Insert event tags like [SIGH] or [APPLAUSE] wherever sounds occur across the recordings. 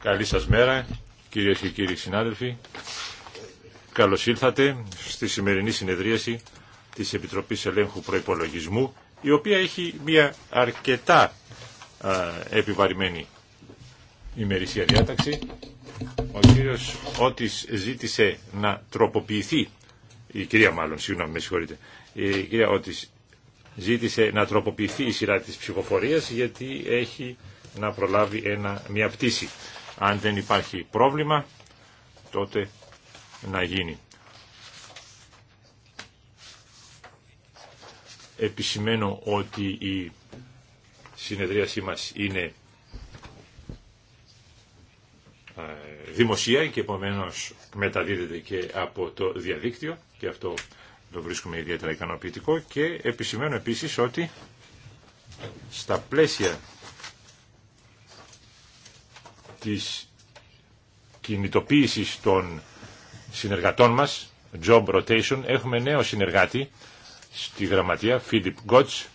Καλή σας μέρα, κυρίες και κύριοι συνάδελφοι. Καλώς ήλθατε στη σημερινή συνεδρίαση της Επιτροπής Ελέγχου Προϋπολογισμού, η οποία έχει μια αρκετά α, επιβαρημένη ημερησία διάταξη. Ο κύριος Ότης ζήτησε να τροποποιηθεί, η κυρία μάλλον, συγγνώμη, με συγχωρείτε, η κυρία Ότης ζήτησε να τροποποιηθεί η σειρά της ψυχοφορίας, γιατί έχει να προλάβει ένα, μια πτήση. Αν δεν υπάρχει πρόβλημα, τότε να γίνει. Επισημαίνω ότι η συνεδρίασή μας είναι ε, δημοσία και επομένως μεταδίδεται και από το διαδίκτυο και αυτό το βρίσκουμε ιδιαίτερα ικανοποιητικό και επισημαίνω επίσης ότι στα πλαίσια της κινητοποίησης των συνεργατών μας, job rotation, έχουμε νέο συνεργάτη στη γραμματεία, Φίλιπ Γκότς,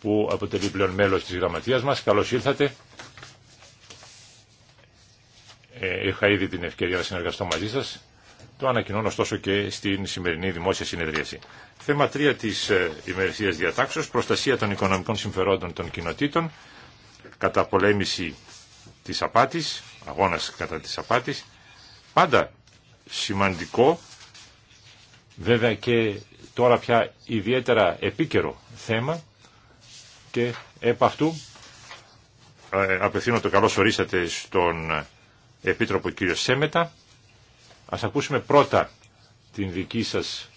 που αποτελεί πλέον μέλος της γραμματείας μας. Καλώς ήλθατε. Ε, είχα ήδη την ευκαιρία να συνεργαστώ μαζί σας το ανακοινώνω ωστόσο και στην σημερινή δημόσια συνεδρίαση. Θέμα 3 της ε, ημερησίας διατάξεως, προστασία των οικονομικών συμφερόντων των κοινοτήτων, καταπολέμηση της απάτης, αγώνας κατά της απάτης, πάντα σημαντικό, βέβαια και τώρα πια ιδιαίτερα επίκαιρο θέμα και επ' αυτού ε, απευθύνω το καλό ορίσατε στον Επίτροπο κύριο Σέμετα Ας ακούσουμε πρώτα την δική σας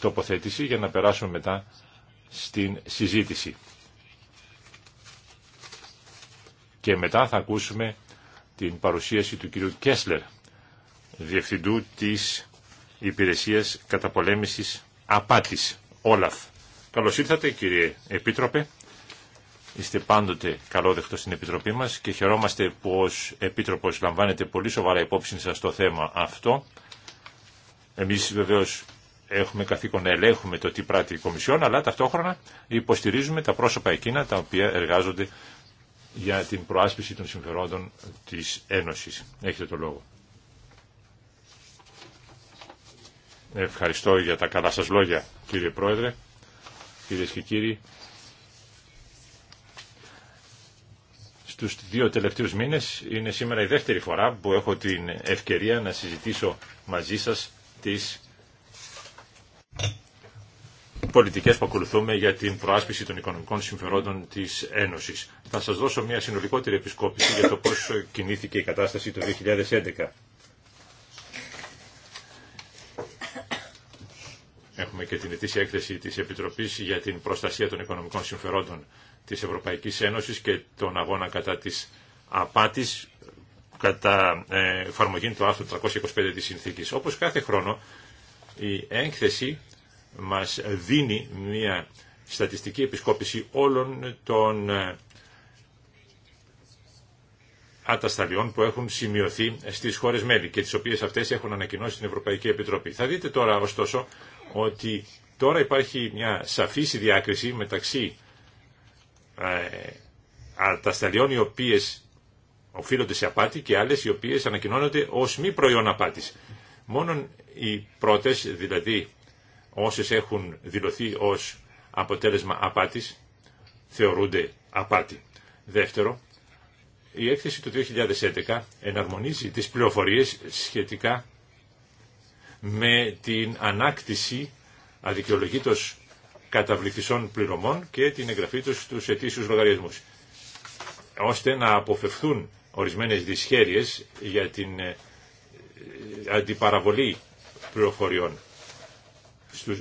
τοποθέτηση για να περάσουμε μετά στην συζήτηση. Και μετά θα ακούσουμε την παρουσίαση του κυρίου Κέσλερ, Διευθυντού της Υπηρεσίας Καταπολέμησης Απάτης, Όλαφ. Καλώς ήρθατε κύριε Επίτροπε. Είστε πάντοτε καλόδεχτο στην Επιτροπή μας και χαιρόμαστε που ως Επίτροπος λαμβάνετε πολύ σοβαρά υπόψη σας το θέμα αυτό. Εμείς βεβαίως έχουμε καθήκον να ελέγχουμε το τι πράττει η Κομισιόν, αλλά ταυτόχρονα υποστηρίζουμε τα πρόσωπα εκείνα τα οποία εργάζονται για την προάσπιση των συμφερόντων της Ένωσης. Έχετε το λόγο. Ευχαριστώ για τα καλά σας λόγια, κύριε Πρόεδρε, κυρίες και κύριοι. τους δύο τελευταίους μήνες είναι σήμερα η δεύτερη φορά που έχω την ευκαιρία να συζητήσω μαζί σας τις πολιτικές που ακολουθούμε για την προάσπιση των οικονομικών συμφερόντων της Ένωσης. Θα σας δώσω μια συνολικότερη επισκόπηση για το πώς κινήθηκε η κατάσταση το 2011. Έχουμε και την ετήσια έκθεση της Επιτροπής για την προστασία των οικονομικών συμφερόντων της Ευρωπαϊκής Ένωσης και τον αγώνα κατά της απάτης κατά ε, εφαρμογή του άρθρου 325 της Συνθήκης. Όπως κάθε χρόνο η έκθεση μας δίνει μια στατιστική επισκόπηση όλων των ε, ατασταλιών που έχουν σημειωθεί στις χώρες μέλη και τις οποίες αυτές έχουν ανακοινώσει την Ευρωπαϊκή Επιτροπή. Θα δείτε τώρα ωστόσο ότι τώρα υπάρχει μια σαφής διάκριση μεταξύ ε, σταλιών οι οποίες οφείλονται σε απάτη και άλλες οι οποίες ανακοινώνονται ως μη προϊόν απάτης. Μόνον οι πρώτες, δηλαδή όσες έχουν δηλωθεί ως αποτέλεσμα απάτης, θεωρούνται απάτη. Δεύτερο, η έκθεση του 2011 εναρμονίζει τις πληροφορίες σχετικά με την ανάκτηση αδικαιολογήτως καταβληθισών πληρωμών και την εγγραφή τους στους ετήσιους λογαριασμούς, ώστε να αποφευθούν ορισμένες δυσχέρειες για την ε, αντιπαραβολή πληροφοριών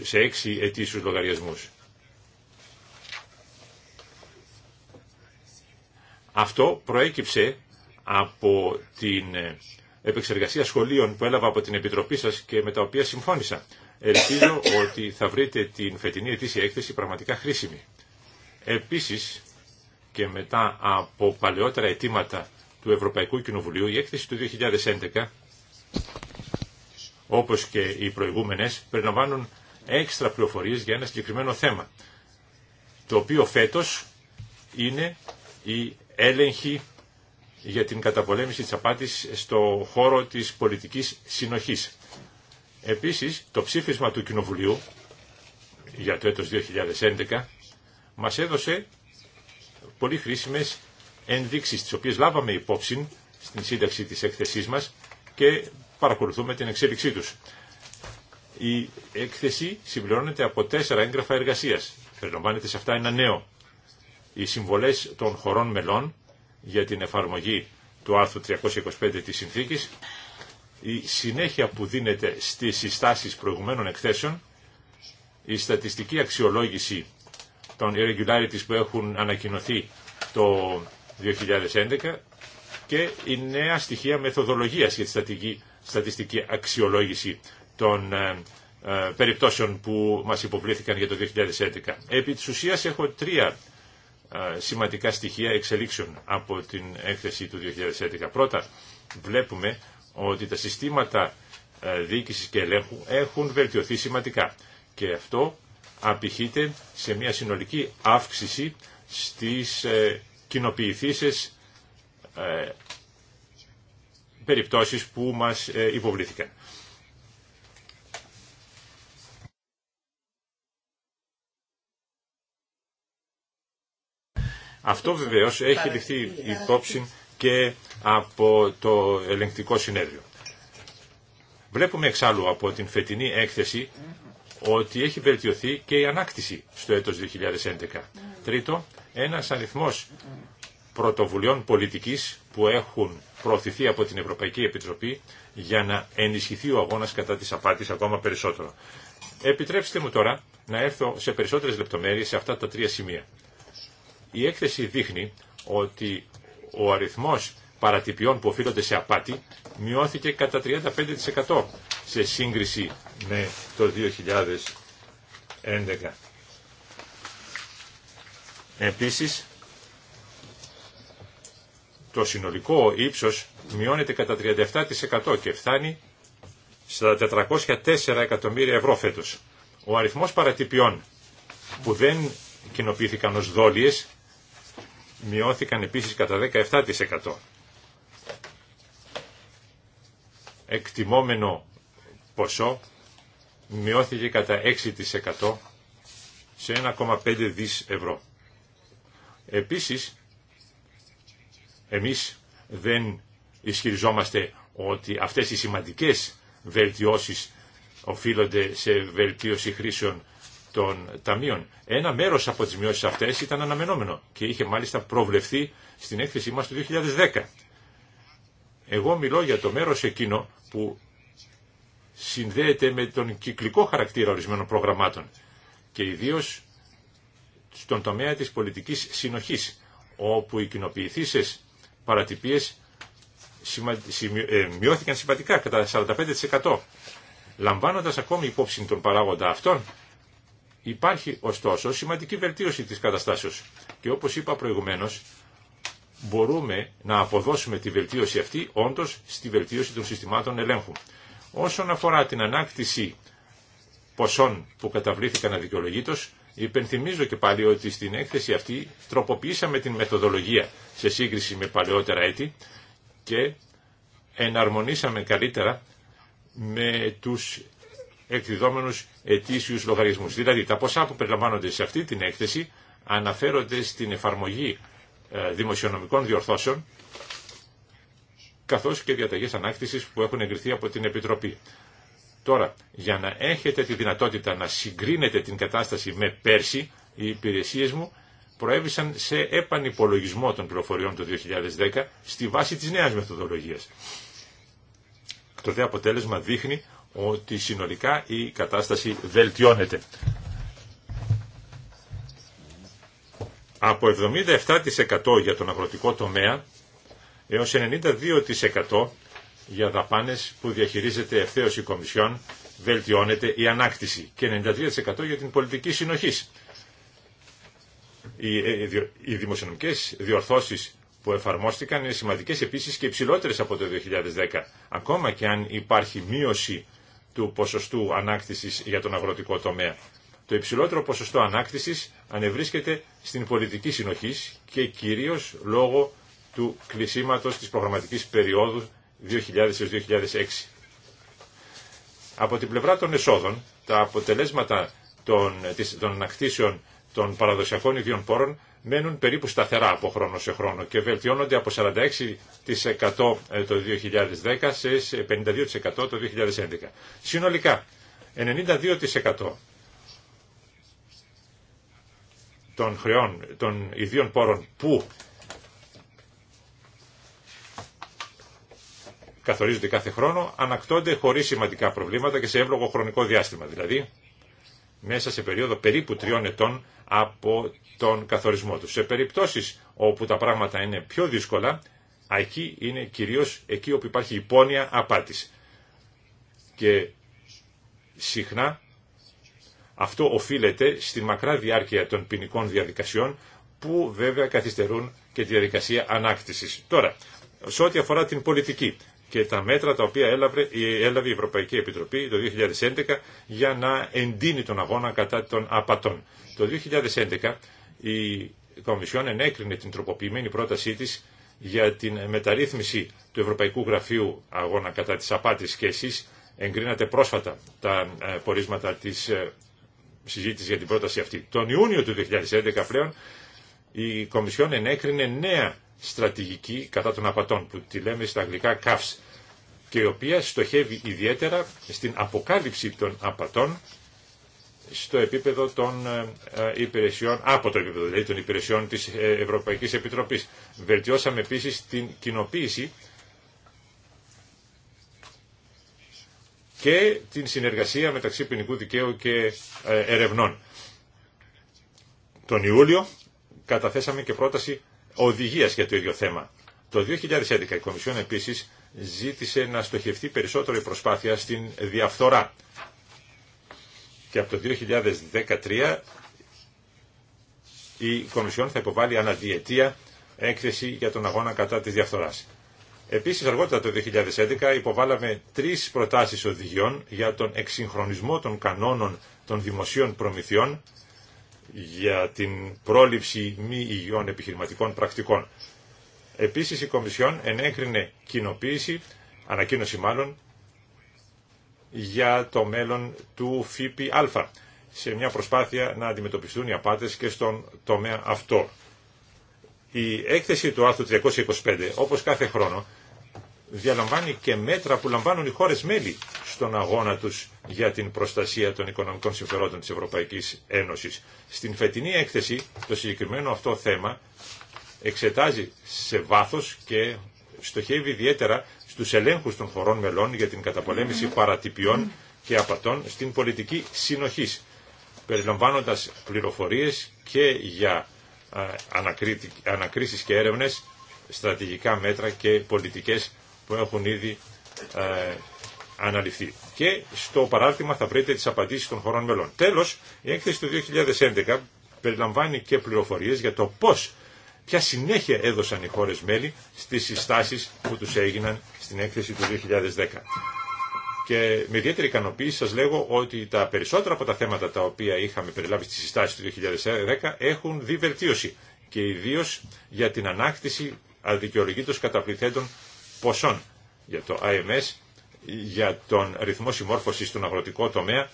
σε έξι ετήσιους λογαριασμούς. Αυτό προέκυψε από την ε, επεξεργασία σχολείων που έλαβα από την Επιτροπή σας και με τα οποία συμφώνησα. Ελπίζω ότι θα βρείτε την φετινή ετήσια έκθεση πραγματικά χρήσιμη. Επίσης, και μετά από παλαιότερα αιτήματα του Ευρωπαϊκού Κοινοβουλίου, η έκθεση του 2011, όπως και οι προηγούμενες, περιλαμβάνουν έξτρα πληροφορίες για ένα συγκεκριμένο θέμα, το οποίο φέτος είναι η έλεγχη για την καταπολέμηση της απάτης στο χώρο της πολιτικής συνοχής. Επίσης, το ψήφισμα του Κοινοβουλίου για το έτος 2011 μας έδωσε πολύ χρήσιμες ενδείξεις, τις οποίες λάβαμε υπόψη στην σύνταξη της έκθεσής μας και παρακολουθούμε την εξέλιξή τους. Η έκθεση συμπληρώνεται από τέσσερα έγγραφα εργασίας. Περιλαμβάνεται σε αυτά ένα νέο. Οι συμβολές των χωρών μελών για την εφαρμογή του άρθρου 325 της συνθήκης, η συνέχεια που δίνεται στις συστάσεις προηγουμένων εκθέσεων, η στατιστική αξιολόγηση των irregularities που έχουν ανακοινωθεί το 2011 και η νέα στοιχεία μεθοδολογίας για τη στατιστική αξιολόγηση των ε, ε, περιπτώσεων που μας υποβλήθηκαν για το 2011. Επί της ουσίας έχω τρία ε, σημαντικά στοιχεία εξελίξεων από την έκθεση του 2011. Πρώτα, βλέπουμε ότι τα συστήματα ε, διοίκησης και ελέγχου έχουν βελτιωθεί σημαντικά και αυτό απηχείται σε μια συνολική αύξηση στις ε, κοινοποιηθήσεις περιπτώσεις που μας υποβλήθηκαν. Αυτό βεβαίως έχει ληφθεί υπόψη και από το ελεγκτικό συνέδριο. Βλέπουμε εξάλλου από την φετινή έκθεση ότι έχει βελτιωθεί και η ανάκτηση στο έτος 2011. Τρίτο, ένας αριθμός πρωτοβουλειών πολιτικής που έχουν προωθηθεί από την Ευρωπαϊκή Επιτροπή για να ενισχυθεί ο αγώνας κατά της απάτης ακόμα περισσότερο. Επιτρέψτε μου τώρα να έρθω σε περισσότερες λεπτομέρειες σε αυτά τα τρία σημεία. Η έκθεση δείχνει ότι ο αριθμός παρατυπιών που οφείλονται σε απάτη μειώθηκε κατά 35% σε σύγκριση με το 2011. Επίσης, το συνολικό ύψος μειώνεται κατά 37% και φτάνει στα 404 εκατομμύρια ευρώ φέτος. Ο αριθμός παρατυπιών που δεν κοινοποιήθηκαν ως δόλιες μειώθηκαν επίσης κατά 17%. Εκτιμόμενο ποσό μειώθηκε κατά 6% σε 1,5 δις ευρώ. Επίσης, εμείς δεν ισχυριζόμαστε ότι αυτές οι σημαντικές βελτιώσεις οφείλονται σε βελτίωση χρήσεων των ταμείων. Ένα μέρος από τι μειώσεις αυτές ήταν αναμενόμενο και είχε μάλιστα προβλεφθεί στην έκθεσή μας το 2010. Εγώ μιλώ για το μέρος εκείνο που συνδέεται με τον κυκλικό χαρακτήρα ορισμένων προγραμμάτων και ιδίως στον τομέα της πολιτικής συνοχής, όπου οι κοινοποιηθήσει παρατυπίες ε, μειώθηκαν σημαντικά κατά 45%. Λαμβάνοντας ακόμη υπόψη τον παράγοντα αυτών, Υπάρχει ωστόσο σημαντική βελτίωση της καταστάσεως και όπως είπα προηγουμένως μπορούμε να αποδώσουμε τη βελτίωση αυτή όντως στη βελτίωση των συστημάτων ελέγχου. Όσον αφορά την ανάκτηση ποσών που καταβλήθηκαν αδικαιολογήτως, υπενθυμίζω και πάλι ότι στην έκθεση αυτή τροποποιήσαμε την μεθοδολογία σε σύγκριση με παλαιότερα έτη και εναρμονίσαμε καλύτερα με τους εκδιδόμενου ετήσιους λογαριασμού. Δηλαδή τα ποσά που περιλαμβάνονται σε αυτή την έκθεση αναφέρονται στην εφαρμογή ε, δημοσιονομικών διορθώσεων καθώς και διαταγές ανάκτησης που έχουν εγκριθεί από την Επιτροπή. Τώρα, για να έχετε τη δυνατότητα να συγκρίνετε την κατάσταση με πέρσι, οι υπηρεσίε μου προέβησαν σε επανυπολογισμό των πληροφοριών το 2010 στη βάση της νέας μεθοδολογίας. Το δε αποτέλεσμα δείχνει ότι συνολικά η κατάσταση βελτιώνεται. Από 77% για τον αγροτικό τομέα έως 92% για δαπάνες που διαχειρίζεται ευθέως η Κομισιόν βελτιώνεται η ανάκτηση και 93% για την πολιτική συνοχής. Ε, οι δημοσιονομικές διορθώσεις που εφαρμόστηκαν είναι σημαντικές επίσης και υψηλότερες από το 2010. Ακόμα και αν υπάρχει μείωση του ποσοστού ανάκτησης για τον αγροτικό τομέα. Το υψηλότερο ποσοστό ανάκτησης ανεβρίσκεται στην πολιτική συνοχή και κυρίως λόγω του κλεισίματος της προγραμματικής περίοδου 2000-2006. Από την πλευρά των εσόδων, τα αποτελέσματα των, της, των ανακτήσεων των παραδοσιακών ιδιών πόρων μένουν περίπου σταθερά από χρόνο σε χρόνο και βελτιώνονται από 46% ε, το 2010 σε 52% το 2011. Συνολικά, 92% των χρεών των ιδίων πόρων που καθορίζονται κάθε χρόνο ανακτώνται χωρίς σημαντικά προβλήματα και σε εύλογο χρονικό διάστημα, δηλαδή μέσα σε περίοδο περίπου τριών ετών από τον καθορισμό του. Σε περιπτώσεις όπου τα πράγματα είναι πιο δύσκολα, εκεί είναι κυρίως εκεί όπου υπάρχει υπόνοια απάτης. Και συχνά αυτό οφείλεται στη μακρά διάρκεια των ποινικών διαδικασιών που βέβαια καθυστερούν και τη διαδικασία ανάκτησης. Τώρα, σε ό,τι αφορά την πολιτική και τα μέτρα τα οποία έλαβε, έλαβε η Ευρωπαϊκή Επιτροπή το 2011 για να εντείνει τον αγώνα κατά των απατών. Το 2011 η Κομισιόν ενέκρινε την τροποποιημένη πρότασή της για την μεταρρύθμιση του Ευρωπαϊκού Γραφείου Αγώνα κατά της απάτης και εσείς εγκρίνατε πρόσφατα τα ε, πορίσματα της ε, συζήτησης για την πρόταση αυτή. Τον Ιούνιο του 2011 πλέον η Κομισιόν ενέκρινε νέα στρατηγική κατά των απατών που τη λέμε στα αγγλικά CAFS και η οποία στοχεύει ιδιαίτερα στην αποκάλυψη των απατών στο επίπεδο των ε, ε, υπηρεσιών, από το επίπεδο δηλαδή των υπηρεσιών της ε, Ευρωπαϊκής Επιτροπής. Βελτιώσαμε επίσης την κοινοποίηση και την συνεργασία μεταξύ ποινικού δικαίου και ερευνών. Τον Ιούλιο καταθέσαμε και πρόταση οδηγίας για το ίδιο θέμα. Το 2011 η Κομισιόν επίσης ζήτησε να στοχευτεί περισσότερο η προσπάθεια στην διαφθορά και από το 2013 η Κομισιόν θα υποβάλει αναδιετία έκθεση για τον αγώνα κατά της διαφθοράς. Επίσης αργότερα το 2011 υποβάλαμε τρεις προτάσεις οδηγιών για τον εξυγχρονισμό των κανόνων των δημοσίων προμηθειών για την πρόληψη μη υγιών επιχειρηματικών πρακτικών. Επίσης η Κομισιόν ενέκρινε κοινοποίηση, ανακοίνωση μάλλον, για το μέλλον του ΦΠΑ σε μια προσπάθεια να αντιμετωπιστούν οι απάτες και στον τομέα αυτό. Η έκθεση του άρθρου 325, όπως κάθε χρόνο, διαλαμβάνει και μέτρα που λαμβάνουν οι χώρες μέλη στον αγώνα τους για την προστασία των οικονομικών συμφερόντων της Ευρωπαϊκής Ένωσης. Στην φετινή έκθεση το συγκεκριμένο αυτό θέμα εξετάζει σε βάθος και στοχεύει ιδιαίτερα τους ελέγχους των χωρών μελών για την καταπολέμηση παρατυπιών και απατών στην πολιτική συνοχής, περιλαμβάνοντας πληροφορίες και για ανακρίσεις και έρευνες, στρατηγικά μέτρα και πολιτικές που έχουν ήδη αναλυφθεί. Και στο παράρτημα θα βρείτε τις απαντήσεις των χωρών μελών. Τέλος, η έκθεση του 2011 περιλαμβάνει και πληροφορίες για το πώς, ποια συνέχεια έδωσαν οι χώρες μέλη στις συστάσεις που τους έγιναν στην έκθεση του 2010. Και με ιδιαίτερη ικανοποίηση σας λέγω ότι τα περισσότερα από τα θέματα τα οποία είχαμε περιλάβει στις συστάσεις του 2010 έχουν δει βελτίωση και ιδίω για την ανάκτηση αδικαιολογήτως καταπληθέντων ποσών για το IMS, για τον ρυθμό συμμόρφωσης στον αγροτικό τομέα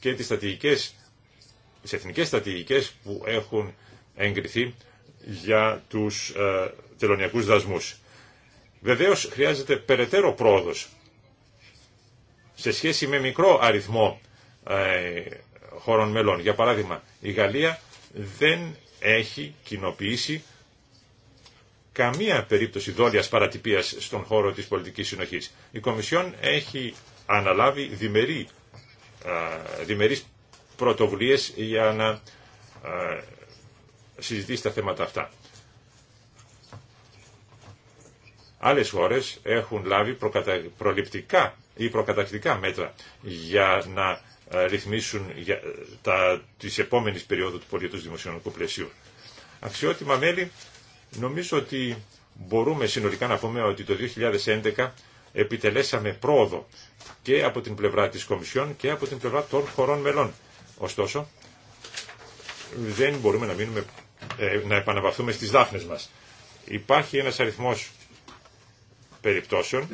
και τις, στατηγικές, τις εθνικές που έχουν εγκριθεί για τους ε, τελωνιακούς δασμούς. Βεβαίως χρειάζεται περαιτέρω πρόοδο σε σχέση με μικρό αριθμό ε, χωρών μελών. Για παράδειγμα, η Γαλλία δεν έχει κοινοποιήσει καμία περίπτωση δόλιας παρατυπίας στον χώρο της πολιτικής συνοχής. Η Κομισιόν έχει αναλάβει διμερεί, πρωτοβουλίε διμερείς πρωτοβουλίες για να ε, συζητήσει τα θέματα αυτά. Άλλε χώρε έχουν λάβει προληπτικά ή προκατακτικά μέτρα για να ε, ρυθμίσουν για ε, τα, της περίοδου του πολιτικού δημοσιονομικού πλαισίου. Αξιότιμα μέλη, νομίζω ότι μπορούμε συνολικά να πούμε ότι το 2011 επιτελέσαμε πρόοδο και από την πλευρά της Κομισιόν και από την πλευρά των χωρών μελών. Ωστόσο, δεν μπορούμε να, ε, να επαναβαθούμε στις δάφνες μας. Υπάρχει ένας αριθμός περιπτώσεων,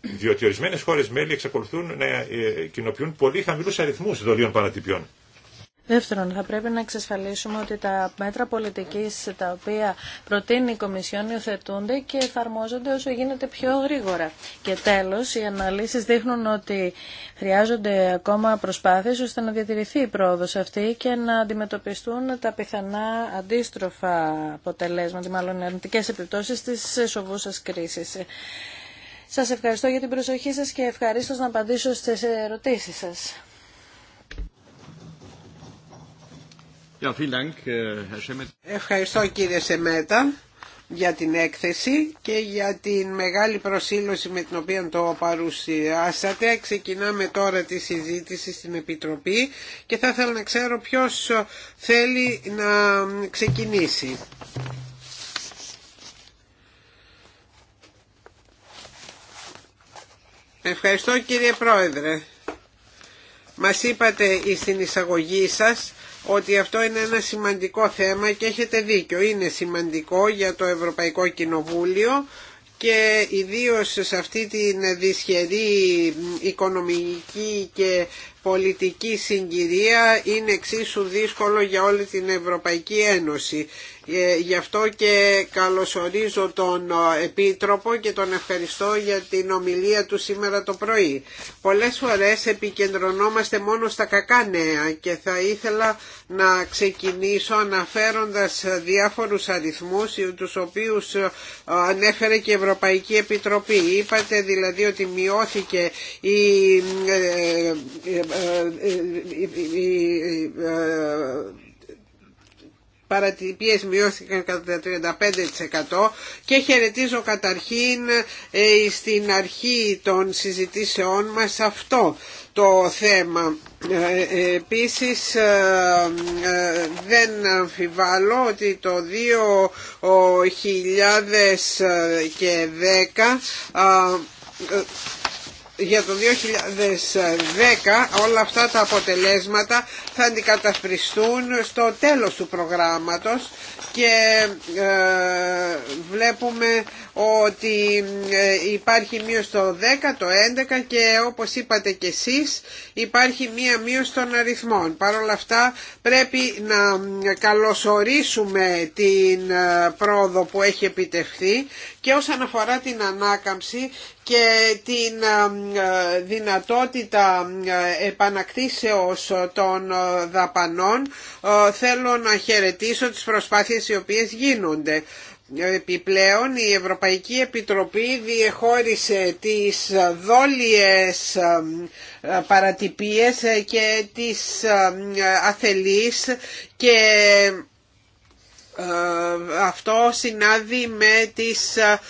διότι ορισμένε χώρε μέλη εξακολουθούν να ε, ε, κοινοποιούν πολύ χαμηλού αριθμού δολίων παρατυπιών. Δεύτερον, θα πρέπει να εξασφαλίσουμε ότι τα μέτρα πολιτικής τα οποία προτείνει η Κομισιόν υιοθετούνται και εφαρμόζονται όσο γίνεται πιο γρήγορα. Και τέλος, οι αναλύσεις δείχνουν ότι χρειάζονται ακόμα προσπάθειες ώστε να διατηρηθεί η πρόοδος αυτή και να αντιμετωπιστούν τα πιθανά αντίστροφα αποτελέσματα, μάλλον αρνητικές επιπτώσεις της σοβούσας κρίσης. Σας ευχαριστώ για την προσοχή σας και ευχαρίστω να απαντήσω στις ερωτήσεις σας. Äh, Ευχαριστώ κύριε Σεμέτα για την έκθεση και για την μεγάλη προσήλωση με την οποία το παρουσιάσατε. Ξεκινάμε τώρα τη συζήτηση στην Επιτροπή και θα ήθελα να ξέρω ποιος θέλει να ξεκινήσει. Ευχαριστώ κύριε Πρόεδρε. Μας είπατε στην εισαγωγή σας ότι αυτό είναι ένα σημαντικό θέμα και έχετε δίκιο. Είναι σημαντικό για το Ευρωπαϊκό Κοινοβούλιο και ιδίως σε αυτή την δυσχερή οικονομική και πολιτική συγκυρία είναι εξίσου δύσκολο για όλη την Ευρωπαϊκή Ένωση. Ε, γι' αυτό και καλωσορίζω τον ε, Επίτροπο και τον ευχαριστώ για την ομιλία του σήμερα το πρωί. Πολλές φορές επικεντρωνόμαστε μόνο στα κακά νέα και θα ήθελα να ξεκινήσω αναφέροντας διάφορους αριθμούς τους οποίους ε, ανέφερε και η Ευρωπαϊκή Επιτροπή. Είπατε δηλαδή ότι μειώθηκε η οι παρατυπίες μειώθηκαν κατά 35% και χαιρετίζω καταρχήν ε, στην αρχή των συζητήσεών μας αυτό το θέμα. Ε, ε, επίσης δεν αμφιβάλλω ότι το 2010 για το 2010 όλα αυτά τα αποτελέσματα θα αντικατασπριστούν στο τέλος του προγράμματος και ε, βλέπουμε ότι ε, υπάρχει μείωση στο 10, το 11 και όπως είπατε και εσείς υπάρχει μία μείωση των αριθμών. Παρ' όλα αυτά πρέπει να ε, καλωσορίσουμε την πρόοδο που έχει επιτευχθεί και όσον αφορά την ανάκαμψη και την δυνατότητα επανακτήσεως των δαπανών ε, θέλω να χαιρετήσω τις προσπάθειες οι οποίες γίνονται. Επιπλέον η Ευρωπαϊκή Επιτροπή διεχώρισε τις δόλιες ε, ε, παρατυπίες και τις αθελείς και ε, αυτό συνάδει με τις ε,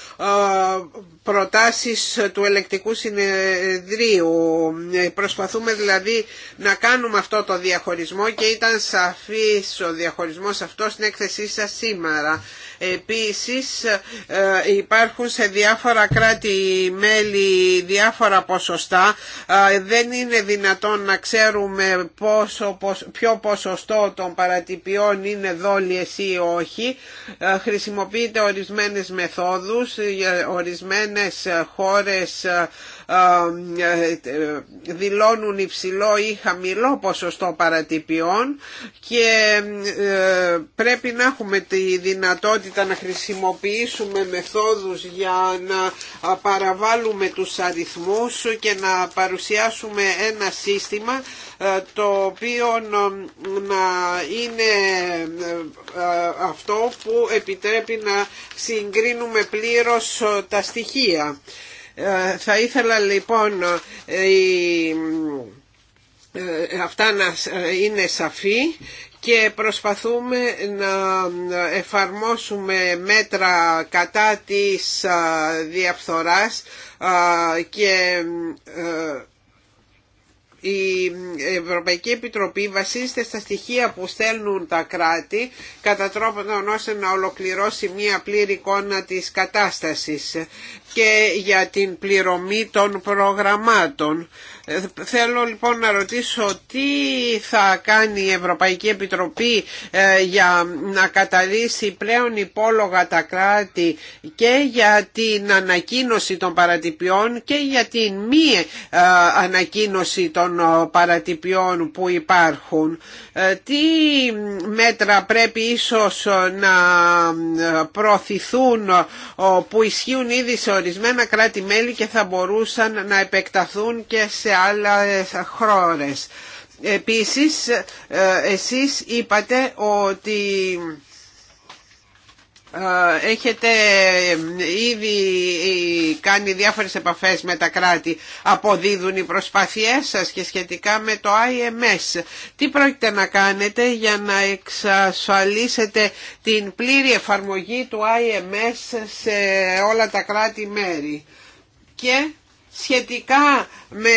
προτάσεις του ελεκτικού συνεδρίου. Προσπαθούμε δηλαδή να κάνουμε αυτό το διαχωρισμό και ήταν σαφής ο διαχωρισμός αυτό στην έκθεσή σας σήμερα. Επίσης ε, υπάρχουν σε διάφορα κράτη-μέλη διάφορα ποσοστά. Ε, δεν είναι δυνατόν να ξέρουμε πόσο, ποιο ποσοστό των παρατυπιών είναι δόλιες ή όχι. Ε, χρησιμοποιείται ορισμένες μεθόδους, ορισμένες χώρες ε, δηλώνουν υψηλό ή χαμηλό ποσοστό παρατυπιών και ε, πρέπει να έχουμε τη δυνατότητα να χρησιμοποιήσουμε μεθόδους για να παραβάλουμε τους αριθμούς και να παρουσιάσουμε ένα σύστημα ε, το οποίο να είναι αυτό που επιτρέπει να συγκρίνουμε πλήρως τα στοιχεία. Θα ήθελα λοιπόν ε, αυτά να ε, είναι σαφή και προσπαθούμε να εφαρμόσουμε μέτρα κατά της ε, διαφθοράς και η Ευρωπαϊκή Επιτροπή βασίζεται στα στοιχεία που στέλνουν τα κράτη κατά τρόπον ώστε να ολοκληρώσει μία πλήρη εικόνα της κατάστασης και για την πληρωμή των προγραμμάτων. Ε, θέλω λοιπόν να ρωτήσω τι θα κάνει η Ευρωπαϊκή Επιτροπή ε, για να καταλύσει πλέον υπόλογα τα κράτη και για την ανακοίνωση των παρατυπιών και για την μη ε, ανακοίνωση των παρατυπιών που υπάρχουν. Τι μέτρα πρέπει ίσως να προωθηθούν που ισχύουν ήδη σε ορισμένα κράτη-μέλη και θα μπορούσαν να επεκταθούν και σε άλλες χρόνες. Επίσης, ε, εσείς είπατε ότι ε, έχετε ε, ήδη κάνει διάφορες επαφές με τα κράτη αποδίδουν οι προσπάθειές σας και σχετικά με το IMS τι πρόκειται να κάνετε για να εξασφαλίσετε την πλήρη εφαρμογή του IMS σε όλα τα κράτη-μέρη και σχετικά με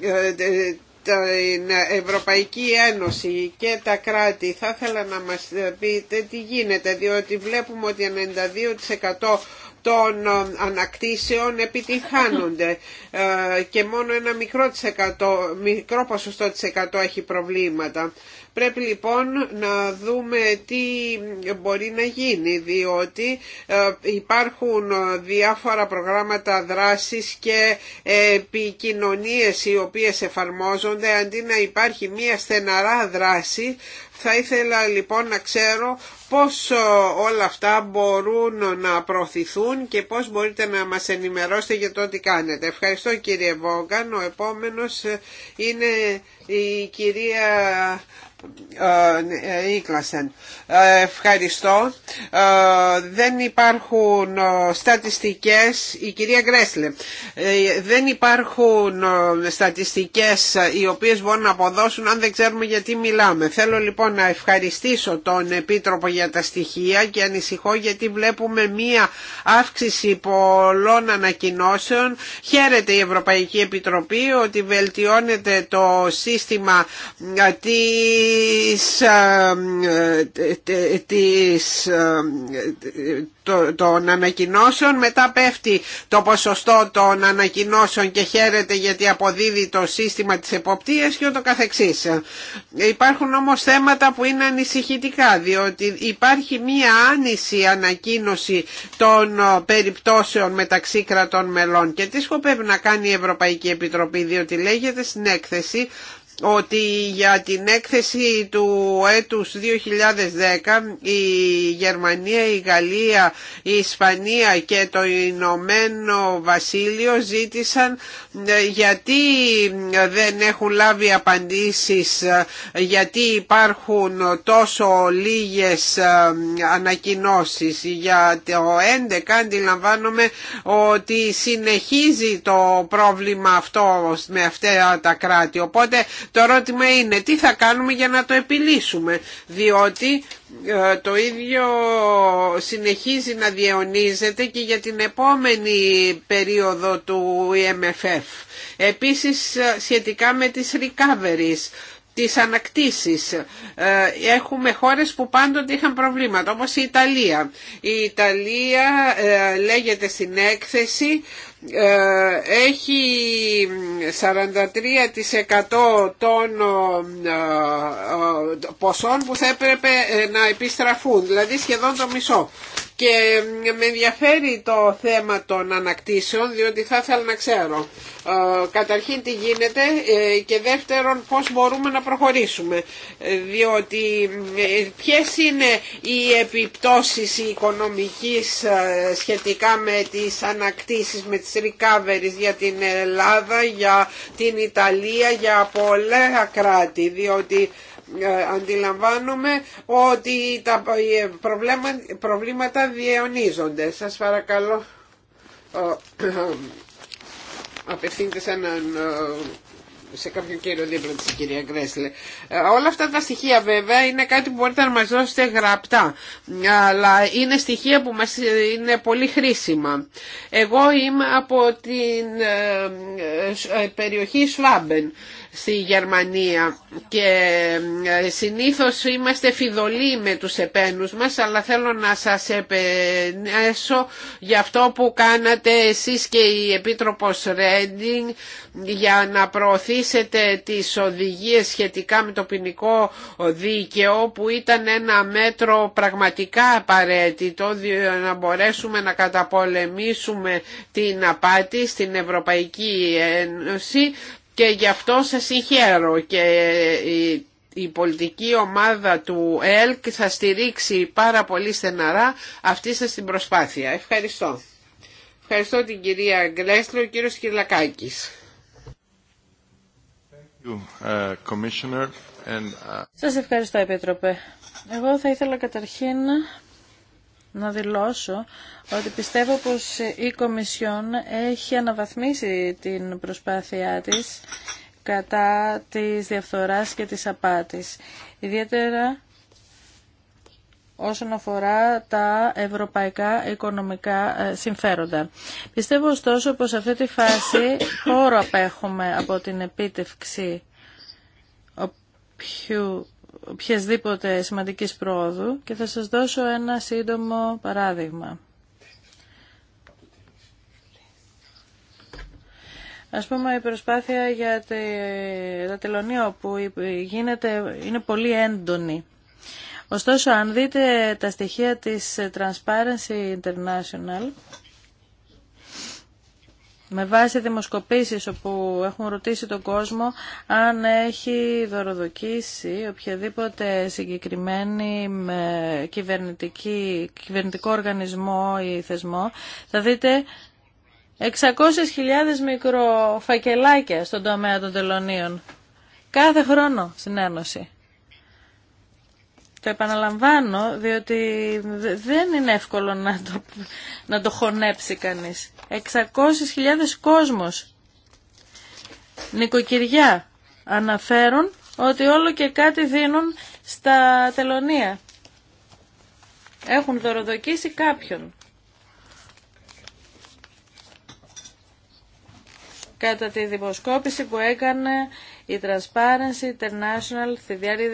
ε, ε, την Ευρωπαϊκή Ένωση και τα κράτη θα ήθελα να μας πείτε τι γίνεται διότι βλέπουμε ότι 92% των ε, ανακτήσεων επιτυχάνονται. και μόνο ένα μικρό, μικρό ποσοστό της εκατό έχει προβλήματα. Πρέπει λοιπόν να δούμε τι μπορεί να γίνει διότι ε, υπάρχουν διάφορα προγράμματα δράσης και επικοινωνίες οι οποίες εφαρμόζονται αντί να υπάρχει μία στεναρά δράση θα ήθελα λοιπόν να ξέρω πώς ε, όλα αυτά μπορούν να προωθηθούν και πώς μπορείτε να μας ενημερώσετε για το τι κάνετε. Ευχαριστώ κύριε Βόγκαν. Ο επόμενος ε, είναι η κυρία Ήκλασεν. Ε, ε, ε, ευχαριστώ. Δεν υπάρχουν στατιστικές, η κυρία Γκρέσλε, δεν υπάρχουν στατιστικές οι οποίες μπορούν να αποδώσουν αν δεν ξέρουμε γιατί μιλάμε. Θέλω λοιπόν να ευχαριστήσω τον Επίτροπο για τα στοιχεία και ανησυχώ γιατί βλέπουμε μία αύξηση πολλών ανακοινώσεων. Χαίρεται η Ευρωπαϊκή Επιτροπή ότι βελτιώνεται το σύστημα τη της, της, των ανακοινώσεων μετά πέφτει το ποσοστό των ανακοινώσεων και χαίρεται γιατί αποδίδει το σύστημα της εποπτείας και ούτω καθεξής. Υπάρχουν όμως θέματα που είναι ανησυχητικά διότι υπάρχει μία άνηση ανακοίνωση των ε, περιπτώσεων μεταξύ κρατών μελών και τι σκοπεύει να κάνει η Ευρωπαϊκή Επιτροπή διότι λέγεται στην έκθεση ότι για την έκθεση του έτους 2010 η Γερμανία, η Γαλλία, η Ισπανία και το Ηνωμένο Βασίλειο ζήτησαν ε, γιατί δεν έχουν λάβει απαντήσεις, ε, γιατί υπάρχουν τόσο λίγες ε, ανακοινώσεις. Για το 11 αντιλαμβάνομαι ότι συνεχίζει το πρόβλημα αυτό με αυτά τα κράτη. Οπότε το ερώτημα είναι τι θα κάνουμε για να το επιλύσουμε, διότι ε, το ίδιο συνεχίζει να διαιωνίζεται και για την επόμενη περίοδο του IMF. Επίσης ε, σχετικά με τις recoveries, τις ανακτήσεις. Ε, έχουμε χώρες που πάντοτε είχαν προβλήματα, όπως η Ιταλία. Η Ιταλία λέγεται στην έκθεση ε, έχει 43% των ε, ε, ποσών που θα έπρεπε να επιστραφούν, δηλαδή σχεδόν το μισό. Και με ενδιαφέρει το θέμα των ανακτήσεων διότι θα ήθελα να ξέρω καταρχήν τι γίνεται και δεύτερον πώς μπορούμε να προχωρήσουμε διότι ποιες είναι οι επιπτώσεις οικονομικής σχετικά με τις ανακτήσεις, με τις recovery για την Ελλάδα, για την Ιταλία, για πολλά κράτη, διότι ε, αντιλαμβάνομαι ότι τα προβλήματα διαιωνίζονται. Σας παρακαλώ ε, [CLEARS THROAT] απευθύνεται σε έναν ε, σε κάποιον κύριο δίπλα της κυρία Γκρέσλε. Ε, όλα αυτά τα στοιχεία βέβαια είναι κάτι που μπορείτε να μας δώσετε γραπτά, αλλά είναι στοιχεία που μας ε, είναι πολύ χρήσιμα. Εγώ είμαι από την ε, περιοχή Σβάμπεν στη Γερμανία και ε, συνήθως είμαστε φιδωλοί με τους επένους μας αλλά θέλω να σας επενέσω για αυτό που κάνατε εσείς και η Επίτροπος Ρέντινγκ για να προωθήσετε τις οδηγίες σχετικά με το ποινικό δίκαιο που ήταν ένα μέτρο πραγματικά απαραίτητο να μπορέσουμε να καταπολεμήσουμε την απάτη στην Ευρωπαϊκή Ένωση και γι' αυτό σας συγχαίρω και η πολιτική ομάδα του ΕΛΚ θα στηρίξει πάρα πολύ στεναρά αυτή σας την προσπάθεια. Ευχαριστώ. Ευχαριστώ την κυρία Γκρέστρο, ο κύριος Κυρλακάκης. Uh, uh, σας ευχαριστώ, Επίτροπε. Εγώ θα ήθελα καταρχήν να δηλώσω ότι πιστεύω πως η Κομισιόν έχει αναβαθμίσει την προσπάθειά της κατά της διαφθοράς και της απάτης. Ιδιαίτερα όσον αφορά τα ευρωπαϊκά οικονομικά ε, συμφέροντα. Πιστεύω ωστόσο πως σε αυτή τη φάση χώρο απέχουμε από την επίτευξη οποιου οποιασδήποτε σημαντικής πρόοδου και θα σας δώσω ένα σύντομο παράδειγμα. Ας πούμε η προσπάθεια για τα τελωνία που γίνεται είναι πολύ έντονη. Ωστόσο, αν δείτε τα στοιχεία της Transparency International, με βάση δημοσκοπήσεις όπου έχουν ρωτήσει τον κόσμο αν έχει δωροδοκίσει οποιαδήποτε συγκεκριμένη με κυβερνητική, κυβερνητικό οργανισμό ή θεσμό, θα δείτε 600.000 μικροφακελάκια στον τομέα των τελωνίων κάθε χρόνο στην Ένωση. Το επαναλαμβάνω, διότι δεν είναι εύκολο να το, να το χωνέψει κανείς. 600.000 κόσμος, νοικοκυριά, αναφέρουν ότι όλο και κάτι δίνουν στα τελωνία. Έχουν δωροδοκίσει κάποιον. Κατά τη δημοσκόπηση που έκανε η Transparency International στη διάρκεια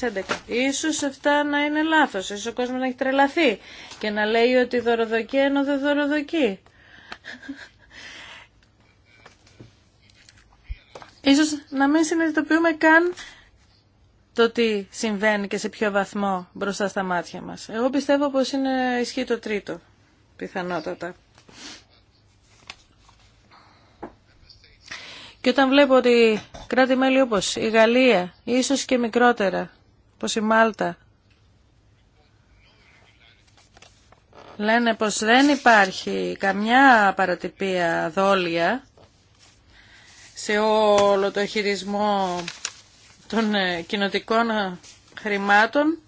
2010-2011. Ίσως αυτά να είναι λάθος, ίσως ο κόσμος να έχει τρελαθεί και να λέει ότι δωροδοκεί ενώ δεν δωροδοκεί. [LAUGHS] Ίσως να μην συνειδητοποιούμε καν το τι συμβαίνει και σε ποιο βαθμό μπροστά στα μάτια μας. Εγώ πιστεύω πως είναι ισχύ το τρίτο, πιθανότατα. Και όταν βλέπω ότι κράτη-μέλη όπως η Γαλλία, ίσως και μικρότερα, όπως η Μάλτα, λένε πως δεν υπάρχει καμιά παρατυπία δόλια σε όλο το χειρισμό των ε, κοινοτικών ε, χρημάτων,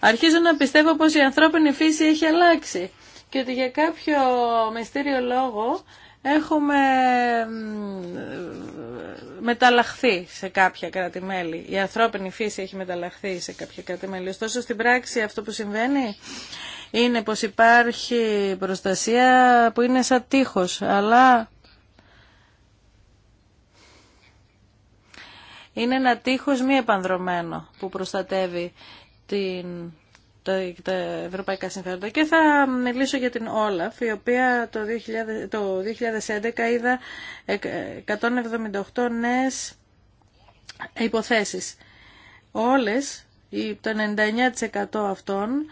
αρχίζω να πιστεύω πως η ανθρώπινη φύση έχει αλλάξει και ότι για κάποιο μυστήριο λόγο έχουμε μεταλλαχθεί σε κάποια κράτη-μέλη. Η ανθρώπινη φύση έχει μεταλλαχθεί σε κάποια κράτη-μέλη. Ωστόσο, στην πράξη αυτό που συμβαίνει είναι πως υπάρχει προστασία που είναι σαν τείχος, αλλά είναι ένα τείχος μη επανδρομένο που προστατεύει την τα ευρωπαϊκά συμφέροντα. Και θα μιλήσω για την Όλαφ, η οποία το 2011, είδα 178 νέες υποθέσεις. Όλες, το 99% αυτών,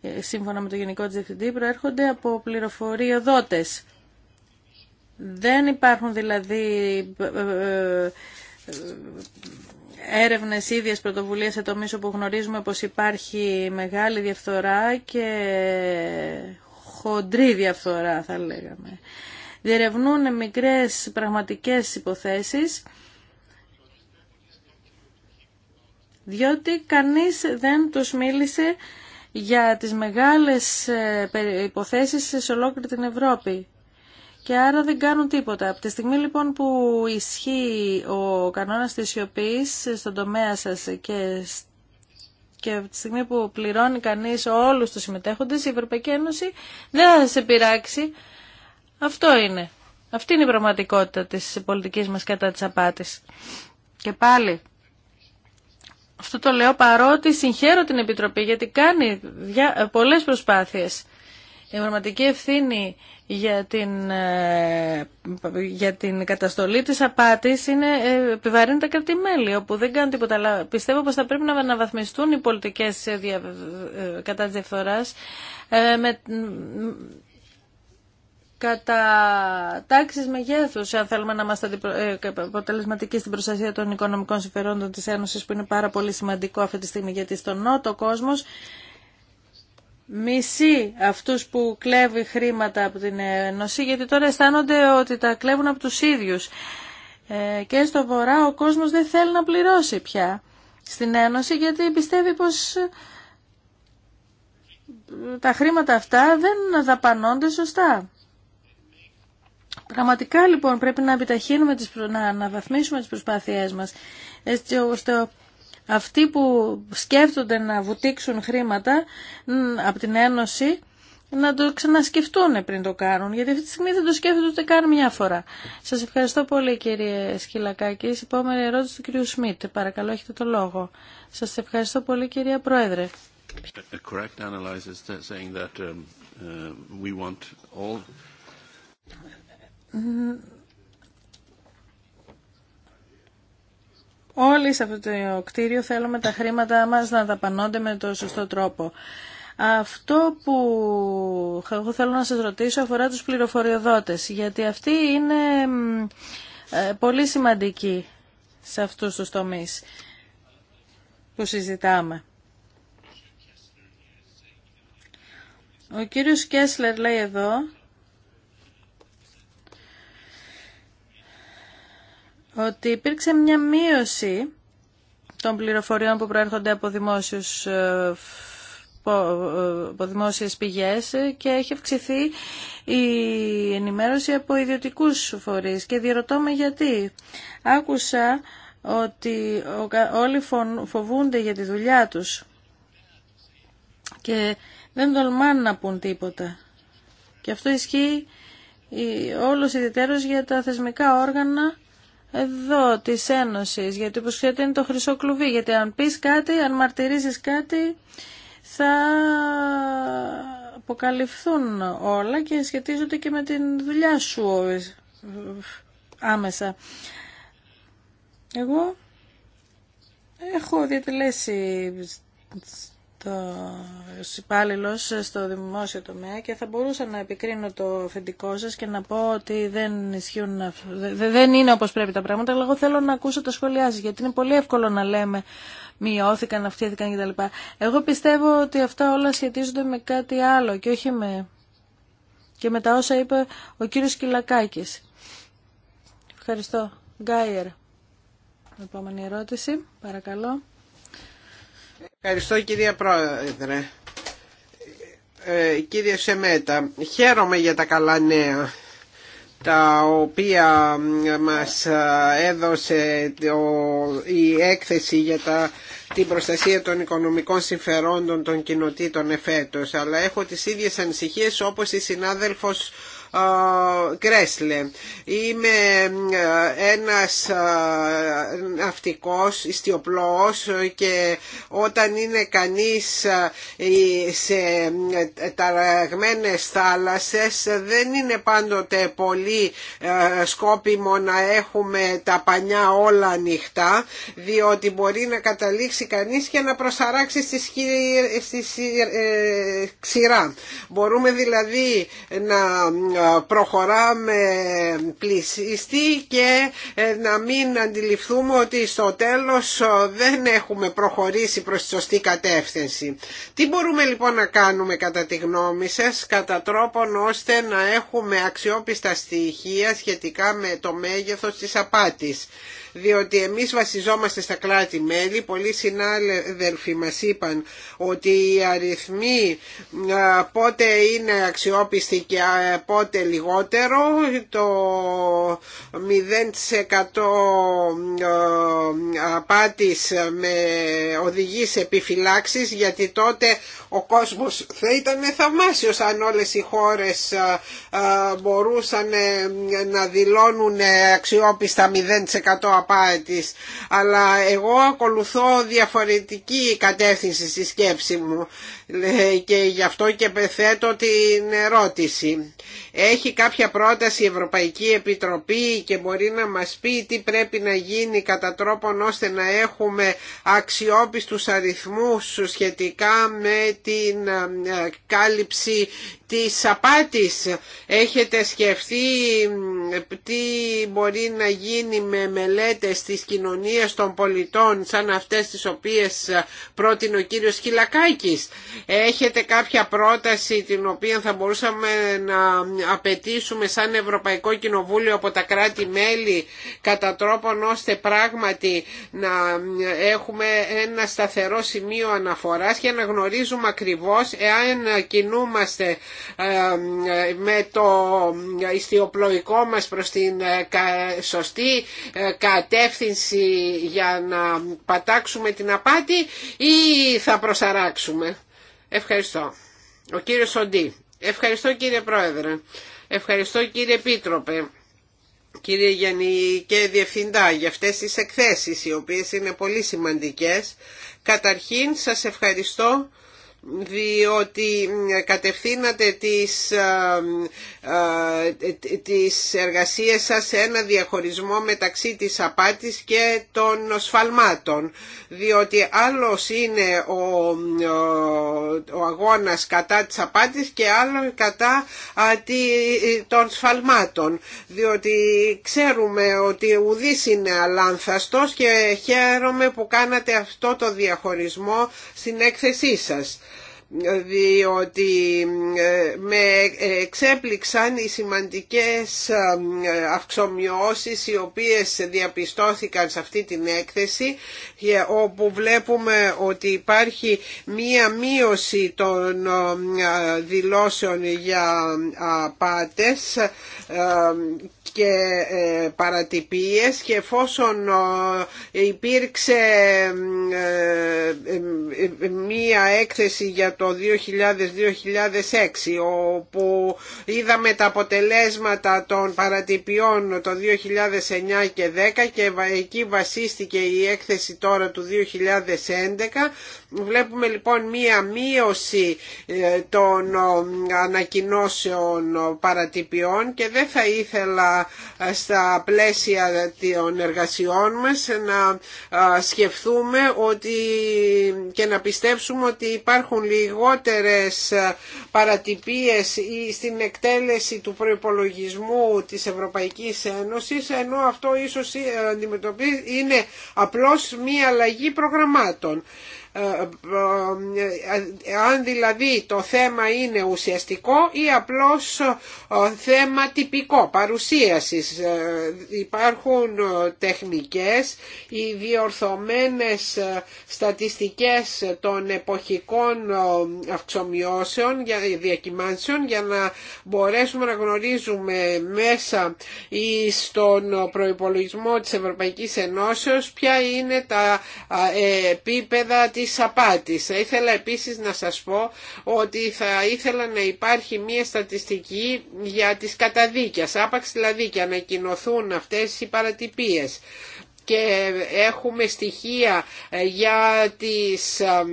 ε, σύμφωνα με το Γενικό της Διευθυντή, προέρχονται από πληροφοριοδότες. Δεν υπάρχουν δηλαδή ε, ε, έρευνες ίδιες πρωτοβουλίες σε τομείς όπου γνωρίζουμε πως υπάρχει μεγάλη διαφθορά και χοντρή διαφθορά θα λέγαμε. Διερευνούν μικρές πραγματικές υποθέσεις διότι κανείς δεν τους μίλησε για τις μεγάλες ε, υποθέσεις σε ολόκληρη την Ευρώπη και άρα δεν κάνουν τίποτα. Από τη στιγμή λοιπόν που ισχύει ο κανόνας της σιωπή στον τομέα σας και και από τη στιγμή που πληρώνει κανείς όλους τους συμμετέχοντες, η Ευρωπαϊκή Ένωση δεν θα σε πειράξει. Αυτό είναι. Αυτή είναι η πραγματικότητα της πολιτικής μας κατά της απάτης. Και πάλι, αυτό το λέω παρότι συγχαίρω την Επιτροπή γιατί κάνει πολλές προσπάθειες. Η πραγματική ευθύνη για την, ε, για την καταστολή της απάτης είναι, ε, επιβαρύνει τα κρατημέλη, όπου δεν κάνουν τίποτα. Πιστεύω πως θα πρέπει να αναβαθμιστούν οι πολιτικές ε, κατά της διαφθοράς με, κατά τάξεις μεγέθους, αν θέλουμε να είμαστε αποτελεσματικοί στην προστασία των οικονομικών συμφερόντων της Ένωσης, που είναι πάρα πολύ σημαντικό αυτή τη στιγμή, γιατί στον νότο κόσμος μισεί αυτούς που κλέβει χρήματα από την Ένωση, γιατί τώρα αισθάνονται ότι τα κλέβουν από τους ίδιους. Ε, και στο Βορρά ο κόσμος δεν θέλει να πληρώσει πια στην Ένωση, γιατί πιστεύει πως ε, τα χρήματα αυτά δεν δαπανώνται σωστά. Πραγματικά λοιπόν πρέπει να επιταχύνουμε, τις, να αναβαθμίσουμε τις προσπάθειές μας, έτσι ώστε αυτοί που σκέφτονται να βουτήξουν χρήματα από την Ένωση να το ξανασκεφτούν πριν το κάνουν, γιατί αυτή τη στιγμή δεν το σκέφτονται ούτε καν μια φορά. Σας ευχαριστώ πολύ κύριε Σκυλακάκη. Η επόμενη ερώτηση του κυρίου Σμιτ. Παρακαλώ, έχετε το λόγο. Σας ευχαριστώ πολύ κυρία Πρόεδρε. Όλοι σε αυτό το κτίριο θέλουμε τα χρήματα μας να δαπανώνται με το σωστό τρόπο. Αυτό που εγώ θέλω να σας ρωτήσω αφορά τους πληροφοριοδότες, γιατί αυτοί είναι ε, πολύ σημαντικοί σε αυτούς τους τομείς που συζητάμε. Ο κύριος Κέσλερ λέει εδώ ότι υπήρξε μια μείωση των πληροφοριών που προέρχονται από δημόσιους ε, ε, από δημόσιες πηγές και έχει αυξηθεί η ενημέρωση από ιδιωτικούς φορείς και διερωτώ με γιατί. Άκουσα ότι όλοι φοβούνται για τη δουλειά τους και δεν τολμάνε να πούν τίποτα. Και αυτό ισχύει ε, όλος ιδιαίτερος για τα θεσμικά όργανα εδώ τη Ένωση. γιατί όπω ξέρετε είναι το χρυσό κλουβί, γιατί αν πεις κάτι, αν μαρτυρήσεις κάτι, θα αποκαλυφθούν όλα και σχετίζονται και με την δουλειά σου ε, άμεσα. Εγώ έχω διατελέσει το υπάλληλο στο δημόσιο τομέα και θα μπορούσα να επικρίνω το αφεντικό σα και να πω ότι δεν ισχύουν, δεν είναι όπως πρέπει τα πράγματα, αλλά εγώ θέλω να ακούσω τα σχόλιά γιατί είναι πολύ εύκολο να λέμε μειώθηκαν, αυξήθηκαν κτλ. Εγώ πιστεύω ότι αυτά όλα σχετίζονται με κάτι άλλο και όχι με... και με τα όσα είπε ο κύριο Κυλακάκη. Ευχαριστώ. Γκάιερ. Επόμενη ερώτηση, παρακαλώ. Ευχαριστώ κυρία Πρόεδρε. Ε, κύριε Σεμέτα, χαίρομαι για τα καλά νέα τα οποία μας έδωσε η έκθεση για τα, την προστασία των οικονομικών συμφερόντων των κοινοτήτων εφέτος. Αλλά έχω τις ίδιες ανησυχίες όπως η συνάδελφος κρέσλε. Είμαι ε, ένας ε, ναυτικός, ιστιοπλώος και όταν είναι κανείς ε, σε ταραγμένες θάλασσες δεν είναι πάντοτε πολύ σκόπιμο να έχουμε τα πανιά όλα ανοιχτά διότι μπορεί να καταλήξει κανείς και να προσαράξει στη, στη ξηρά. Μπορούμε δηλαδή να προχωράμε πλησιστή και ε, να μην αντιληφθούμε ότι στο τέλος ε, δεν έχουμε προχωρήσει προς τη σωστή κατεύθυνση. Τι μπορούμε λοιπόν να κάνουμε κατά τη γνώμη σας, κατά τρόπον ώστε να έχουμε αξιόπιστα στοιχεία σχετικά με το μέγεθος της απάτης διότι εμείς βασιζόμαστε στα κράτη-μέλη. Πολλοί συνάδελφοι μας είπαν ότι οι αριθμοί πότε είναι αξιόπιστοι και πότε λιγότερο. Το 0% απάτης με οδηγεί σε γιατί τότε ο κόσμος θα ήταν θαυμάσιος αν όλες οι χώρες μπορούσαν ε, να δηλώνουν ε, αξιόπιστα 0% αλλά εγώ ακολουθώ διαφορετική κατεύθυνση στη σκέψη μου ε, και γι' αυτό και πεθέτω την ερώτηση. Έχει κάποια πρόταση η Ευρωπαϊκή Επιτροπή και μπορεί να μας πει τι πρέπει να γίνει κατά τρόπον ώστε να έχουμε αξιόπιστους αριθμούς σχετικά με την ε, κάλυψη της απάτης. Έχετε σκεφτεί τι μπορεί να γίνει με μελέτες της κοινωνίας των πολιτών σαν αυτές τις οποίες ε, πρότεινε ο κύριος Χιλακάκης. Έχετε κάποια πρόταση την οποία θα μπορούσαμε να απαιτήσουμε σαν Ευρωπαϊκό Κοινοβούλιο από τα κράτη-μέλη κατά τρόπον ώστε πράγματι να έχουμε ένα σταθερό σημείο αναφοράς και να γνωρίζουμε ακριβώς εάν κινούμαστε ε, με το ιστιοπλοϊκό μας προς την ε, σωστή ε, κατεύθυνση για να πατάξουμε την απάτη ή θα προσαράξουμε. Ευχαριστώ. Ο κύριος Σοντή. Ευχαριστώ κύριε Πρόεδρε. Ευχαριστώ κύριε Επίτροπε. Κύριε Γενική Διευθυντά, για αυτές τις εκθέσεις οι οποίες είναι πολύ σημαντικές. Καταρχήν σας ευχαριστώ διότι κατευθύνατε τις, τις εργασίες σας σε ένα διαχωρισμό μεταξύ της απάτης και των σφαλμάτων διότι άλλος είναι ο, ο αγώνας κατά της απάτης και άλλο κατά των σφαλμάτων διότι ξέρουμε ότι ουδής είναι αλάνθαστος και χαίρομαι που κάνατε αυτό το διαχωρισμό στην έκθεσή σας διότι ε, με εξέπληξαν οι σημαντικές ε, αυξομοιώσεις οι οποίες διαπιστώθηκαν σε αυτή την έκθεση όπου βλέπουμε ότι υπάρχει μία μείωση των ε, δηλώσεων για πάτες και ε, παρατυπίες και εφόσον ε, υπήρξε ε, μία έκθεση για το 2000-2006 όπου είδαμε τα αποτελέσματα των παρατυπιών το 2009 και 10 και εκεί βασίστηκε η έκθεση τώρα του 2011 Βλέπουμε λοιπόν μία μείωση ε, των ε, ανακοινώσεων παρατυπιών και δεν θα ήθελα ε, στα πλαίσια των εργασιών μας να σκεφτούμε ότι και να πιστέψουμε ότι υπάρχουν λιγότερες παρατυπίες στην εκτέλεση του προϋπολογισμού της Ευρωπαϊκής Ένωσης ενώ αυτό ίσως είναι απλώς μία αλλαγή προγραμμάτων αν δηλαδή το θέμα είναι ουσιαστικό ή απλώς ε, θέμα τυπικό παρουσίασης. Ε, υπάρχουν ε, τεχνικές, οι διορθωμένες στατιστικές των εποχικών αυξομοιώσεων, διακυμάνσεων για να μπορέσουμε να γνωρίζουμε μέσα ή στον προϋπολογισμό της Ευρωπαϊκής Ενώσεως ποια είναι τα επίπεδα της της απάτης. Θα ήθελα επίσης να σας πω ότι θα ήθελα να υπάρχει μία στατιστική για τις καταδίκες, άπαξ δηλαδή και ανακοινωθούν αυτές οι παρατυπίες και έχουμε στοιχεία ε, για τις, ε,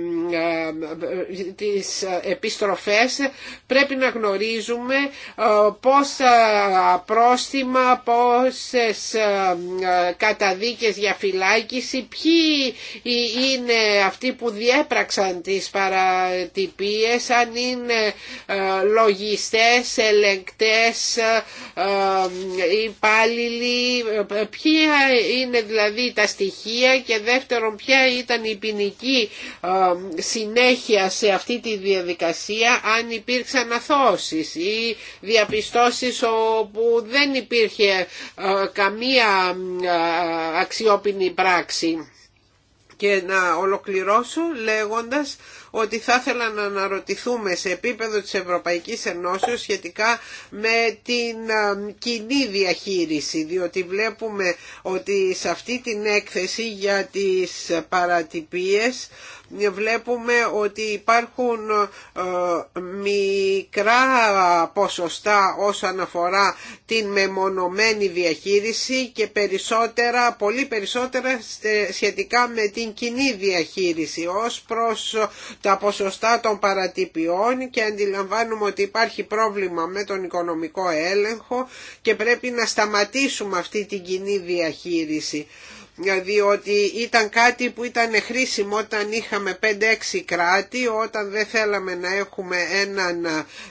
τις επιστροφές πρέπει να γνωρίζουμε ε, πόσα πρόστιμα, πόσες καταδίκες για φυλάκιση, ποιοι είναι αυτοί που διέπραξαν τις παρατυπίες, αν είναι λογιστές, ελεγκτές, υπάλληλοι, ποιοι είναι δηλαδή δηλαδή τα στοιχεία και δεύτερον ποια ήταν η ποινική ε, συνέχεια σε αυτή τη διαδικασία αν υπήρξαν αθώσεις ή διαπιστώσεις όπου δεν υπήρχε ε, καμία ε, αξιόπινη πράξη. Και να ολοκληρώσω λέγοντας ότι θα ήθελα να αναρωτηθούμε σε επίπεδο της Ευρωπαϊκής Ενώσεως σχετικά με την ε, κοινή διαχείριση διότι βλέπουμε ότι σε αυτή την έκθεση για τις παρατυπίες βλέπουμε ότι υπάρχουν ε, μικρά ποσοστά όσον αφορά την μεμονωμένη διαχείριση και περισσότερα, πολύ περισσότερα σχετικά με την κοινή διαχείριση ως προς τα ποσοστά των παρατυπιών και αντιλαμβάνουμε ότι υπάρχει πρόβλημα με τον οικονομικό έλεγχο και πρέπει να σταματήσουμε αυτή την κοινή διαχείριση διότι δηλαδή ήταν κάτι που ήταν χρήσιμο όταν είχαμε 5-6 κράτη, όταν δεν θέλαμε να έχουμε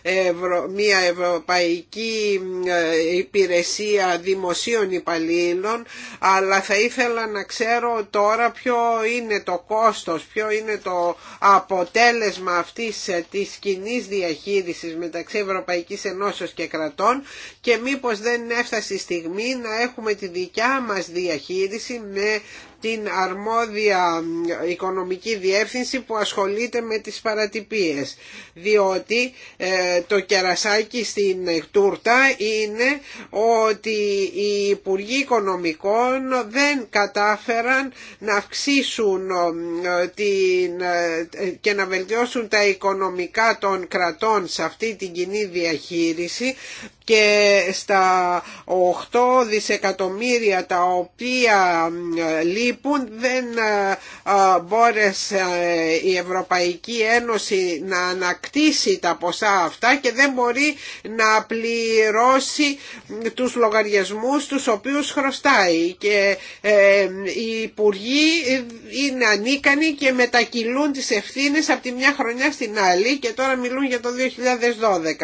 ε, μια ευρωπαϊκή ε, υπηρεσία δημοσίων υπαλλήλων, αλλά θα ήθελα να ξέρω τώρα ποιο είναι το κόστος, ποιο είναι το αποτέλεσμα αυτής ε, της κοινή διαχείρισης μεταξύ Ευρωπαϊκής Ενώσεως και κρατών και μήπως δεν έφτασε η στιγμή να έχουμε τη δικιά μας διαχείριση ε την αρμόδια οικονομική διεύθυνση που ασχολείται με τις παρατυπίες διότι ε, το κερασάκι στην τούρτα είναι ότι οι Υπουργοί Οικονομικών δεν κατάφεραν να αυξήσουν ε, την, ε, και να βελτιώσουν τα οικονομικά των κρατών σε αυτή την κοινή διαχείριση και στα 8 δισεκατομμύρια τα οποία δεν ε, ε, μπόρεσε η Ευρωπαϊκή Ένωση να ανακτήσει τα ποσά αυτά και δεν μπορεί να πληρώσει τους λογαριασμούς τους οποίους χρωστάει και ε, οι υπουργοί είναι ανίκανοι και μετακυλούν τις ευθύνες από τη μια χρονιά στην άλλη και τώρα μιλούν για το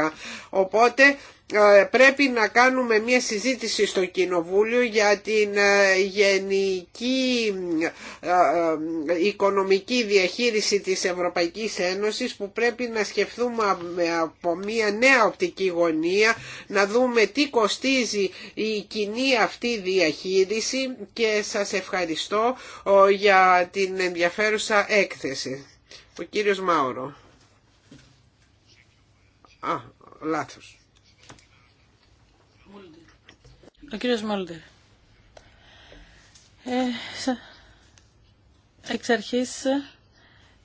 2012. Οπότε ε, πρέπει να κάνουμε μια συζήτηση στο Κοινοβούλιο για την ε, γενική ε, οικονομική διαχείριση της Ευρωπαϊκής Ένωσης που πρέπει να σκεφτούμε από μια νέα οπτική γωνία να δούμε τι κοστίζει η κοινή αυτή διαχείριση και σας ευχαριστώ για την ενδιαφέρουσα έκθεση. Ο κύριος Μάουρο. Α, λάθος. Ο κύριος Μόλτερ. Ε, εξ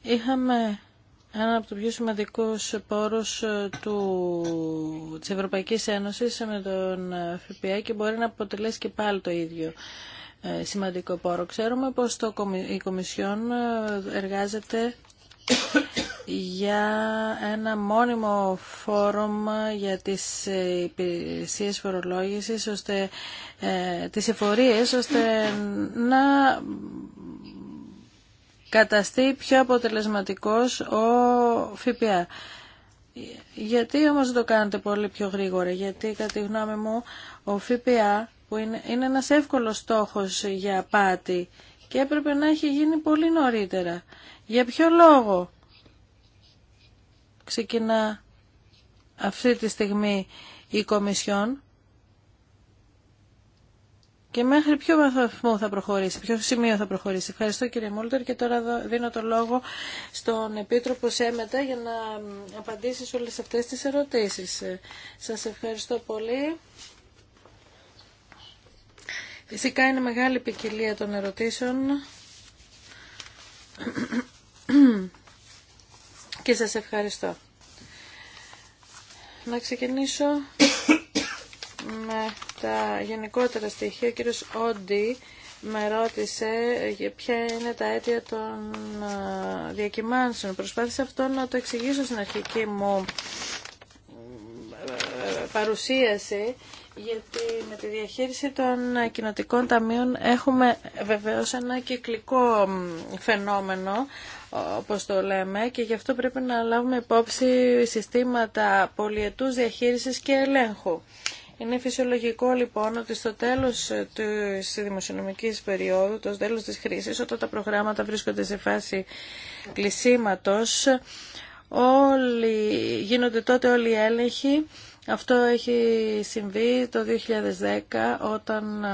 είχαμε ένα από τους πιο σημαντικούς πόρους ε, του, της Ευρωπαϊκής Ένωσης με τον ε, ΦΠΑ και μπορεί να αποτελέσει και πάλι το ίδιο σημαντικό πόρο. Ξέρουμε πως η Κομισιόν εργάζεται για ένα μόνιμο φόρουμ για τις υπηρεσίες φορολόγησης, ώστε, ε, τις εφορίες, ώστε να καταστεί πιο αποτελεσματικός ο ΦΠΑ. Γιατί όμως το κάνετε πολύ πιο γρήγορα, γιατί κατά τη γνώμη μου ο ΦΠΑ που είναι, είναι ένας εύκολος στόχος για πάτη και έπρεπε να έχει γίνει πολύ νωρίτερα. Για ποιο λόγο ξεκινά αυτή τη στιγμή η Κομισιόν και μέχρι ποιο βαθμό θα προχωρήσει, ποιο σημείο θα προχωρήσει. Ευχαριστώ κύριε Μούλτερ και τώρα δίνω το λόγο στον Επίτροπο Σέμετα για να απαντήσει σε όλες αυτές τις ερωτήσεις. Σας ευχαριστώ πολύ. Φυσικά είναι μεγάλη ποικιλία των ερωτήσεων και σας ευχαριστώ. Να ξεκινήσω με τα γενικότερα στοιχεία. Ο κύριος Όντι με ρώτησε ποια είναι τα αίτια των ε, διακυμάνσεων. Προσπάθησα αυτό να το εξηγήσω στην αρχική μου ε, παρουσίαση γιατί με τη διαχείριση των κοινοτικών ταμείων έχουμε βεβαίως ένα κυκλικό φαινόμενο όπως το λέμε και γι' αυτό πρέπει να λάβουμε υπόψη συστήματα πολιετούς διαχείρισης και ελέγχου. Είναι φυσιολογικό λοιπόν ότι στο τέλος της δημοσιονομικής περίοδου, το τέλος της χρήσης, όταν τα προγράμματα βρίσκονται σε φάση κλεισίματος, όλοι, γίνονται τότε όλοι οι έλεγχοι. Αυτό έχει συμβεί το 2010 όταν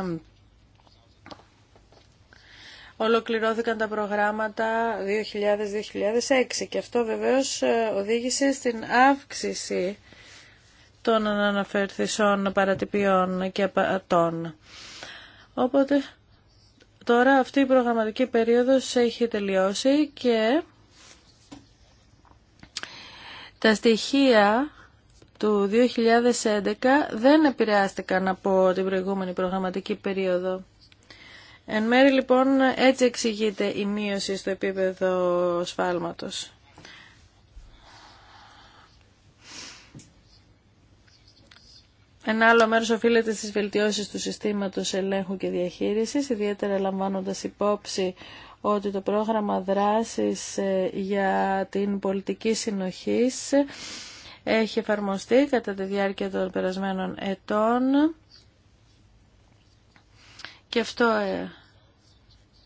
ολοκληρώθηκαν τα προγράμματα 2000-2006 και αυτό βεβαίως ε, οδήγησε στην αύξηση των αναφερθησών παρατυπιών και απατών. Οπότε τώρα αυτή η προγραμματική περίοδος έχει τελειώσει και τα στοιχεία του 2011 δεν επηρεάστηκαν από την προηγούμενη προγραμματική περίοδο. Εν μέρει λοιπόν έτσι εξηγείται η μείωση στο επίπεδο σφάλματος. Ένα άλλο μέρος οφείλεται στις βελτιώσεις του συστήματος ελέγχου και διαχείρισης, ιδιαίτερα λαμβάνοντας υπόψη ότι το πρόγραμμα δράσης ε, για την πολιτική συνοχής ε, έχει εφαρμοστεί κατά τη διάρκεια των περασμένων ετών και αυτό ε,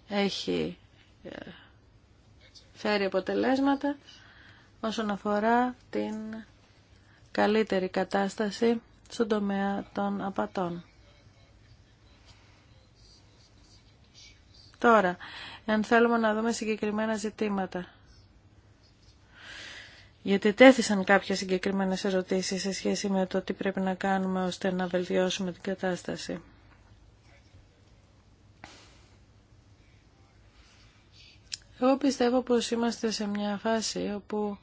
έχει ε, φέρει αποτελέσματα όσον αφορά την καλύτερη κατάσταση στον τομέα των απατών. Τώρα, αν θέλουμε να δούμε συγκεκριμένα ζητήματα. Γιατί τέθησαν κάποιες συγκεκριμένες ερωτήσεις σε σχέση με το τι πρέπει να κάνουμε ώστε να βελτιώσουμε την κατάσταση. Εγώ πιστεύω πως είμαστε σε μια φάση όπου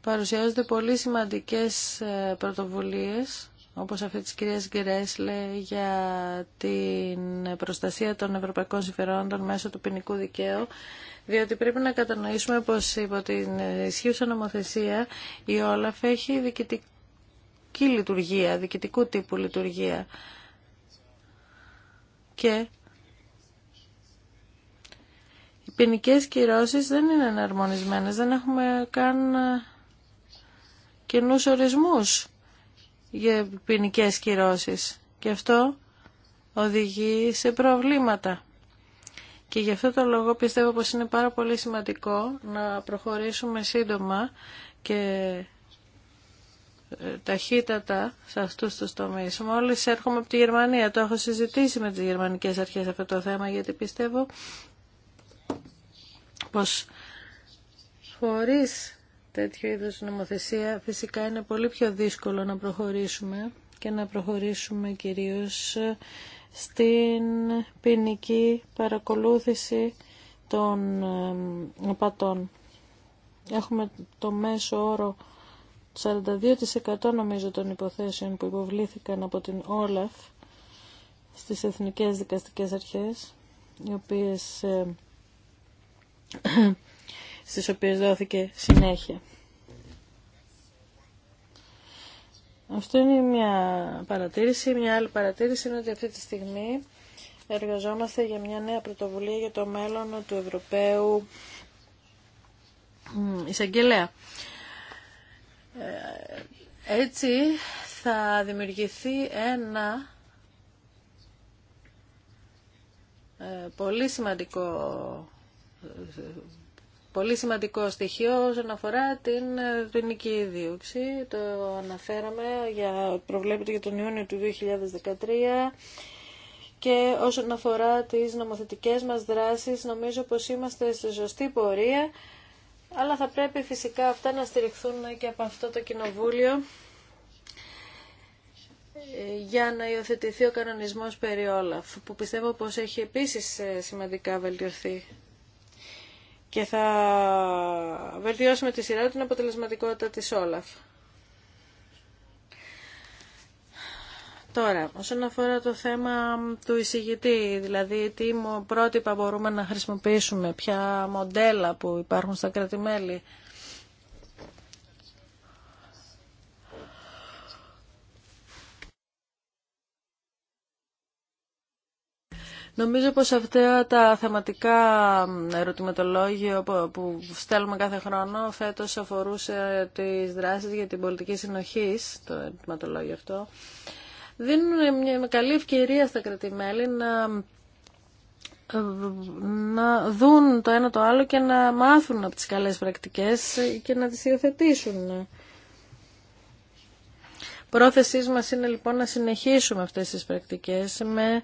παρουσιάζονται πολύ σημαντικές ε, πρωτοβουλίες όπως αυτή της κυρίας Γκρέσλε για την προστασία των ευρωπαϊκών συμφερόντων μέσω του ποινικού δικαίου διότι πρέπει να κατανοήσουμε πως υπό την ισχύουσα νομοθεσία η Όλαφ έχει διοικητική λειτουργία, διοικητικού τύπου λειτουργία και οι ποινικέ κυρώσεις δεν είναι εναρμονισμένες, δεν έχουμε καν ε, καινούς ορισμούς για ποινικέ κυρώσεις και αυτό οδηγεί σε προβλήματα. Και γι' αυτό το λόγο πιστεύω πως είναι πάρα πολύ σημαντικό να προχωρήσουμε σύντομα και ταχύτατα σε αυτούς τους τομείς. Μόλις έρχομαι από τη Γερμανία, το έχω συζητήσει με τις γερμανικές αρχές αυτό το θέμα, γιατί πιστεύω πως χωρίς τέτοιο είδους νομοθεσία φυσικά είναι πολύ πιο δύσκολο να προχωρήσουμε και να προχωρήσουμε κυρίως στην ποινική παρακολούθηση των ε, απατών. Έχουμε το μέσο όρο 42% νομίζω των υποθέσεων που υποβλήθηκαν από την Όλαφ στις Εθνικές Δικαστικές Αρχές, οι οποίες, ε, [CLEARS THROAT] στις οποίες δόθηκε συνέχεια. Αυτό είναι μια παρατήρηση. Μια άλλη παρατήρηση είναι ότι αυτή τη στιγμή εργαζόμαστε για μια νέα πρωτοβουλία για το μέλλον του Ευρωπαίου εισαγγελέα. Ε, έτσι θα δημιουργηθεί ένα ε, πολύ σημαντικό πολύ σημαντικό στοιχείο όσον αφορά την ποινική ε, δίωξη. Το αναφέραμε, για, προβλέπεται για τον Ιούνιο του 2013 και όσον αφορά τις νομοθετικές μας δράσεις νομίζω πως είμαστε στη σωστή πορεία αλλά θα πρέπει φυσικά αυτά να στηριχθούν και από αυτό το κοινοβούλιο ε, για να υιοθετηθεί ο κανονισμός περί Όλαφ, που πιστεύω πως έχει επίσης ε, σημαντικά βελτιωθεί. Και θα βελτιώσουμε τη σειρά την αποτελεσματικότητα της Όλαφ. Τώρα, όσον αφορά το θέμα του εισηγητή, δηλαδή τι πρότυπα μπορούμε να χρησιμοποιήσουμε, ποια μοντέλα που υπάρχουν στα κρατημέλη, Νομίζω πως αυτά τα θεματικά ερωτηματολόγια που στέλνουμε κάθε χρόνο φέτος αφορούσε τις δράσεις για την πολιτική συνοχής, το ερωτηματολόγιο αυτό δίνουν μια καλή ευκαιρία στα κρατημέλη να να δουν το ένα το άλλο και να μάθουν από τις καλές πρακτικές και να τις υιοθετήσουν. Πρόθεσή μας είναι λοιπόν να συνεχίσουμε αυτές τις πρακτικές με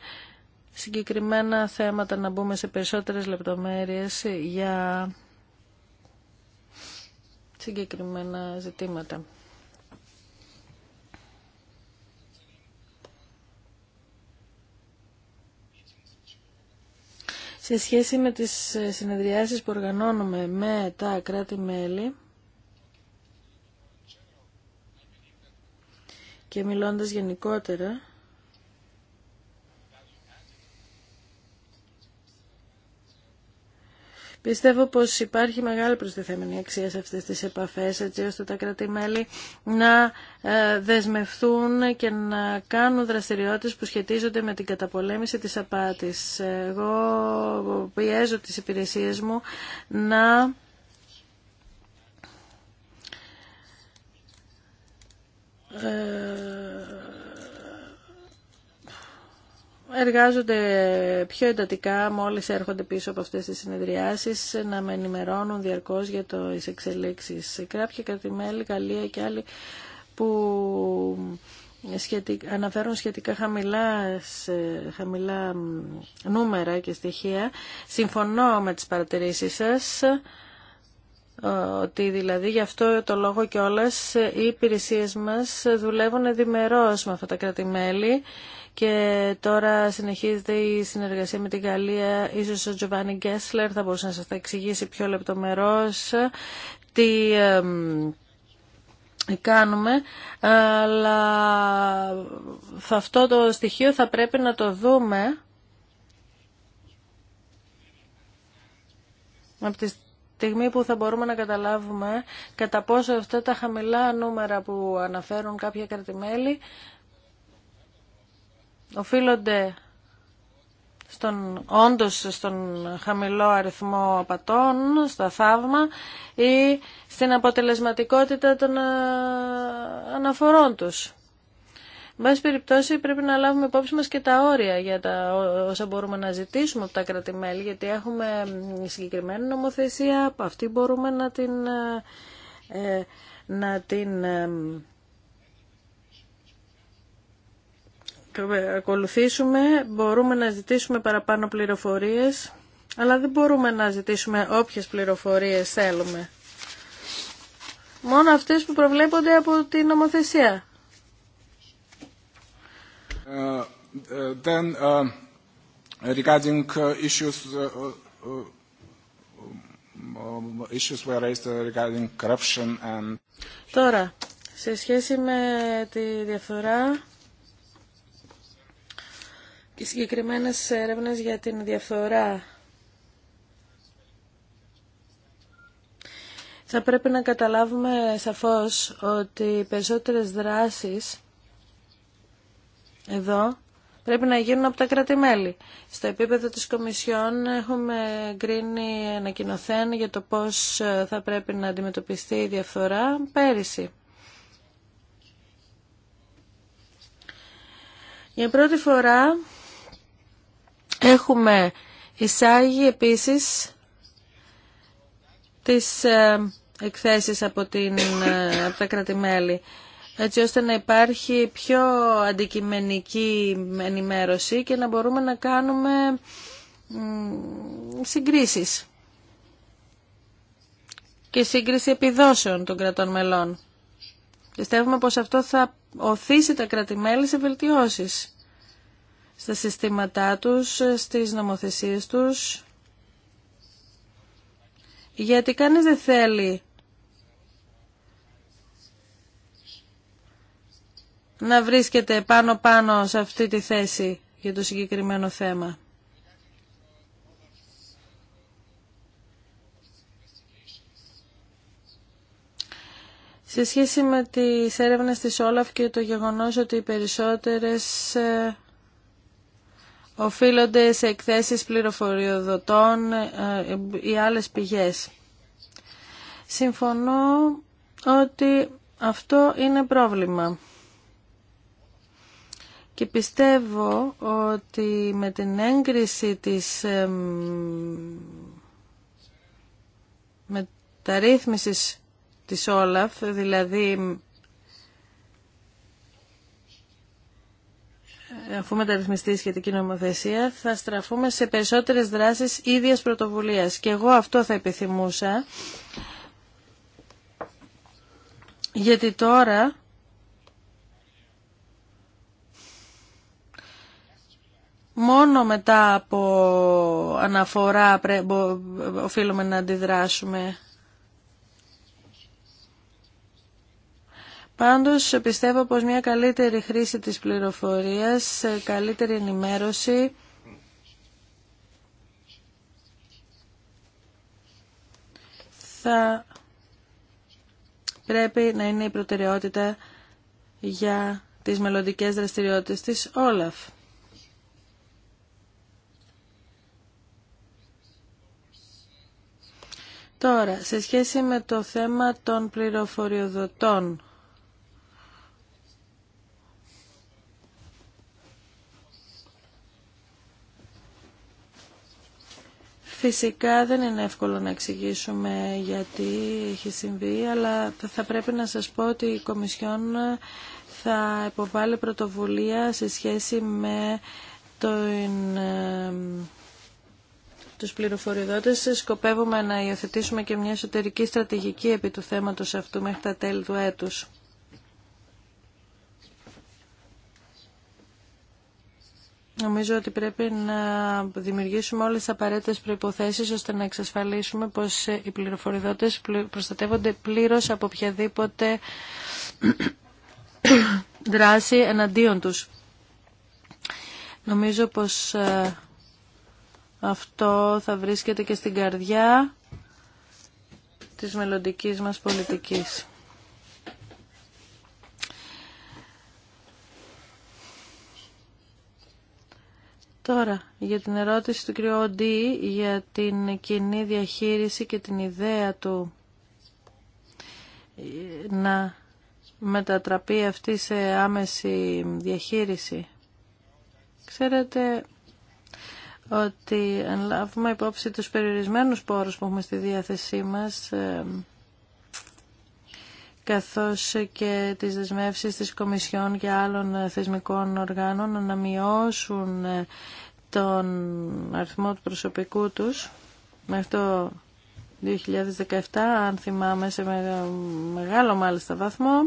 συγκεκριμένα θέματα, να μπούμε σε περισσότερες λεπτομέρειες για συγκεκριμένα ζητήματα. σε σχέση με τις ε, συνεδριάσεις που οργανώνουμε με τα κράτη-μέλη και μιλώντας γενικότερα Πιστεύω πως υπάρχει μεγάλη προστιθέμενη αξία σε αυτές τις επαφές, έτσι ώστε τα κράτη-μέλη να ε, δεσμευθούν και να κάνουν δραστηριότητες που σχετίζονται με την καταπολέμηση της απάτης. Εγώ πιέζω τις υπηρεσίες μου να... Ε, εργάζονται πιο εντατικά μόλις έρχονται πίσω από αυτές τις συνεδριάσεις να με ενημερώνουν διαρκώς για το εξελίξεις. Κράπια, κρατημέλη, Γαλλία και άλλοι που αναφέρουν σχετικά χαμηλά, χαμηλά νούμερα και στοιχεία. Συμφωνώ με τις παρατηρήσεις σας ότι δηλαδή γι' αυτό το λόγο κιόλας οι υπηρεσίες μας δουλεύουν διμερώς με αυτά τα κρατημέλη και τώρα συνεχίζεται η συνεργασία με την Γαλλία. Ίσως ο Τζοβάνι Γκέσλερ θα μπορούσε να σας τα εξηγήσει πιο λεπτομερώς τι κάνουμε, αλλά αυτό το στοιχείο θα πρέπει να το δούμε από τη στιγμή που θα μπορούμε να καταλάβουμε κατά πόσο αυτά τα χαμηλά νούμερα που αναφέρουν κάποια κρατημέλη οφείλονται στον, όντως στον χαμηλό αριθμό απατών, στα θαύμα ή στην αποτελεσματικότητα των ε, αναφορών τους. Μέσα πάση περιπτώσει πρέπει να λάβουμε υπόψη μας και τα όρια για τα όσα μπορούμε να ζητήσουμε από τα κρατημέλη, γιατί έχουμε συγκεκριμένη νομοθεσία, αυτή μπορούμε να την, ε, ε, να την ακολουθήσουμε, μπορούμε να ζητήσουμε παραπάνω πληροφορίες, αλλά δεν μπορούμε να ζητήσουμε όποιες πληροφορίες θέλουμε. Μόνο αυτές που προβλέπονται από την νομοθεσία. then, regarding issues, issues Τώρα, σε σχέση με τη διαφορά και συγκεκριμένες έρευνες για την διαφθορά. Θα πρέπει να καταλάβουμε σαφώς ότι οι περισσότερες δράσεις εδώ πρέπει να γίνουν από τα κράτη-μέλη. Στο επίπεδο της Κομισιόν έχουμε γκρίνει ανακοινωθέν για το πώς θα πρέπει να αντιμετωπιστεί η διαφθορά πέρυσι. Για πρώτη φορά Έχουμε εισάγει επίσης τις ε, εκθέσεις από, την, ε, από τα κρατημέλη έτσι ώστε να υπάρχει πιο αντικειμενική ενημέρωση και να μπορούμε να κάνουμε συγκρίσεις και σύγκριση επιδόσεων των κρατών μελών. Πιστεύουμε πως αυτό θα οθήσει τα κρατημέλη σε βελτιώσεις στα συστήματά τους, στις νομοθεσίες τους. Γιατί κανείς δεν θέλει να βρίσκεται πάνω-πάνω σε αυτή τη θέση για το συγκεκριμένο θέμα. Σε σχέση με τις έρευνες της Όλαφ και το γεγονός ότι οι περισσότερες ε, οφείλονται σε εκθέσεις πληροφοριοδοτών ή ε, ε, άλλες πηγές. Συμφωνώ ότι αυτό είναι πρόβλημα. Και πιστεύω ότι με την έγκριση της μεταρρύθμισης της Όλαφ, δηλαδή αφού μεταρρυθμιστεί η σχετική νομοθεσία, θα στραφούμε σε περισσότερες δράσεις ίδιας πρωτοβουλίας. Και εγώ αυτό θα επιθυμούσα, γιατί τώρα... Μόνο μετά από αναφορά οφείλουμε να αντιδράσουμε. Πάντως πιστεύω πως μια καλύτερη χρήση της πληροφορίας, ε, καλύτερη ενημέρωση θα πρέπει να είναι η προτεραιότητα για τις μελλοντικές δραστηριότητες της Όλαφ. Τώρα, σε σχέση με το θέμα των πληροφοριοδοτών, Φυσικά δεν είναι εύκολο να εξηγήσουμε γιατί έχει συμβεί, αλλά θα πρέπει να σας πω ότι η Κομισιόν θα υποβάλει πρωτοβουλία σε σχέση με τον τους πληροφοριδότες. Σκοπεύουμε να υιοθετήσουμε και μια εσωτερική στρατηγική επί του θέματος αυτού μέχρι τα τέλη του έτους. Νομίζω ότι πρέπει να δημιουργήσουμε όλες τις απαραίτητες προϋποθέσεις ώστε να εξασφαλίσουμε πως οι πληροφοριδότες προστατεύονται πλήρως από οποιαδήποτε δράση εναντίον τους. Νομίζω πως ε, αυτό θα βρίσκεται και στην καρδιά της μελλοντικής μας πολιτικής. Τώρα, για την ερώτηση του κ. Οντή για την κοινή διαχείριση και την ιδέα του ε, να μετατραπεί αυτή σε άμεση διαχείριση. Ξέρετε ότι αν λάβουμε υπόψη τους περιορισμένους πόρους που έχουμε στη διάθεσή μας, ε, καθώς και τις δεσμεύσεις της Κομισιόν και άλλων θεσμικών οργάνων να μειώσουν τον αριθμό του προσωπικού τους με το 2017, αν θυμάμαι σε μεγάλο μάλιστα βαθμό,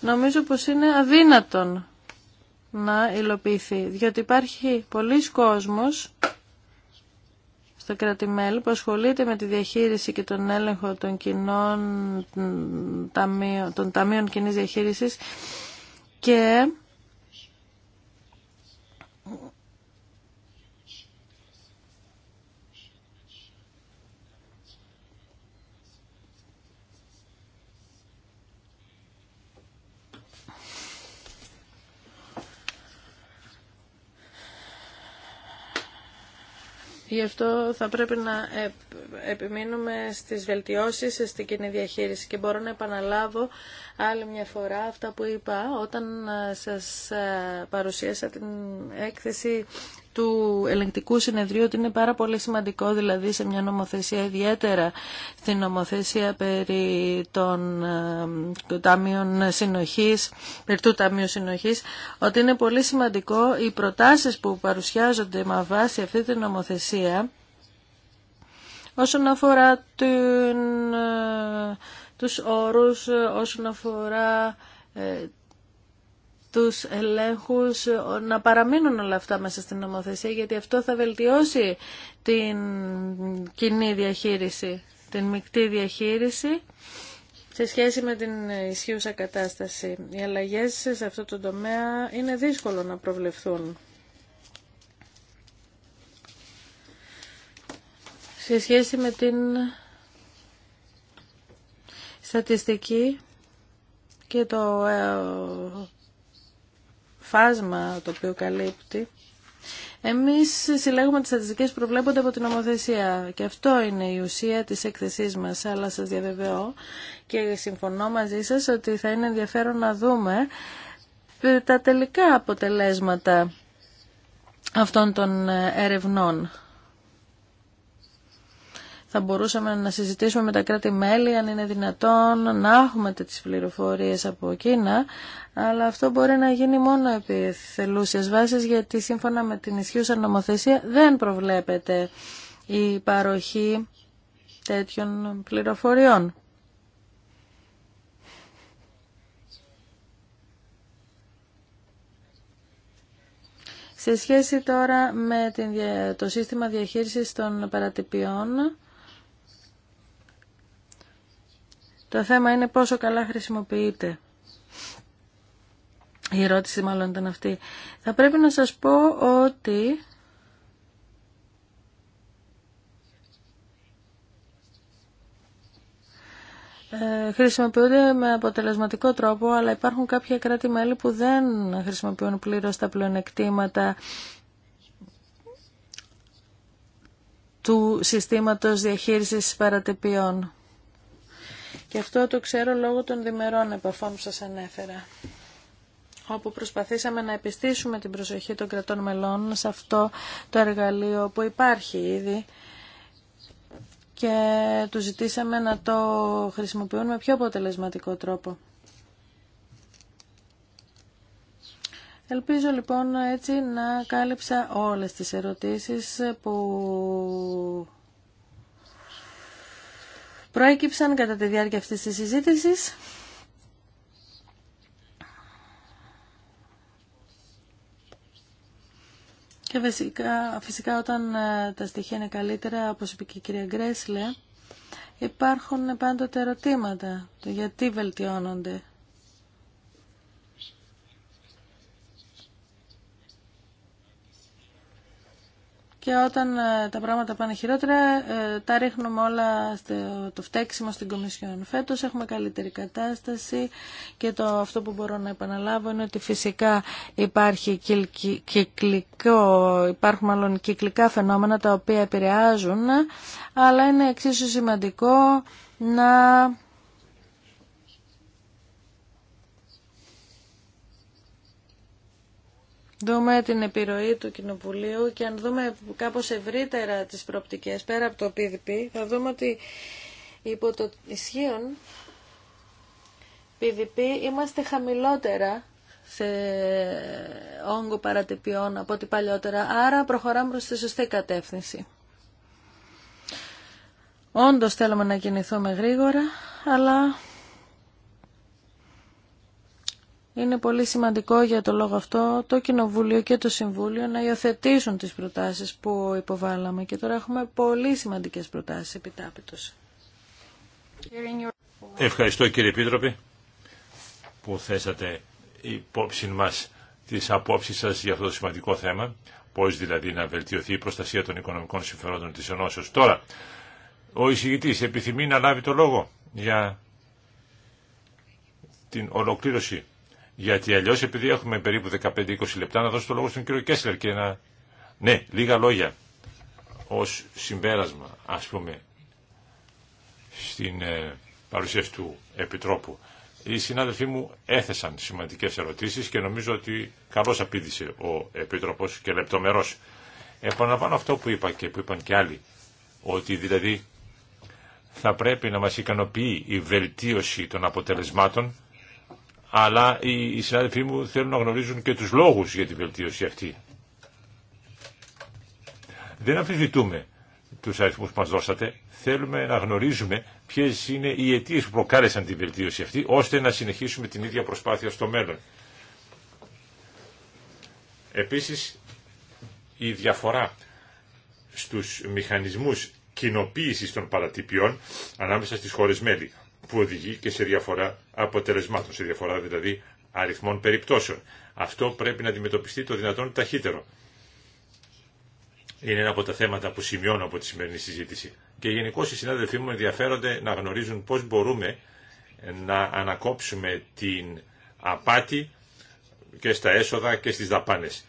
νομίζω πως είναι αδύνατον να υλοποιηθεί, διότι υπάρχει πολλοί κόσμος στο κράτη-μέλη που ασχολείται με τη διαχείριση και τον έλεγχο των, κοινών, των ταμείων Κοινής διαχείρισης και Γι' αυτό θα πρέπει να επιμείνουμε στις βελτιώσεις, στην κοινή διαχείριση. Και μπορώ να επαναλάβω άλλη μια φορά αυτά που είπα όταν ε, σας ε, παρουσίασα την έκθεση του ελεγκτικού συνεδρίου ότι είναι πάρα πολύ σημαντικό δηλαδή σε μια νομοθεσία ιδιαίτερα στην νομοθεσία περί των ε, ταμείων συνοχής, περί του Ταμείου Συνοχής ότι είναι πολύ σημαντικό οι προτάσεις που παρουσιάζονται με βάση αυτή την νομοθεσία όσον αφορά την, ε, τους όρους, ε, όσον αφορά τους ελέγχους να παραμείνουν όλα αυτά μέσα στην νομοθεσία γιατί αυτό θα βελτιώσει την κοινή διαχείριση, την μεικτή διαχείριση σε σχέση με την ισχύουσα κατάσταση. Οι αλλαγές σε αυτό το τομέα είναι δύσκολο να προβλεφθούν. Σε σχέση με την στατιστική και το ε, φάσμα το οποίο καλύπτει. Εμείς συλλέγουμε τις στατιστικές που προβλέπονται από την νομοθεσία και αυτό είναι η ουσία της έκθεσής μας, αλλά σας διαβεβαιώ και συμφωνώ μαζί σας ότι θα είναι ενδιαφέρον να δούμε ε, τα τελικά αποτελέσματα αυτών των ε, ερευνών θα μπορούσαμε να συζητήσουμε με τα κράτη-μέλη αν είναι δυνατόν να έχουμε τις πληροφορίες από εκείνα, αλλά αυτό μπορεί να γίνει μόνο επί θελούσιας βάσης γιατί σύμφωνα με την ισχύουσα νομοθεσία δεν προβλέπεται η παροχή τέτοιων πληροφοριών. Σε σχέση τώρα με το σύστημα διαχείρισης των παρατυπιών, Το θέμα είναι πόσο καλά χρησιμοποιείται. Η ερώτηση μάλλον ήταν αυτή. Θα πρέπει να σας πω ότι... Ε, χρησιμοποιούνται με αποτελεσματικό τρόπο, αλλά υπάρχουν κάποια κράτη-μέλη που δεν χρησιμοποιούν πλήρως τα πλεονεκτήματα του συστήματος διαχείρισης παρατεπιών. Και αυτό το ξέρω λόγω των διμερών επαφών που σας ανέφερα όπου προσπαθήσαμε να επιστήσουμε την προσοχή των κρατών μελών σε αυτό το εργαλείο που υπάρχει ήδη και του ζητήσαμε να το χρησιμοποιούν με πιο αποτελεσματικό τρόπο. Ελπίζω λοιπόν έτσι να κάλυψα όλες τις ερωτήσεις που προέκυψαν κατά τη διάρκεια αυτής της συζήτησης. Και φυσικά, φυσικά όταν ε, τα στοιχεία είναι καλύτερα, όπως είπε και η κυρία Γκρέσλε, υπάρχουν πάντοτε ερωτήματα το γιατί βελτιώνονται και όταν ε, τα πράγματα πάνε χειρότερα ε, τα ρίχνουμε όλα στο, το φταίξιμο στην Κομισιόν. Φέτος έχουμε καλύτερη κατάσταση και το, αυτό που μπορώ να επαναλάβω είναι ότι φυσικά υπάρχει κυκλικό, υπάρχουν μάλλον κυκλικά φαινόμενα τα οποία επηρεάζουν αλλά είναι εξίσου σημαντικό να δούμε την επιρροή του Κοινοβουλίου και αν δούμε κάπως ευρύτερα τις προοπτικές πέρα από το PDP, θα δούμε ότι υπό το ισχύον PDP είμαστε χαμηλότερα σε όγκο παρατυπιών από ό,τι παλιότερα, άρα προχωράμε προς τη σωστή κατεύθυνση. Όντως θέλουμε να κινηθούμε γρήγορα, αλλά Είναι πολύ σημαντικό για το λόγο αυτό το Κοινοβούλιο και το Συμβούλιο να υιοθετήσουν τις προτάσεις που υποβάλαμε και τώρα έχουμε πολύ σημαντικές προτάσεις επιτάπητος. Ευχαριστώ κύριε Επίτροπη που θέσατε υπόψη μας τις απόψεις σας για αυτό το σημαντικό θέμα, πώς δηλαδή να βελτιωθεί η προστασία των οικονομικών συμφερόντων της Ενώσεως. Τώρα, ο εισηγητής επιθυμεί να λάβει το λόγο για την ολοκλήρωση γιατι αλλιω αλλιώς επειδή έχουμε περίπου 15-20 λεπτά να δώσω το λόγο στον κύριο Κέσλερ και να... Ναι, λίγα λόγια ως συμπέρασμα, ας πούμε, στην ε, παρουσίαση του Επιτρόπου. Οι συνάδελφοί μου έθεσαν σημαντικές ερωτήσεις και νομίζω ότι καλώς απήντησε ο Επίτροπος και λεπτομερός. Επαναλαμβάνω αυτό που είπα και που είπαν και άλλοι, ότι δηλαδή θα πρέπει να μας ικανοποιεί η βελτίωση των αποτελεσμάτων αλλά οι συνάδελφοί μου θέλουν να γνωρίζουν και τους λόγους για τη βελτίωση αυτή. Δεν αμφισβητούμε τους αριθμούς που μας δώσατε. Θέλουμε να γνωρίζουμε ποιες είναι οι αιτίες που προκάλεσαν την βελτίωση αυτή, ώστε να συνεχίσουμε την ίδια προσπάθεια στο μέλλον. Επίσης, η διαφορά στους μηχανισμούς κοινοποίησης των παρατυπιών ανάμεσα στις χώρες μέλη που οδηγεί και σε διαφορά αποτελεσμάτων, σε διαφορά δηλαδή αριθμών περιπτώσεων. Αυτό πρέπει να αντιμετωπιστεί το δυνατόν ταχύτερο. Είναι ένα από τα θέματα που σημειώνω από τη σημερινή συζήτηση. Και γενικώ οι συνάδελφοί μου ενδιαφέρονται να γνωρίζουν πώς μπορούμε να ανακόψουμε την απάτη και στα έσοδα και στις δαπάνες.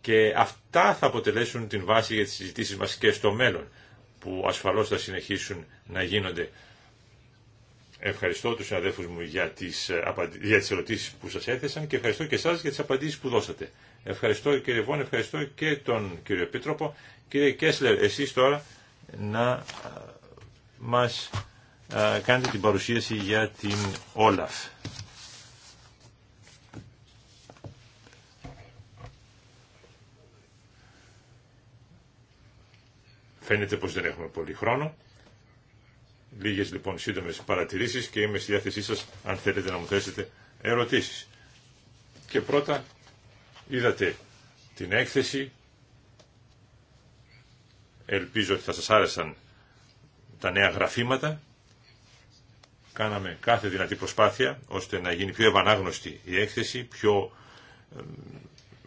Και αυτά θα αποτελέσουν την βάση για τις συζητήσεις μας και στο μέλλον, που ασφαλώς θα συνεχίσουν να γίνονται Ευχαριστώ τους αδέρφους μου για τις, ε, για τις ερωτήσεις που σας έθεσαν και ευχαριστώ και εσάς για τις απαντήσεις που δώσατε. Ευχαριστώ κύριε Βόν, ευχαριστώ και τον κύριο Επίτροπο. Κύριε Κέσλερ, εσείς τώρα να ε, μας ε, κάνετε την παρουσίαση για την Όλαφ. Φαίνεται πως δεν έχουμε πολύ χρόνο. Λίγες λοιπόν σύντομε παρατηρήσει και είμαι στη διάθεσή σα αν θέλετε να μου θέσετε ερωτήσει. Και πρώτα είδατε την έκθεση. Ελπίζω ότι θα σας άρεσαν τα νέα γραφήματα. Κάναμε κάθε δυνατή προσπάθεια ώστε να γίνει πιο ευανάγνωστη η έκθεση, πιο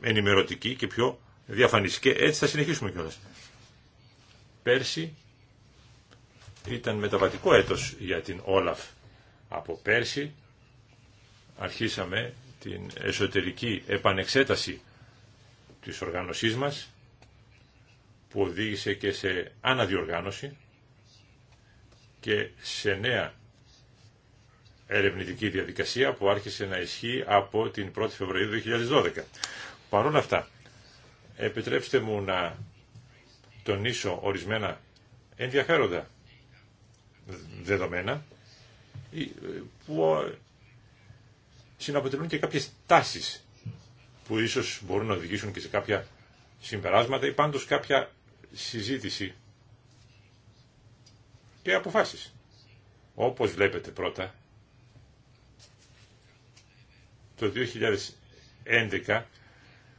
ενημερωτική και πιο διαφανιστική. Και έτσι θα συνεχίσουμε κιόλας. Πέρσι ήταν μεταβατικό έτος για την Όλαφ. Από πέρσι αρχίσαμε την εσωτερική επανεξέταση της οργάνωσής μας που οδήγησε και σε αναδιοργάνωση και σε νέα ερευνητική διαδικασία που άρχισε να ισχύει από την 1η Φεβρουαρίου 2012. Παρ' αυτά, επιτρέψτε μου να τονίσω ορισμένα ενδιαφέροντα δεδομένα ε, που ε, συναποτελούν και κάποιες τάσεις που ίσως μπορούν να οδηγήσουν και σε κάποια συμπεράσματα ή πάντως κάποια συζήτηση και αποφάσεις. Όπως βλέπετε πρώτα, το 2011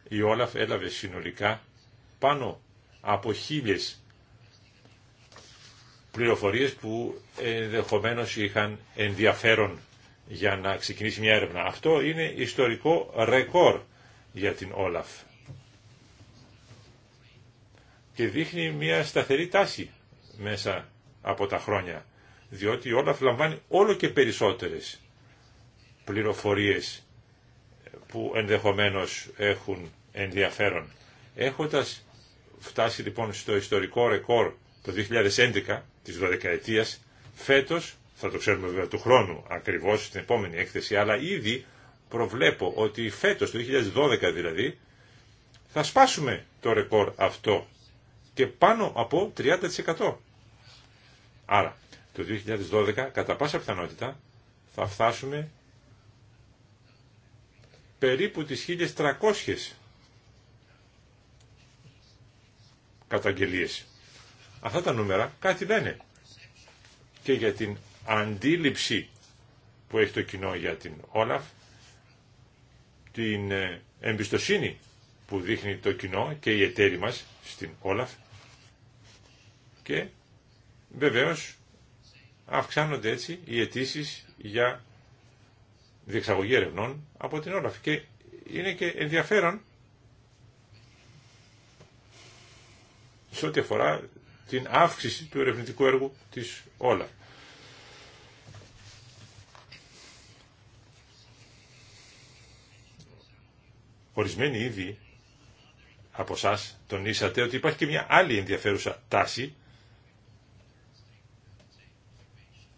η Όλαφ έλαβε συνολικά πάνω από χίλιες πληροφορίες που ενδεχομένω είχαν ενδιαφέρον για να ξεκινήσει μια έρευνα. Αυτό είναι ιστορικό ρεκόρ για την Όλαφ και δείχνει μια σταθερή τάση μέσα από τα χρόνια διότι η Όλαφ λαμβάνει όλο και περισσότερες πληροφορίες που ενδεχομένως έχουν ενδιαφέρον. Έχοντας φτάσει λοιπόν στο ιστορικό ρεκόρ το 2011 της 12 ετίας, φέτος, θα το ξέρουμε βέβαια του χρόνου ακριβώς στην επόμενη έκθεση, αλλά ήδη προβλέπω ότι φέτος, το 2012 δηλαδή, θα σπάσουμε το ρεκόρ αυτό και πάνω από 30%. Άρα, το 2012 κατά πάσα πιθανότητα θα φτάσουμε περίπου τις 1300 καταγγελίες. Αυτά τα νούμερα κάτι λένε και για την αντίληψη που έχει το κοινό για την Όλαφ, την ε, εμπιστοσύνη που δείχνει το κοινό και η εταίροι μας στην Όλαφ και βεβαίως αυξάνονται έτσι οι αιτήσει για διεξαγωγή ερευνών από την Όλαφ και είναι και ενδιαφέρον σε ό,τι αφορά την αύξηση του ερευνητικού έργου της όλα. Ορισμένοι ήδη από εσά τονίσατε ότι υπάρχει και μια άλλη ενδιαφέρουσα τάση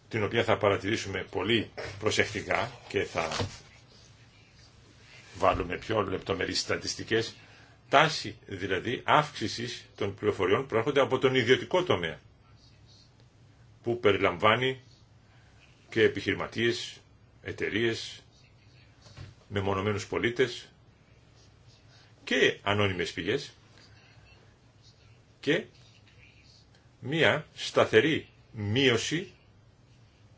την οποία θα παρατηρήσουμε πολύ προσεκτικά και θα βάλουμε πιο λεπτομερείς στατιστικές τάση δηλαδή αύξησης των πληροφοριών προέρχονται από τον ιδιωτικό τομέα που περιλαμβάνει και επιχειρηματίες, εταιρείες, μεμονωμένους πολίτες και ανώνυμες πηγές και μία σταθερή μείωση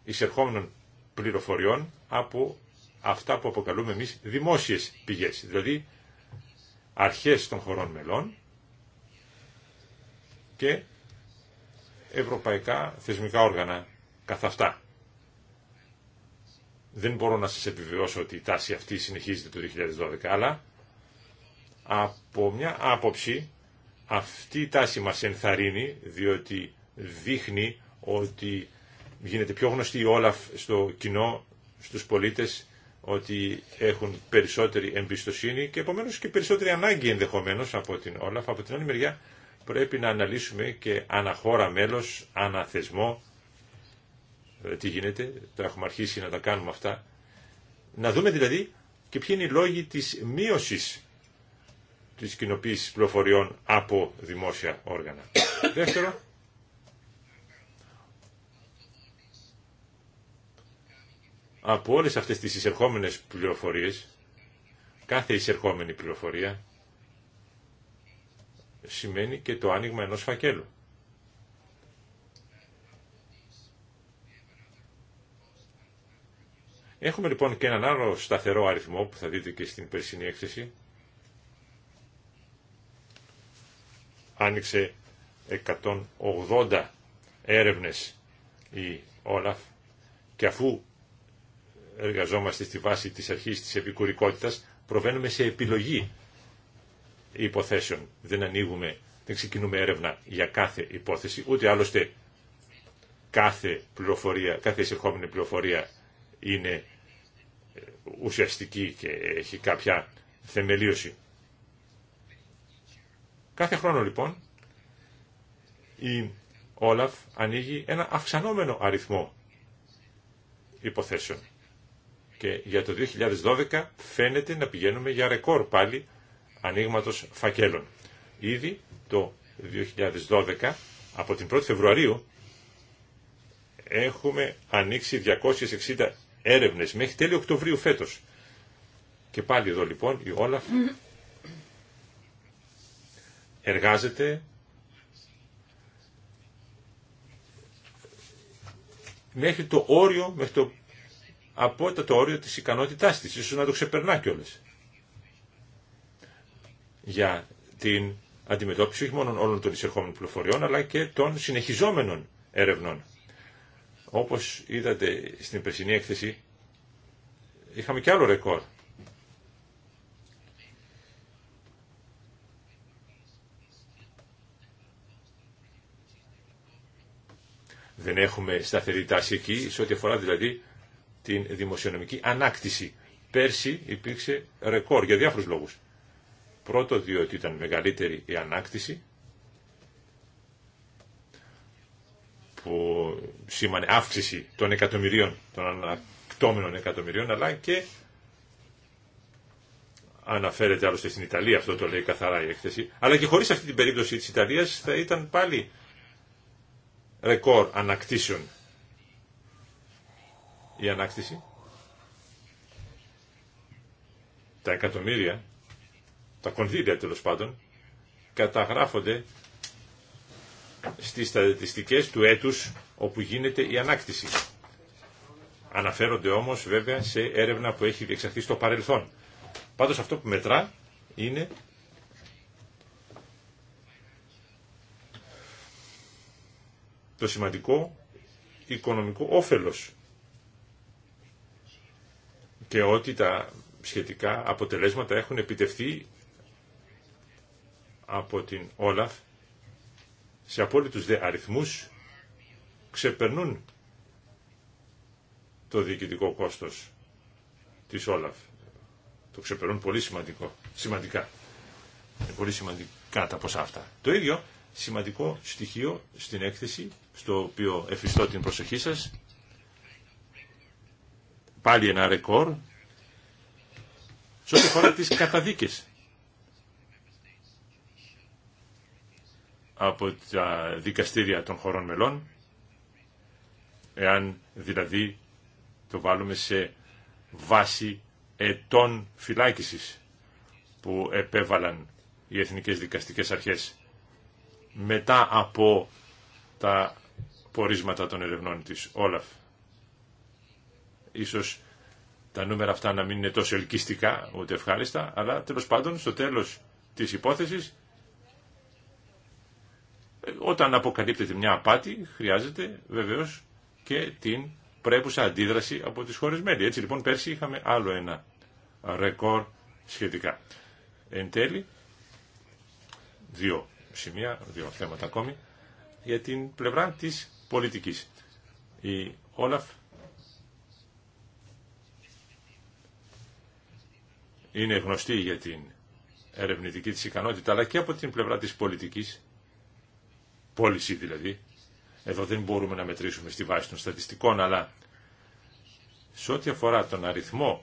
εισερχόμενων πληροφοριών από αυτά που αποκαλούμε εμείς δημόσιες πηγές, δηλαδή αρχές των χωρών μελών και ευρωπαϊκά θεσμικά όργανα καθ' αυτά. Δεν μπορώ να σας επιβεβαιώσω ότι η τάση αυτή συνεχίζεται το 2012, αλλά από μια άποψη αυτή η τάση μας ενθαρρύνει, διότι δείχνει ότι γίνεται πιο γνωστή η Όλαφ στο κοινό, στους πολίτες, ότι έχουν περισσότερη εμπιστοσύνη και επομένως και περισσότερη ανάγκη ενδεχομένω από την Όλαφ. Από την άλλη μεριά πρέπει να αναλύσουμε και αναχώρα μέλο, αναθεσμό, ε, τι γίνεται, τα έχουμε αρχίσει να τα κάνουμε αυτά. Να δούμε δηλαδή και ποιοι είναι οι λόγοι της μείωση της κοινοποίηση πληροφοριών από δημόσια όργανα. Δεύτερο, από όλες αυτές τις εισερχόμενες πληροφορίες, κάθε εισερχόμενη πληροφορία σημαίνει και το άνοιγμα ενός φακέλου. Έχουμε λοιπόν και έναν άλλο σταθερό αριθμό που θα δείτε και στην περσινή έκθεση. Άνοιξε 180 έρευνες η Όλαφ και αφού εργαζόμαστε στη βάση της αρχής της επικουρικότητας, προβαίνουμε σε επιλογή υποθέσεων. Δεν ανοίγουμε, δεν ξεκινούμε έρευνα για κάθε υπόθεση, ούτε άλλωστε κάθε πληροφορία, κάθε εισερχόμενη πληροφορία είναι ε, ουσιαστική και έχει κάποια θεμελίωση. Κάθε χρόνο λοιπόν η Όλαφ ανοίγει ένα αυξανόμενο αριθμό υποθέσεων και για το 2012 φαίνεται να πηγαίνουμε για ρεκόρ πάλι ανοίγματο φακέλων. Ήδη το 2012 από την 1η Φεβρουαρίου έχουμε ανοίξει 260 έρευνες μέχρι τέλη Οκτωβρίου φέτος. Και πάλι εδώ λοιπόν η Όλαφ τελειο οκτωβριου φετος και παλι εδω μέχρι το όριο, μέχρι το από το όριο της ικανότητάς της, ίσως να το ξεπερνά κιόλας. Για την αντιμετώπιση όχι μόνο όλων των εισερχόμενων πληροφοριών, αλλά και των συνεχιζόμενων ερευνών. Όπως είδατε στην περσινή έκθεση, είχαμε και άλλο ρεκόρ. Δεν έχουμε σταθερή τάση εκεί, σε ό,τι αφορά δηλαδή την δημοσιονομική ανάκτηση. Πέρσι υπήρξε ρεκόρ για διάφορους λόγους. Πρώτο διότι ήταν μεγαλύτερη η ανάκτηση που σήμανε αύξηση των εκατομμυρίων, των ανακτώμενων εκατομμυρίων, αλλά και αναφέρεται άλλωστε στην Ιταλία, αυτό το λέει καθαρά η έκθεση, αλλά και χωρίς αυτή την περίπτωση της Ιταλίας θα ήταν πάλι ρεκόρ ανακτήσεων η ανάκτηση. Τα εκατομμύρια, τα κονδύλια τέλο πάντων, καταγράφονται στις στατιστικές του έτους όπου γίνεται η ανάκτηση. Αναφέρονται όμως βέβαια σε έρευνα που έχει διεξαχθεί στο παρελθόν. Πάντως αυτό που μετρά είναι το σημαντικό οικονομικό όφελος και ότι τα σχετικά αποτελέσματα έχουν επιτευχθεί από την Όλαφ σε απόλυτους δε αριθμούς ξεπερνούν το διοικητικό κόστος της Όλαφ. Το ξεπερνούν πολύ σημαντικό, σημαντικά. Είναι πολύ σημαντικά τα ποσά αυτά. Το ίδιο σημαντικό στοιχείο στην έκθεση, στο οποίο εφιστώ την προσοχή σας, πάλι ένα ρεκόρ σε ό,τι αφορά τις καταδίκες από τα δικαστήρια των χωρών μελών εάν δηλαδή το βάλουμε σε βάση ετών φυλάκισης που επέβαλαν οι εθνικές δικαστικές αρχές μετά από τα πορίσματα των ερευνών της Όλαφ. Ίσως τα νούμερα αυτά να μην είναι τόσο ελκυστικά, ούτε ευχάριστα, αλλά τέλος πάντων στο τέλος της υπόθεσης, όταν αποκαλύπτεται μια απάτη, χρειάζεται βεβαίως και την πρέπουσα αντίδραση από τις χώρες μέλη. Έτσι λοιπόν πέρσι είχαμε άλλο ένα ρεκόρ σχετικά. Εν τέλει, δύο σημεία, δύο θέματα ακόμη, για την πλευρά της πολιτικής. Η Όλαφ είναι γνωστή για την ερευνητική της ικανότητα, αλλά και από την πλευρά της πολιτικής, πώληση δηλαδή. Εδώ δεν μπορούμε να μετρήσουμε στη βάση των στατιστικών, αλλά σε ό,τι αφορά τον αριθμό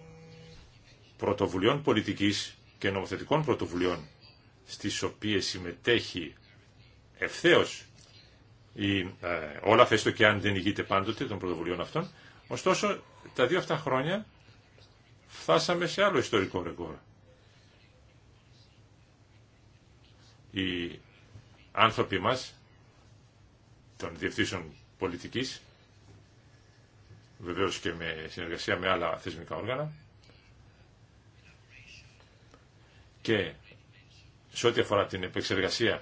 πρωτοβουλειών πολιτικής και νομοθετικών πρωτοβουλειών, στις οποίες συμμετέχει ευθέως η ε, όλα, και αν δεν ηγείται πάντοτε των πρωτοβουλειών αυτών. Ωστόσο, τα δύο αυτά χρόνια φτάσαμε σε άλλο ιστορικό ρεκόρ. Οι άνθρωποι μας, των διευθύνσεων πολιτικής, βεβαίως και με συνεργασία με άλλα θεσμικά όργανα, και σε ό,τι αφορά την επεξεργασία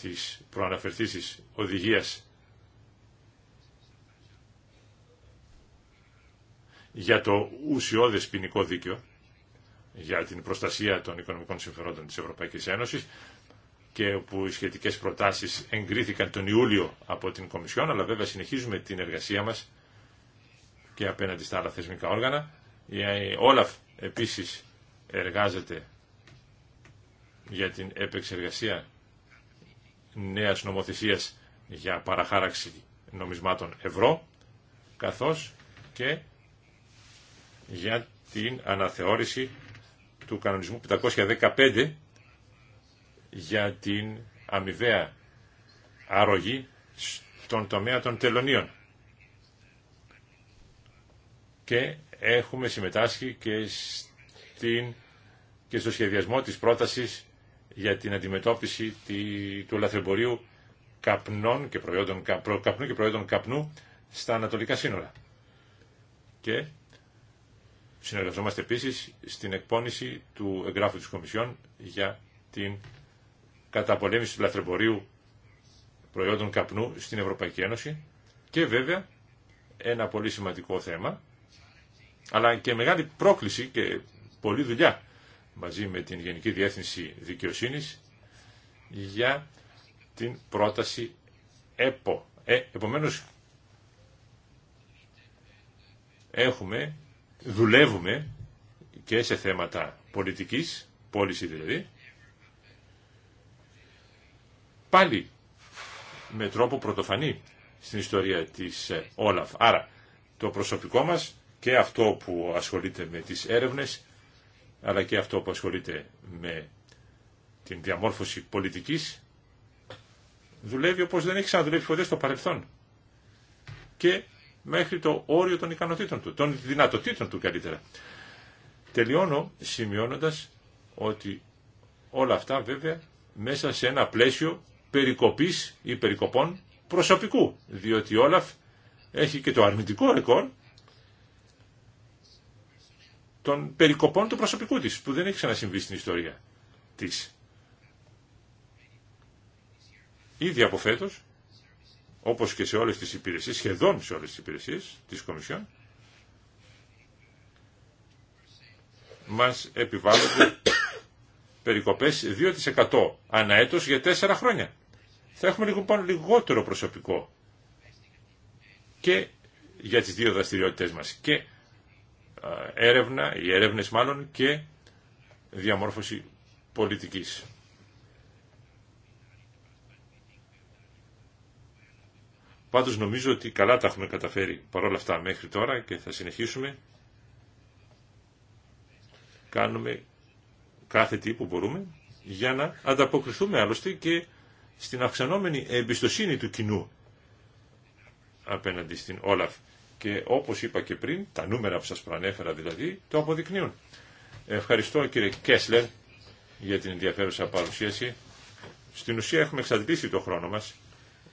της προαναφερθήσης οδηγίας για το ουσιώδες ποινικό δίκαιο, για την προστασία των οικονομικών συμφερόντων της Ευρωπαϊκής Ένωσης και όπου οι σχετικές προτάσεις εγκρίθηκαν τον Ιούλιο από την Κομισιόν, αλλά βέβαια συνεχίζουμε την εργασία μας και απέναντι στα άλλα θεσμικά όργανα. Η Όλαφ επίσης εργάζεται για την επεξεργασία νέας νομοθεσίας για παραχάραξη νομισμάτων ευρώ, καθώς και για την αναθεώρηση του κανονισμού 515 για την αμοιβαία αρρωγή στον τομέα των τελωνίων. Και έχουμε συμμετάσχει και, στην, και στο σχεδιασμό της πρότασης για την αντιμετώπιση του λαθρεμπορίου καπνών και προϊόντων, καπνού και προϊόντων καπνού στα ανατολικά σύνορα. Και Συνεργαζόμαστε επίση στην εκπόνηση του εγγράφου της Κομισιόν για την καταπολέμηση του λαθρεμπορίου προϊόντων καπνού στην Ευρωπαϊκή Ένωση και βέβαια ένα πολύ σημαντικό θέμα αλλά και μεγάλη πρόκληση και πολλή δουλειά μαζί με την Γενική Διεύθυνση Δικαιοσύνης για την πρόταση ΕΠΟ. Ε, επομένως, έχουμε δουλεύουμε και σε θέματα πολιτικής, πώληση δηλαδή, πάλι με τρόπο πρωτοφανή στην ιστορία της ε, Όλαφ. Άρα το προσωπικό μας και αυτό που ασχολείται με τις έρευνες, αλλά και αυτό που ασχολείται με την διαμόρφωση πολιτικής, δουλεύει όπως δεν έχει ξαναδουλεύει ποτέ στο παρελθόν. Και μέχρι το όριο των ικανοτήτων του, των δυνατοτήτων του καλύτερα. Τελειώνω σημειώνοντας ότι όλα αυτά βέβαια μέσα σε ένα πλαίσιο περικοπής ή περικοπών προσωπικού, διότι η Όλαφ έχει και το αρνητικό ρεκόρ των περικοπών του προσωπικού της, που δεν έχει ξανασυμβεί στην ιστορία της. Ήδη από φέτος όπως και σε όλες τις υπηρεσίες, σχεδόν σε όλες τις υπηρεσίες της Κομισιόν, μας επιβάλλονται περικοπές 2% ανά έτος για 4 χρόνια. Θα έχουμε λίγο λοιπόν πάνω λιγότερο προσωπικό και για τις δύο δραστηριότητες μας και έρευνα, οι έρευνες μάλλον και διαμόρφωση πολιτικής. Πάντως νομίζω ότι καλά τα έχουμε καταφέρει παρόλα αυτά μέχρι τώρα και θα συνεχίσουμε. Κάνουμε κάθε τι που μπορούμε για να ανταποκριθούμε άλλωστε και στην αυξανόμενη εμπιστοσύνη του κοινού απέναντι στην Όλαφ. Και όπως είπα και πριν, τα νούμερα που σας προανέφερα δηλαδή, το αποδεικνύουν. Ευχαριστώ κύριε Κέσλερ για την ενδιαφέρουσα παρουσίαση. Στην ουσία έχουμε εξαντλήσει το χρόνο μας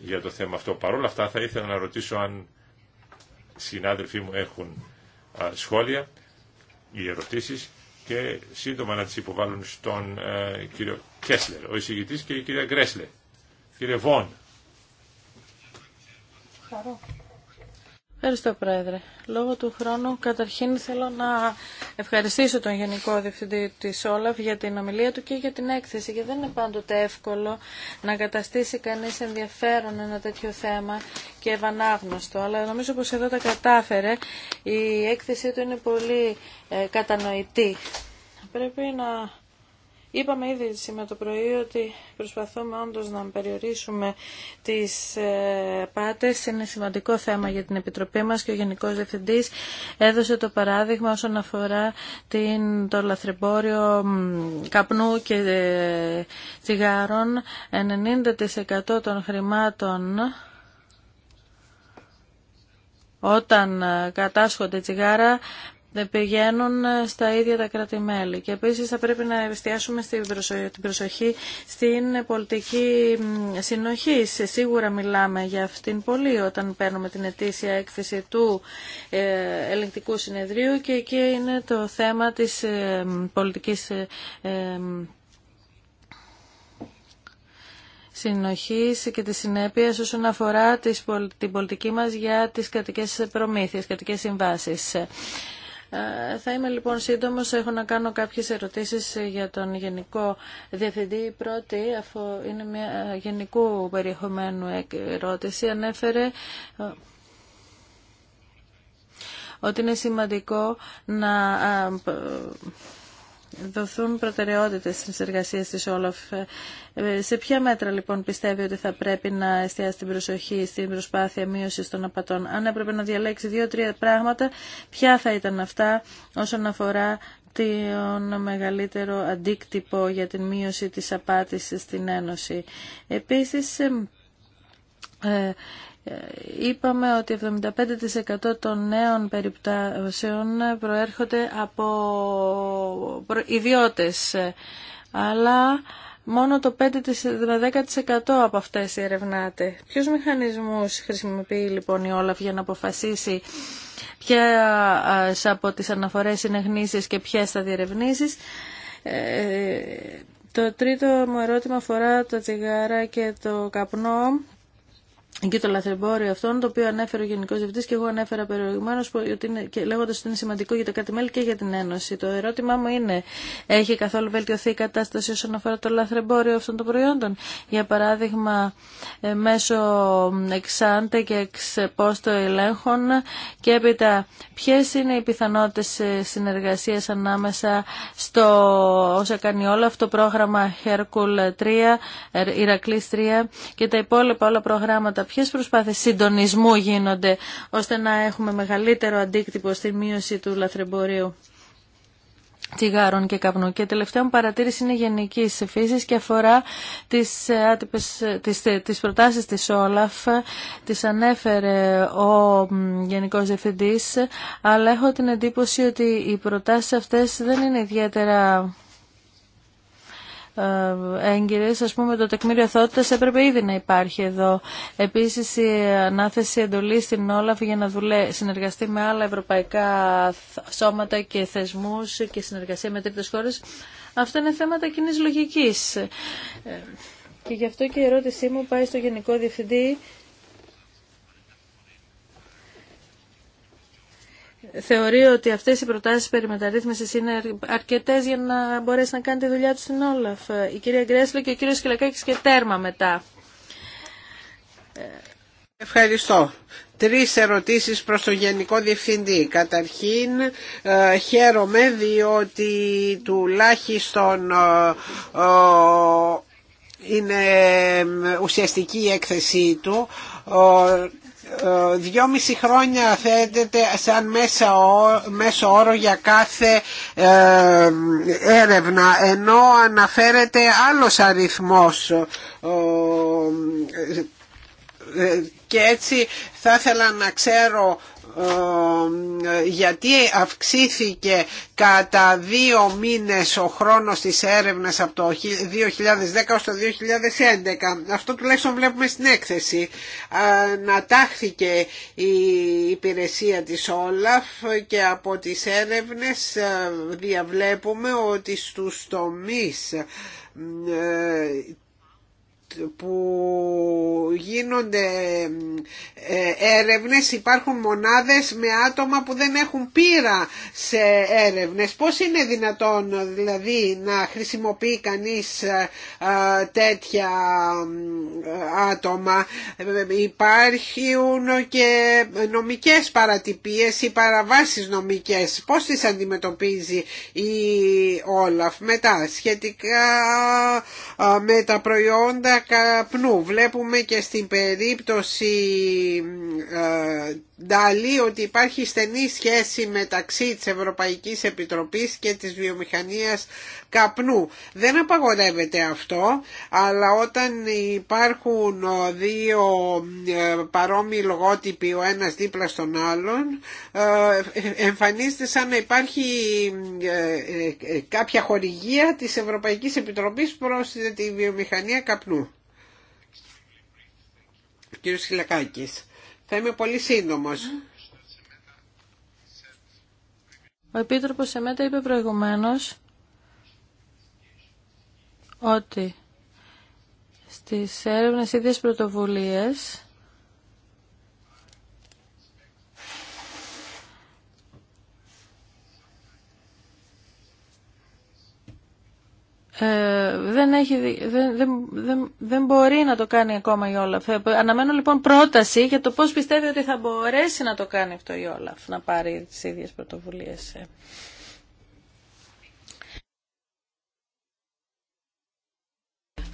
για το θέμα αυτό. Παρ' όλα αυτά θα ήθελα να ρωτήσω αν συνάδελφοί μου έχουν σχόλια ή ερωτήσεις και σύντομα να τις υποβάλουν στον ε, κύριο Κέσλερ, ο εισηγητής και η κυρία Γκρέσλερ. Κύριε Βόν. Ευχαριστώ, Πρόεδρε. Λόγω του χρόνου, καταρχήν θέλω να ευχαριστήσω τον Γενικό Διευθυντή της Όλαφ για την ομιλία του και για την έκθεση. Γιατί δεν είναι πάντοτε εύκολο να καταστήσει κανείς ενδιαφέρον ένα τέτοιο θέμα και ευανάγνωστο. Αλλά νομίζω πως εδώ τα κατάφερε. Η έκθεσή του είναι πολύ ε, κατανοητή. Πρέπει να Είπαμε ήδη σήμερα το πρωί ότι προσπαθούμε όντως να περιορίσουμε τις ε, πάτες. Είναι σημαντικό θέμα για την Επιτροπή μας και ο Γενικός Διευθυντής έδωσε το παράδειγμα όσον αφορά την, το λαθρεμπόριο καπνού και ε, τσιγάρων. 90% των χρημάτων όταν ε, κατάσχονται τσιγάρα δεν πηγαίνουν ε, στα ίδια τα κρατη Και επίσης θα πρέπει να εστιάσουμε στην την προσοχή στην πολιτική συνοχή. Σίγουρα μιλάμε για αυτήν πολύ όταν παίρνουμε την ετήσια έκθεση του ε, ελεγκτικού συνεδρίου και εκεί είναι το θέμα της ε, πολιτικής συνοχής και της συνέπειας όσον αφορά την πολιτική μας για τις κρατικές προμήθειες, κρατικές συμβάσεις. Ε, θα είμαι λοιπόν σύντομος. Έχω να κάνω κάποιες ερωτήσεις ε, για τον Γενικό Διευθυντή. Η πρώτη είναι μια γενικού περιεχομένου ερώτηση. Ανέφερε ε, ότι είναι σημαντικό να δοθούν προτεραιότητες στις εργασίες της Όλαφ. Ε, σε ποια μέτρα λοιπόν πιστεύει ότι θα πρέπει να εστιάσει την προσοχή στην προσπάθεια μείωσης των απατών. Αν έπρεπε να διαλέξει δύο-τρία πράγματα, ποια θα ήταν αυτά όσον αφορά τον μεγαλύτερο αντίκτυπο για την μείωση της απάτησης στην Ένωση. Επίσης, ε, Είπαμε ότι 75% των νέων περιπτώσεων προέρχονται από ιδιώτες, αλλά μόνο το 5 10% δηλαδή από αυτές ερευνάται. Ποιους μηχανισμούς χρησιμοποιεί λοιπόν η Όλαφ για να αποφασίσει ποιες από τις αναφορές είναι γνήσεις και ποιες θα διερευνήσεις. Ε, το τρίτο μου ερώτημα αφορά το τσιγάρα και το καπνό και το λαθρεμπόριο αυτό το οποίο ανέφερε ο Γενικό Διευθυντή και εγώ ανέφερα περιορισμένο, λέγοντα ότι είναι σημαντικό για το κρατη και για την Ένωση. Το ερώτημά μου είναι, έχει καθόλου βελτιωθεί η κατάσταση όσον αφορά το λαθρεμπόριο αυτών των προϊόντων. Για παράδειγμα, ε, μέσω εξάντε και εξπόστο ελέγχων και έπειτα, ποιε είναι οι πιθανότητε συνεργασία ανάμεσα στο όσα κάνει όλο αυτό το πρόγραμμα Hercule 3, Ηρακλή 3 και τα υπόλοιπα όλα προγράμματα θέματα, ποιες προσπάθειες συντονισμού γίνονται ώστε να έχουμε μεγαλύτερο αντίκτυπο στη μείωση του λαθρεμπορίου τσιγάρων και καπνού. Και τελευταία μου παρατήρηση είναι γενική φύση και αφορά τις, ε, άτυπες, ε, τις, ε, τις προτάσεις της Όλαφ. Τις ανέφερε ο Γενικός Διευθυντής, αλλά έχω την εντύπωση ότι οι προτάσεις αυτές δεν είναι ιδιαίτερα ε, έγκυρες, ας πούμε το τεκμήριο αθότητας έπρεπε ήδη να υπάρχει εδώ. Επίσης η ανάθεση εντολή στην Όλαφ για να δουλέ, συνεργαστεί με άλλα ευρωπαϊκά σώματα και θεσμούς και συνεργασία με τρίτες χώρες, αυτά είναι θέματα κοινή λογικής. Ε, και γι' αυτό και η ερώτησή μου πάει στο Γενικό Διευθυντή θεωρεί ότι αυτές οι προτάσεις περί μεταρρύθμισης είναι αρκετές για να μπορέσει να κάνει τη δουλειά του στην Όλαφ. Η κυρία Γκρέσλο και ο κύριος Σκυλακάκης και τέρμα μετά. Ευχαριστώ. Τρεις ερωτήσεις προς τον Γενικό Διευθυντή. Καταρχήν ε, χαίρομαι διότι τουλάχιστον ε, ε, είναι ουσιαστική η έκθεσή του δυόμιση χρόνια θέτεται σαν μέσα μέσο όρο για κάθε ε, έρευνα ενώ αναφέρεται άλλος αριθμός ε, και έτσι θα ήθελα να ξέρω ε, γιατί αυξήθηκε κατά δύο μήνες ο χρόνος της έρευνας από το 2010 ως το 2011. Αυτό τουλάχιστον βλέπουμε στην έκθεση. Ε, ανατάχθηκε η υπηρεσία της Όλαφ και από τις έρευνες ε, διαβλέπουμε ότι στους τομείς που γίνονται ε, έρευνες υπάρχουν μονάδες με άτομα που δεν έχουν πείρα σε έρευνες πώς είναι δυνατόν δηλαδή να χρησιμοποιεί κανείς ε, ε, τέτοια άτομα υπάρχουν και νομικές παρατυπίες ή παραβάσεις νομικές πώς τις αντιμετωπίζει η Όλαφ μετά σχετικά με τα προϊόντα καπνού. Βλέπουμε και στην περίπτωση Νταλή ότι υπάρχει στενή σχέση μεταξύ της Ευρωπαϊκής Επιτροπής και της βιομηχανίας καπνού. Δεν απαγορεύεται αυτό, αλλά όταν υπάρχουν δύο ε, παρόμοιοι λογότυποι ο ένας δίπλα στον άλλον, ε, εμφανίζεται σαν να υπάρχει ε, κάποια χορηγία της Ευρωπαϊκής Επιτροπής προς τη βιομηχανία καπνού. Κύριος Χιλακάκης. Θα είμαι πολύ σύντομο. Ο Επίτροπος Σεμέτα είπε προηγουμένως ότι στις έρευνες ίδιες πρωτοβουλίες Ε, δεν, έχει, δεν, μπορεί να το κάνει ακόμα η Όλαφ. Ε, αναμένω λοιπόν πρόταση για το πώς πιστεύει ότι θα μπορέσει να το κάνει αυτό η Όλαφ, να πάρει τις ίδιες πρωτοβουλίες. Ε.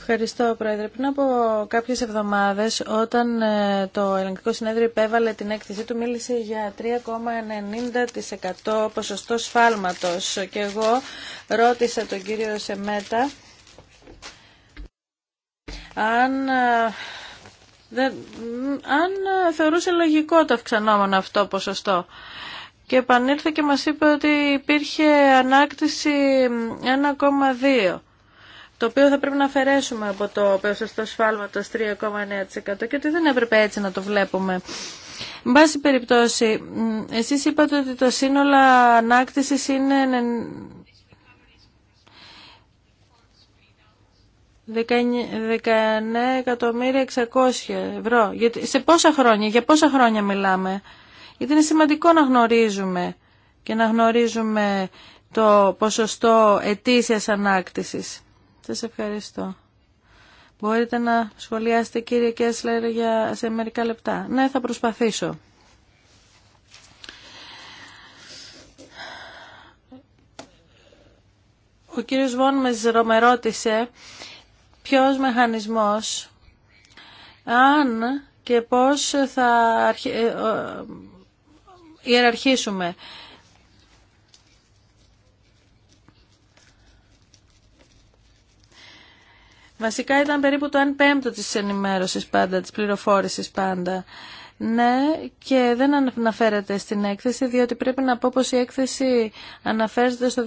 Ευχαριστώ, Πρόεδρε. Πριν από κάποιε εβδομάδε, όταν ε, το Ελληνικό Συνέδριο υπέβαλε την έκθεσή του, μίλησε για 3,90% ποσοστό σφάλματο. Και εγώ ρώτησα τον κύριο Σεμέτα αν ε, αν θεωρούσε λογικό το αυξανόμενο αυτό ποσοστό. Και επανήλθε και μας είπε ότι υπήρχε ανάκτηση 1,2 το οποίο θα πρέπει να αφαιρέσουμε από το ποσοστό σφάλματος 3,9% και ότι δεν έπρεπε έτσι να το βλέπουμε. Με πάση περιπτώσει, εσείς είπατε ότι το σύνολο ανάκτησης είναι 19.600.000 ευρώ. Γιατί, σε πόσα χρόνια, για πόσα χρόνια μιλάμε. Γιατί είναι σημαντικό να γνωρίζουμε και να γνωρίζουμε το ποσοστό ετήσιας ανάκτησης. Σας ευχαριστώ. Μπορείτε να σχολιάσετε κύριε Κέσλερ για, σε μερικά λεπτά. Ναι, θα προσπαθήσω. Ο κύριος Βόν με ρώτησε ποιος μεχανισμός, αν και πώς θα αρχι... Ε, ε, ιεραρχήσουμε Βασικά ήταν περίπου το 1 πέμπτο της ενημέρωσης πάντα, της πληροφόρησης πάντα. Ναι, και δεν αναφέρεται στην έκθεση, διότι πρέπει να πω πως η έκθεση αναφέρεται στο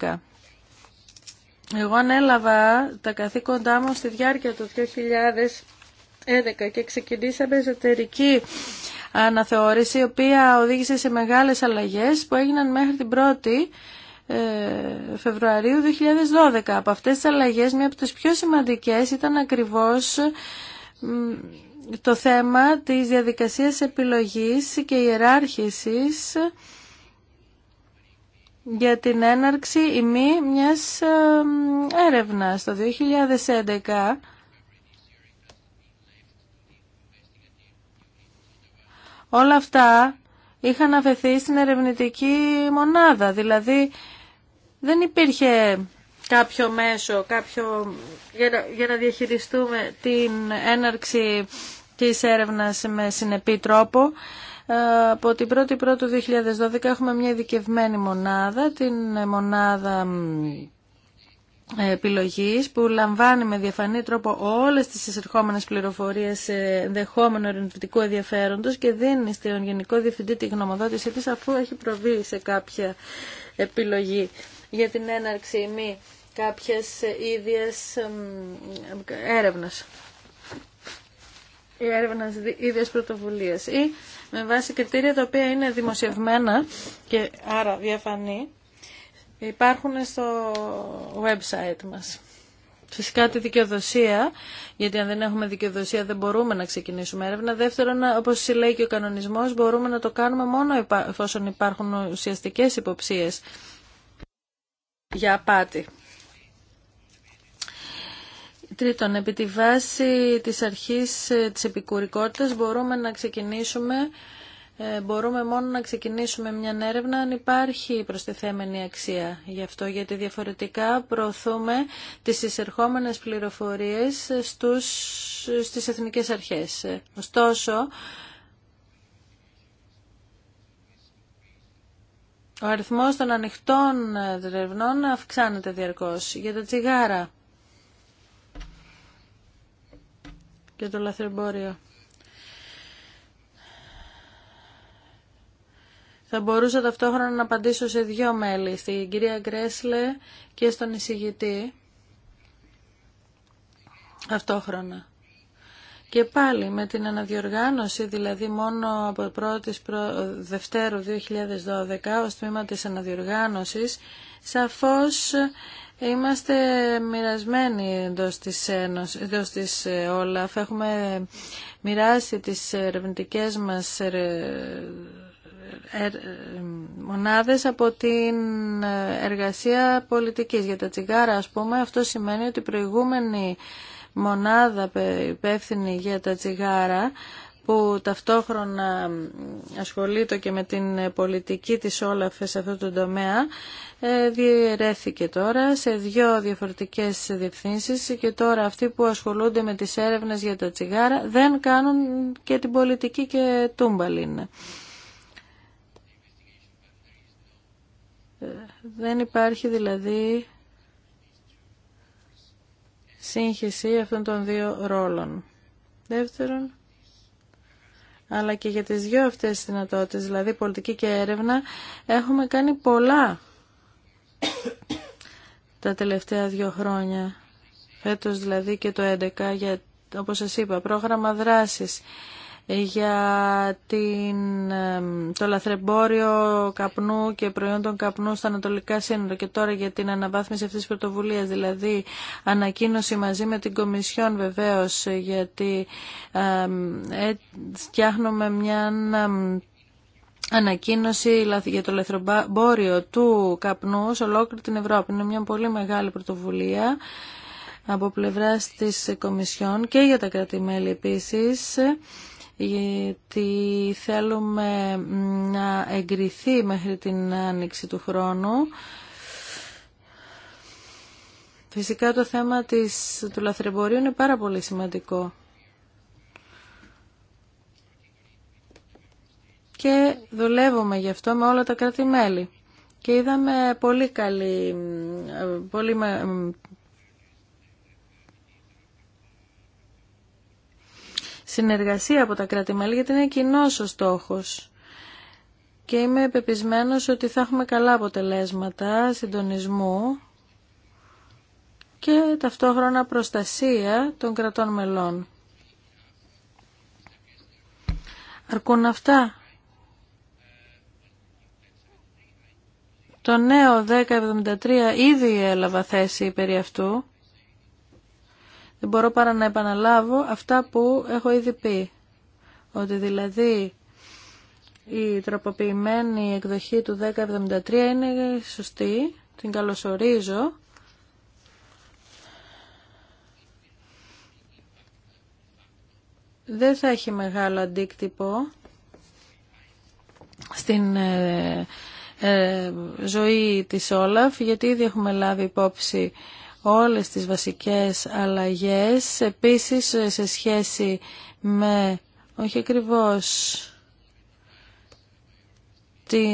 2011. Εγώ ανέλαβα τα καθήκοντά μου στη διάρκεια του 2011 και ξεκινήσαμε εσωτερική αναθεώρηση, η οποία οδήγησε σε μεγάλες αλλαγές που έγιναν μέχρι την πρώτη ε, Φεβρουαρίου 2012. Από αυτές τις αλλαγές μια από τις πιο σημαντικές ήταν ακριβώς το θέμα της διαδικασίας επιλογής και ιεράρχησης για την έναρξη ή μη μιας ε, έρευνας. Το 2011 όλα αυτά είχαν αφαιθεί στην ερευνητική μονάδα, δηλαδή δεν υπήρχε κάποιο μέσο κάποιο, για, να, διαχειριστούμε την έναρξη της έρευνας με συνεπή τρόπο. Ε, από την 1η Πρώτου 2012 έχουμε μια ειδικευμένη μονάδα, την μονάδα επιλογής που λαμβάνει με διαφανή τρόπο όλες τις εισερχόμενες πληροφορίες ενδεχόμενου ερευνητικού ενδιαφέροντος και δίνει στον Γενικό Διευθυντή τη γνωμοδότησή της αφού έχει προβεί σε κάποια επιλογή για την έναρξη μη κάποιες ίδιες έρευνας ή έρευνα ίδιες πρωτοβουλίες ή με βάση κριτήρια τα οποία είναι δημοσιευμένα και άρα διαφανή υπάρχουν στο website μας. Φυσικά τη δικαιοδοσία, γιατί αν δεν έχουμε δικαιοδοσία δεν μπορούμε να ξεκινήσουμε έρευνα. Δεύτερον, όπως λέει και ο κανονισμός, μπορούμε να το κάνουμε μόνο εφόσον υπάρχουν ουσιαστικές υποψίες για απάτη. Τρίτον, επί τη βάση της αρχής ε, της επικουρικότητας μπορούμε να ξεκινήσουμε ε, μπορούμε μόνο να ξεκινήσουμε μια έρευνα αν υπάρχει προστιθέμενη αξία γι' αυτό, γιατί διαφορετικά προωθούμε τις εισερχόμενες πληροφορίες στους, στις εθνικές αρχές. Ωστόσο, Ο αριθμός των ανοιχτών δρευνών ε, αυξάνεται διαρκώς. Για τα τσιγάρα και το λαθρεμπόριο. Θα μπορούσα ταυτόχρονα να απαντήσω σε δύο μέλη, στην κυρία Γκρέσλε και στον εισηγητή. αυτόχρονα. Και πάλι με την αναδιοργάνωση, δηλαδή μόνο από 1η Δευτέρου 2012 ως τμήμα της αναδιοργάνωσης, σαφώς είμαστε μοιρασμένοι εντός της, Ένωσης, εντός ΟΛΑΦ. Ε, Έχουμε μοιράσει τις ερευνητικέ μας ε, ε, μονάδες από την εργασία πολιτικής. Για τα τσιγάρα, ας πούμε, αυτό σημαίνει ότι η προηγούμενη μονάδα υπεύθυνη για τα τσιγάρα που ταυτόχρονα ασχολείται και με την πολιτική της Όλαφε σε αυτό το τομέα, ε, διαιρέθηκε τώρα σε δύο διαφορετικές διευθύνσεις και τώρα αυτοί που ασχολούνται με τις έρευνες για τα τσιγάρα δεν κάνουν και την πολιτική και τούμπαλιν. Ε, δεν υπάρχει δηλαδή σύγχυση αυτών των δύο ρόλων. Δεύτερον, αλλά και για τις δύο αυτές τις δυνατότητες, δηλαδή πολιτική και έρευνα, έχουμε κάνει πολλά [COUGHS] τα τελευταία δύο χρόνια, φέτος δηλαδή και το 2011, για, όπως σας είπα, πρόγραμμα δράσης για την, το λαθρεμπόριο καπνού και προϊόντων καπνού στα ανατολικά σύνορα και τώρα για την αναβάθμιση αυτής της πρωτοβουλίας, δηλαδή ανακοίνωση μαζί με την Κομισιόν βεβαίως, γιατί ε, φτιάχνουμε μια ανακοίνωση για το λαθρεμπόριο του καπνού σε ολόκληρη την Ευρώπη. Είναι μια πολύ μεγάλη πρωτοβουλία από πλευράς της Κομισιόν και για τα κρατημέλη γιατί θέλουμε να εγκριθεί μέχρι την άνοιξη του χρόνου. Φυσικά το θέμα της, του λαθρεμπορίου είναι πάρα πολύ σημαντικό. Και δουλεύουμε γι' αυτό με όλα τα κράτη-μέλη. Και είδαμε πολύ καλή, πολύ συνεργασία από τα κράτη-μέλη, γιατί είναι κοινό ο στόχος. Και είμαι πεπισμένος ότι θα έχουμε καλά αποτελέσματα συντονισμού και ταυτόχρονα προστασία των κρατών μελών. Αρκούν αυτά. Το νέο 1073 ήδη έλαβα θέση περί αυτού. Δεν μπορώ παρά να επαναλάβω αυτά που έχω ήδη πει. Ότι δηλαδή η τροποποιημένη εκδοχή του 1073 είναι σωστή, την καλωσορίζω. Δεν θα έχει μεγάλο αντίκτυπο στην ε, ε, ζωή της Όλαφ, γιατί ήδη έχουμε λάβει υπόψη όλες τις βασικές αλλαγές, επίσης σε σχέση με, όχι ακριβώς, τη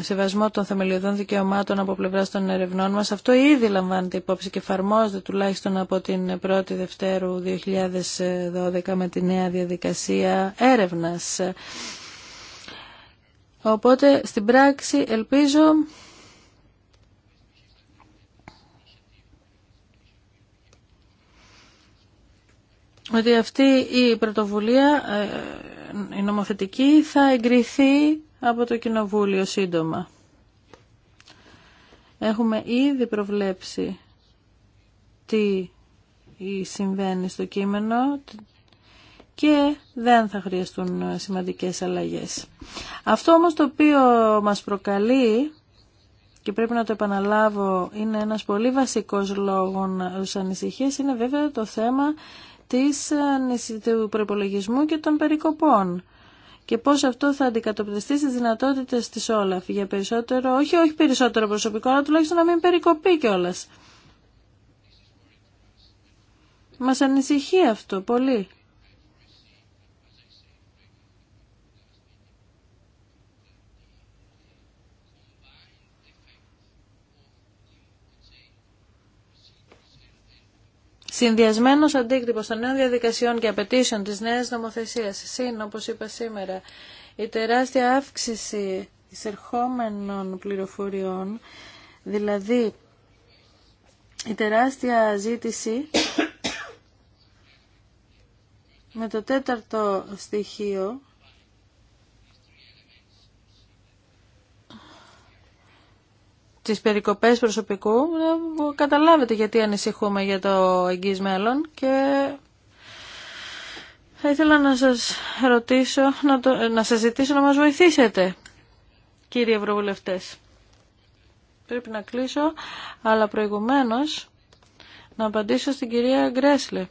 σεβασμό των θεμελιωδών δικαιωμάτων από πλευράς των ερευνών μας. Αυτό ήδη λαμβάνεται υπόψη και εφαρμόζεται τουλάχιστον από την 1η Δευτέρου 2012 με τη νέα διαδικασία έρευνας. Οπότε στην πράξη ελπίζω ότι αυτή η πρωτοβουλία, ε, η νομοθετική, θα εγκριθεί από το Κοινοβούλιο σύντομα. Έχουμε ήδη προβλέψει τι συμβαίνει στο κείμενο και δεν θα χρειαστούν σημαντικές αλλαγές. Αυτό όμως το οποίο μας προκαλεί και πρέπει να το επαναλάβω είναι ένας πολύ βασικός λόγος ανησυχίας είναι βέβαια το θέμα της, ε, του προπολογισμού και των περικοπών και πώς αυτό θα αντικατοπτριστεί στις δυνατότητες της Όλαφ για περισσότερο, όχι, όχι περισσότερο προσωπικό, αλλά τουλάχιστον να μην περικοπεί κιόλα. Μας ανησυχεί αυτό πολύ. Συνδυασμένο αντίκτυπο των νέων διαδικασιών και απαιτήσεων τη νέα νομοθεσία, συν, όπω είπα σήμερα, η τεράστια αύξηση εισερχόμενων πληροφοριών, δηλαδή η τεράστια ζήτηση με το τέταρτο στοιχείο τις περικοπές προσωπικού, καταλάβετε γιατί ανησυχούμε για το εγγύς μέλλον και θα ήθελα να σας ρωτήσω, να, το, να σας ζητήσω να μας βοηθήσετε, κύριοι Ευρωβουλευτές. Πρέπει να κλείσω, αλλά προηγουμένως να απαντήσω στην κυρία Γκρέσλε.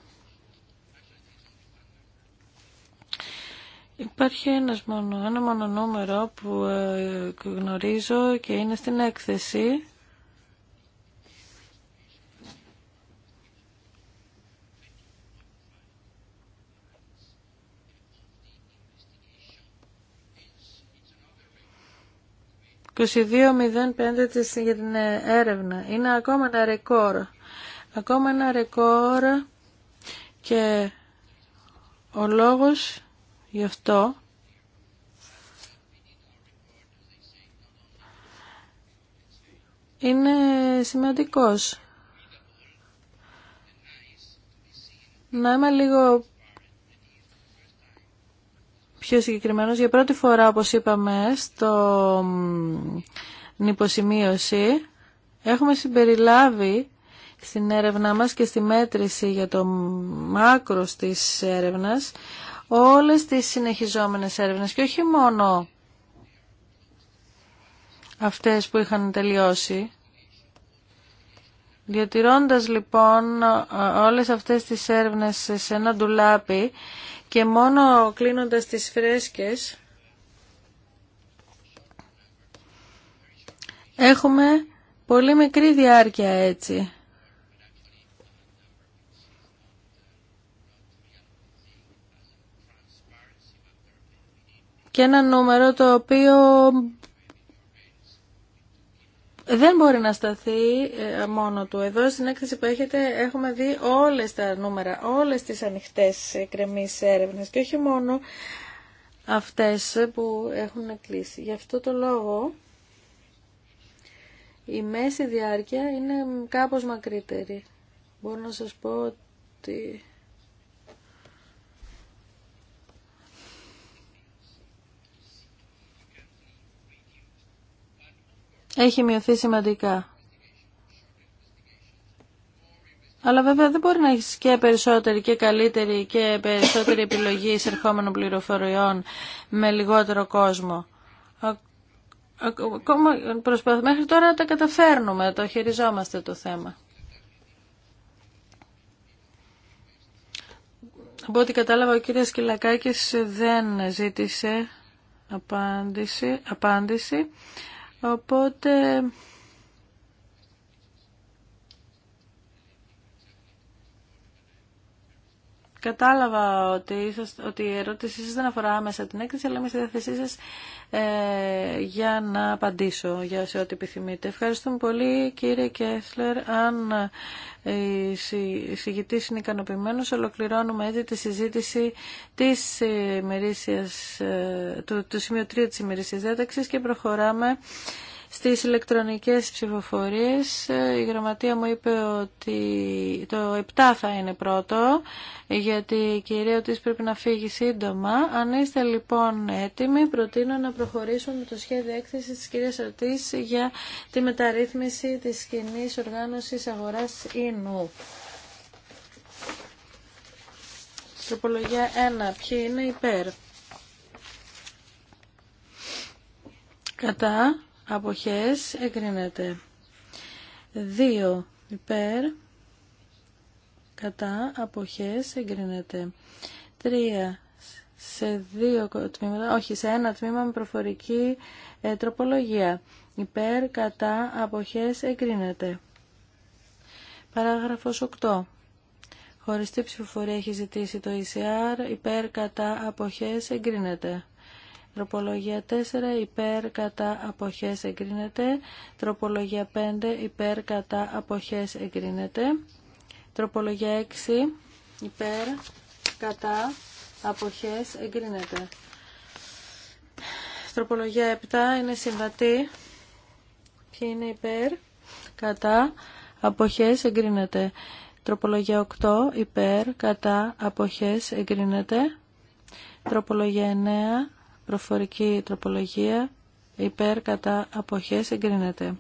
Υπάρχει ένας μόνο, ένα μόνο νούμερο που ε, γνωρίζω και είναι στην έκθεση. για την ε, έρευνα. Είναι ακόμα ένα ρεκόρ. Ακόμα ένα ρεκόρ και ο λόγος Γι' αυτό είναι σημαντικός να είμαι λίγο πιο συγκεκριμένος. Για πρώτη φορά, όπως είπαμε, στο νηποσημείωση έχουμε συμπεριλάβει στην έρευνά μας και στη μέτρηση για το μάκρος της έρευνας όλες τις συνεχιζόμενες έρευνες και όχι μόνο αυτές που είχαν τελειώσει. Διατηρώντας λοιπόν όλες αυτές τις έρευνες σε ένα ντουλάπι και μόνο κλείνοντας τις φρέσκες έχουμε πολύ μικρή διάρκεια έτσι. και ένα νούμερο το οποίο δεν μπορεί να σταθεί ε, μόνο του. Εδώ στην έκθεση που έχετε έχουμε δει όλες τα νούμερα, όλες τις ανοιχτές κρεμμύς έρευνες και όχι μόνο αυτές που έχουν κλείσει. Γι' αυτό το λόγο η μέση διάρκεια είναι κάπως μακρύτερη. Μπορώ να σας πω ότι έχει μειωθεί σημαντικά. Αλλά βέβαια δεν μπορεί να έχει και περισσότερη και καλύτερη και περισσότερη επιλογή εισερχόμενων πληροφοριών με λιγότερο κόσμο. Ακόμα προσπαθούμε μέχρι τώρα τα καταφέρνουμε, το χειριζόμαστε το θέμα. Από ό,τι κατάλαβα ο κύριος Σκυλακάκης δεν ζήτησε απάντηση, απάντηση. Οπότε Κατάλαβα ότι, ότι η ερώτησή σας δεν αφορά άμεσα την έκθεση, αλλά είμαι στη διάθεσή σας ε, για να απαντήσω για σε ό,τι επιθυμείτε. Ευχαριστούμε πολύ κύριε Κέσλερ. Αν ε, η συγητή είναι ικανοποιημένος, ολοκληρώνουμε έτσι τη συζήτηση της ε, του, του σημείου 3 της ημερήσιας διάταξης και προχωράμε στις ηλεκτρονικές ψηφοφορίες ε, η γραμματεία μου είπε ότι το 7 θα είναι πρώτο, γιατί η κυρία της πρέπει να φύγει σύντομα. Αν είστε λοιπόν έτοιμοι, προτείνω να προχωρήσουμε με το σχέδιο έκθεσης της κυρίας Ρωτής για τη μεταρρύθμιση της κοινή οργάνωσης αγοράς ίνου. Τροπολογία 1. Ποιοι είναι υπέρ. Κατά αποχές εγκρίνεται. 2 υπέρ κατά αποχές εγκρίνεται. 3 σε δύο τμήματα, όχι σε ένα τμήμα με προφορική ε, τροπολογία. Υπέρ κατά αποχές εγκρίνεται. Παράγραφος 8. Χωριστή ψηφοφορία έχει ζητήσει το ECR, υπέρ κατά αποχές εγκρίνεται. Τροπολογία 4 υπέρ κατά αποχές εγκρίνεται. Τροπολογία 5 υπέρ κατά αποχές εγκρίνεται. Τροπολογία 6 υπέρ κατά αποχές εγκρίνεται. Τροπολογία 7 είναι συμβατή. Ποιοι είναι υπέρ κατά αποχές εγκρίνεται. Τροπολογία 8 υπέρ κατά αποχές εγκρίνεται. Τροπολογία 9 Προφορική τροπολογία υπέρ κατά αποχές εγκρίνεται.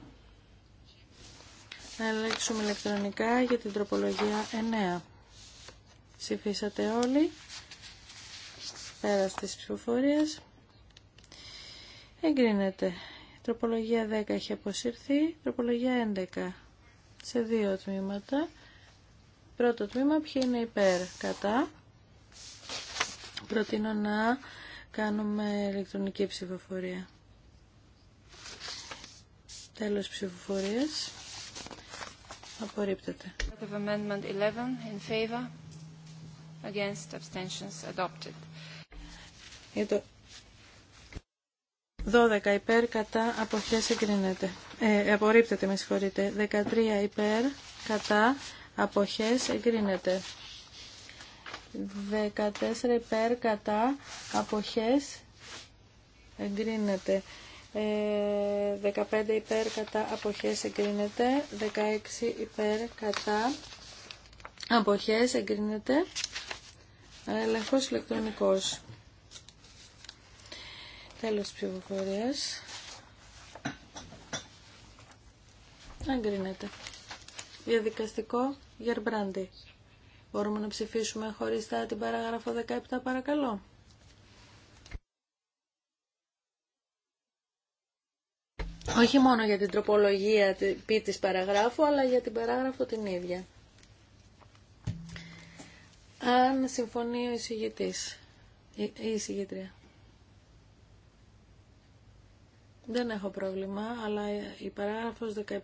Να ελέγξουμε ηλεκτρονικά για την τροπολογία 9. Ψηφίσατε όλοι. πέρα στις ψηφοφορίες. Εγκρίνεται. Τροπολογία 10 έχει αποσυρθεί. Τροπολογία 11. Σε δύο τμήματα. Πρώτο τμήμα ποιο είναι υπέρ κατά. Προτείνω να Κάνουμε ηλεκτρονική ψηφοφορία. Τέλος ψηφοφορίας. Απορρίπτεται. Of amendment 11 in favor against abstentions adopted. Για το 12 υπέρ κατά αποχές εγκρίνεται. Ε, απορρίπτεται, με συγχωρείτε. 13 υπέρ κατά αποχές εγκρίνεται. 14 υπέρ κατά αποχές εγκρίνεται. 15 ε, υπέρ κατά αποχές εγκρίνεται. 16 υπέρ κατά αποχές εγκρίνεται. Ελεγχός ηλεκτρονικός. Τέλος της ψηφοφορίας. Εγκρίνεται. Διαδικαστικό Γερμπράντι. Μπορούμε να ψηφίσουμε χωριστά την παράγραφο 17 παρακαλώ. Όχι μόνο για την τροπολογία πι της παραγράφου, αλλά για την παράγραφο την ίδια. Αν συμφωνεί ο εισηγητής ή η εισηγητρία. Δεν έχω πρόβλημα, αλλά η παράγραφος 17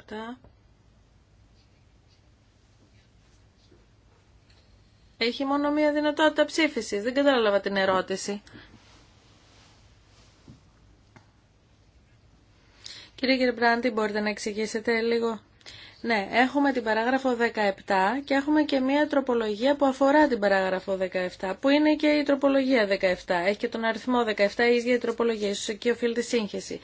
Έχει μόνο μία δυνατότητα ψήφισης. Δεν κατάλαβα την ερώτηση. Κύριε Γερμπράντη, μπορείτε να εξηγήσετε λίγο. Ναι, έχουμε την παράγραφο 17 και έχουμε και μία τροπολογία που αφορά την παράγραφο 17, που είναι και η τροπολογία 17. Έχει και τον αριθμό 17, η ίδια η τροπολογία, ίσως εκεί τη σύγχυση.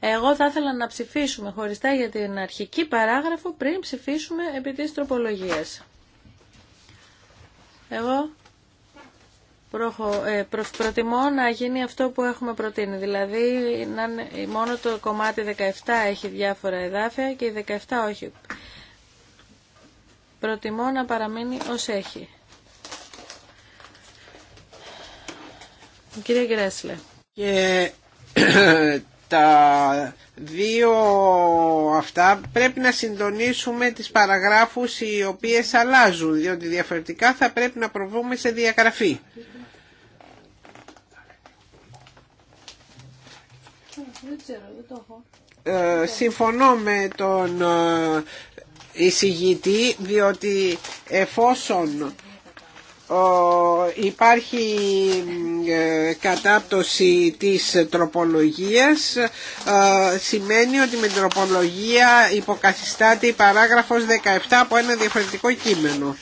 Εγώ θα ήθελα να ψηφίσουμε χωριστά για την αρχική παράγραφο πριν ψηφίσουμε επί της τροπολογίας. Εγώ προχω, ε, προ, προτιμώ να γίνει αυτό που έχουμε προτείνει. Δηλαδή, να, μόνο το κομμάτι 17 έχει διάφορα εδάφια και η 17 όχι. Προτιμώ να παραμείνει ως έχει. Κύριε Γκρέσλε τα δύο αυτά πρέπει να συντονίσουμε τις παραγράφους οι οποίες αλλάζουν διότι διαφορετικά θα πρέπει να προβούμε σε διαγραφή. Ε, συμφωνώ με τον ε, εισηγητή διότι εφόσον υπάρχει ε, κατάπτωση της τροπολογίας ε, σημαίνει ότι με τροπολογία υποκαθιστάται η παράγραφος 17 από ένα διαφορετικό κείμενο.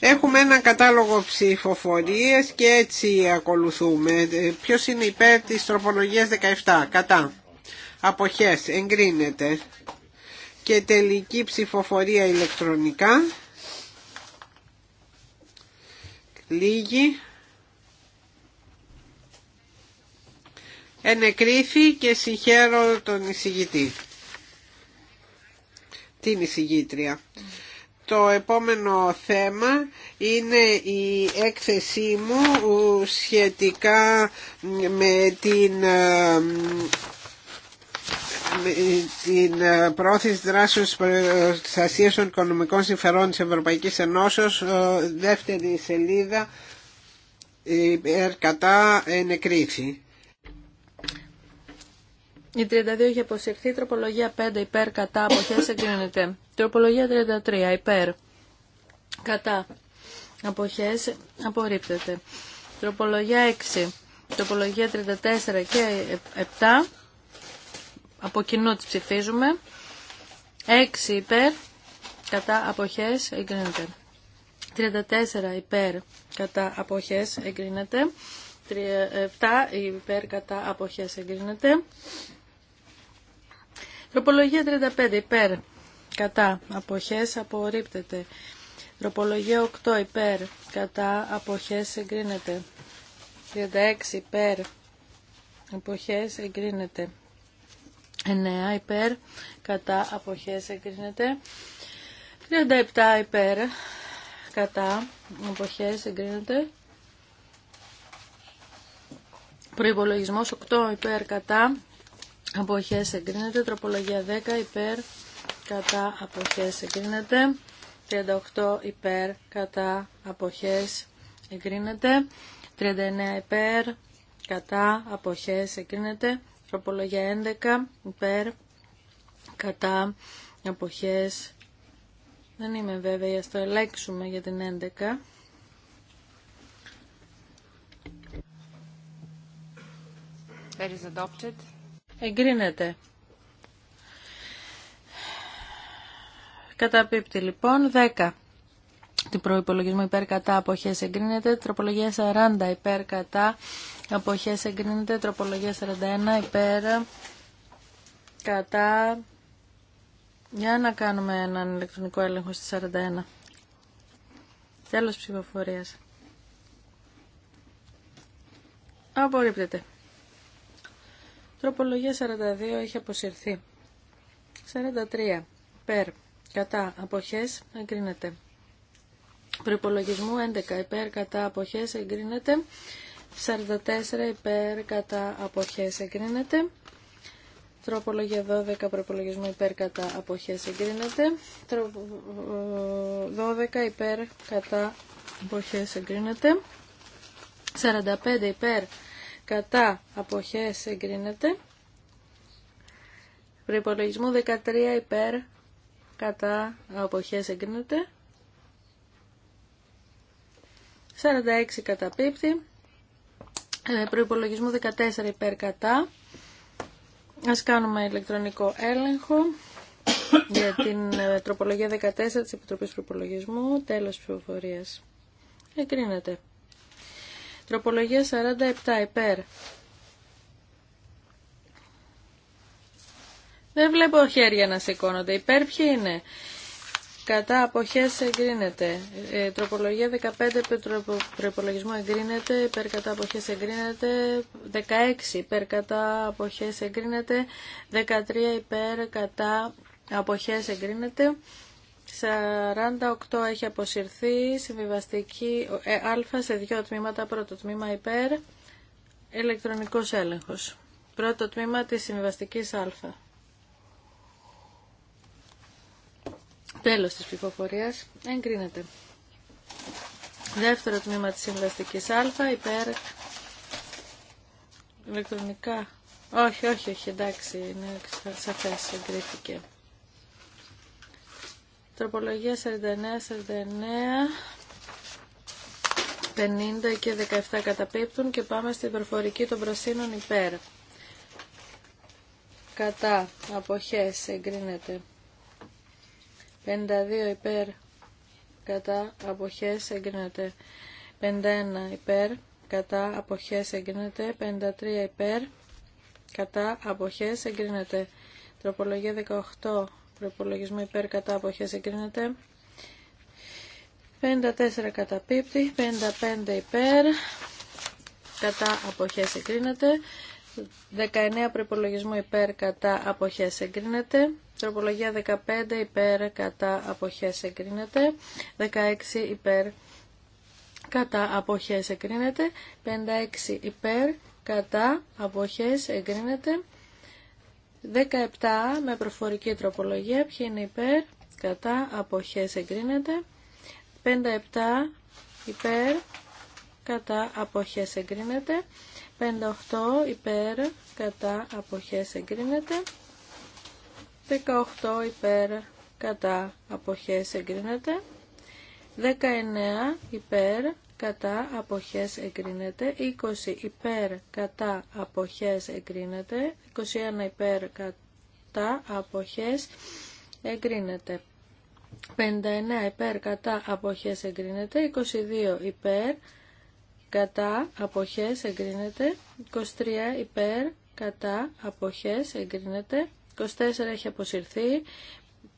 Έχουμε ένα κατάλογο ψηφοφορίες και έτσι ακολουθούμε. Ε, ποιος είναι υπέρ της τροπολογίας 17. Κατά. Αποχές. Εγκρίνεται και τελική ψηφοφορία ηλεκτρονικά. Λίγη. Ενεκρίθη και συγχαίρω τον εισηγητή. Την εισηγήτρια. Το επόμενο θέμα είναι η έκθεσή μου σχετικά με την ε, την ε, πρόθεση δράσεως προστασίας των οικονομικών συμφερών της Ευρωπαϊκής Ενώσεως, ε, δεύτερη σελίδα, ΚΑΤΑ ενεκρίθη. Η 32 είχε αποσυρθεί, τροπολογία 5 υπέρ κατά αποχές εγκρίνεται. Τροπολογία 33 υπέρ κατά αποχές απορρίπτεται. Τροπολογία 6, τροπολογία 34 και 7 από κοινού τις ψηφίζουμε. 6 υπέρ, κατά αποχές εγκρίνεται. 34 υπέρ, κατά αποχές εγκρίνεται. 7 υπέρ, κατά αποχές εγκρίνεται. Τροπολογία 35 υπέρ, κατά αποχές απορρίπτεται. Τροπολογία 8 υπέρ, κατά αποχές εγκρίνεται. 36 υπέρ, αποχές εγκρίνεται. 9 υπέρ κατά αποχές εγκρίνεται 37 υπέρ κατά αποχές εγκρίνεται προϋπολογισμός 8 υπέρ κατά αποχές εγκρίνεται τροπολογία 10 υπέρ κατά αποχές εγκρίνεται 38 υπέρ κατά αποχές εγκρίνεται 39 υπέρ κατά αποχές εγκρίνεται Προπολογιά 11 υπέρ κατά εποχές, Δεν είμαι βέβαια, ας το ελέγξουμε για την 11. is Εγκρίνεται. Καταπίπτει λοιπόν 10 την προϋπολογισμού υπέρ κατά αποχές εγκρίνεται, τροπολογία 40 υπέρ κατά αποχές εγκρίνεται, τροπολογία 41 υπέρ κατά... Για να κάνουμε έναν ηλεκτρονικό έλεγχο στη 41. Τέλος ψηφοφορίας. Απορρίπτεται. Τροπολογία 42 έχει αποσυρθεί. 43. Περ. Κατά. Αποχές. Εγκρίνεται. Προπολογισμού 11 υπέρ κατά αποχές εγκρίνεται. 44 υπέρ κατά αποχές εγκρίνεται. Τροπολογία 12 προπολογισμού υπέρ κατά αποχές εγκρίνεται. 12 υπέρ κατά αποχές εγκρίνεται. 45 υπέρ κατά αποχές εγκρίνεται. Προπολογισμού 13 υπέρ κατά αποχές εγκρίνεται. 46 κατά πίπτη, ε, προϋπολογισμό 14 υπέρ κατά. Ας κάνουμε ηλεκτρονικό έλεγχο για την ε, τροπολογία 14 της Επιτροπής Προπολογισμού. Τέλος ψηφοφορίας. Εγκρίνεται. Τροπολογία 47 υπέρ. Δεν βλέπω χέρια να σηκώνονται. Υπέρ ποιοι είναι. Κατά απόχέ εγκρίνεται. Ε, τροπολογία 15 προπολογισμό εγκρίνεται. Υπέρ κατά αποχέ εγκρίνεται. 16 υπέρ κατά αποχέ εγκρίνεται. 13 υπέρ κατά απόχέ εγκρίνεται. 48 έχει αποσυρθεί. Συμβιβαστική ε, α σε δύο τμήματα. Πρώτο τμήμα υπέρ. Ηλεκτρονικός έλεγχο. Πρώτο τμήμα τη συμβιβαστική α. Τέλος της πληροφορία. Εγκρίνεται. Δεύτερο τμήμα της συμβαστικής α, υπέρ ηλεκτρονικά. Όχι, όχι, όχι, εντάξει, είναι σαφές, εγκρίθηκε. Τροπολογία 49, 49, 50 και 17 καταπίπτουν και πάμε στην προφορική των πρασίνων υπέρ. Κατά, αποχές, εγκρίνεται. 52 υπέρ κατά αποχές εγκρίνεται 51 υπέρ κατά αποχές εγκρίνεται 53 υπέρ κατά αποχές εγκρίνεται τροπολογία 18 προπολογισμό υπέρ κατά αποχές εγκρίνεται 54 κατά πίπτη 55 υπέρ κατά αποχές εγκρίνεται 19 προπολογισμό υπέρ κατά αποχές εγκρίνεται Τροπολογία 15 υπέρ κατά αποχές εγκρίνεται. 16 υπέρ κατά αποχές εγκρίνεται. 56 υπέρ κατά αποχές εγκρίνεται. 17 με προφορική τροπολογία. Ποιοι είναι υπέρ κατά αποχές εγκρίνεται. 57 υπέρ κατά αποχές εγκρίνεται. 58 υπέρ κατά αποχές εγκρίνεται. 18 υπέρ κατά αποχές εγκρίνεται. 19 υπέρ κατά αποχές εγκρίνεται. 20 υπέρ κατά αποχές εγκρίνεται. 21 υπέρ κατά αποχές εγκρίνεται. 59 υπέρ κατά αποχές εγκρίνεται. 22 υπέρ κατά αποχές εγκρίνεται. 23 υπέρ κατά αποχές εγκρίνεται. 24 έχει αποσυρθεί.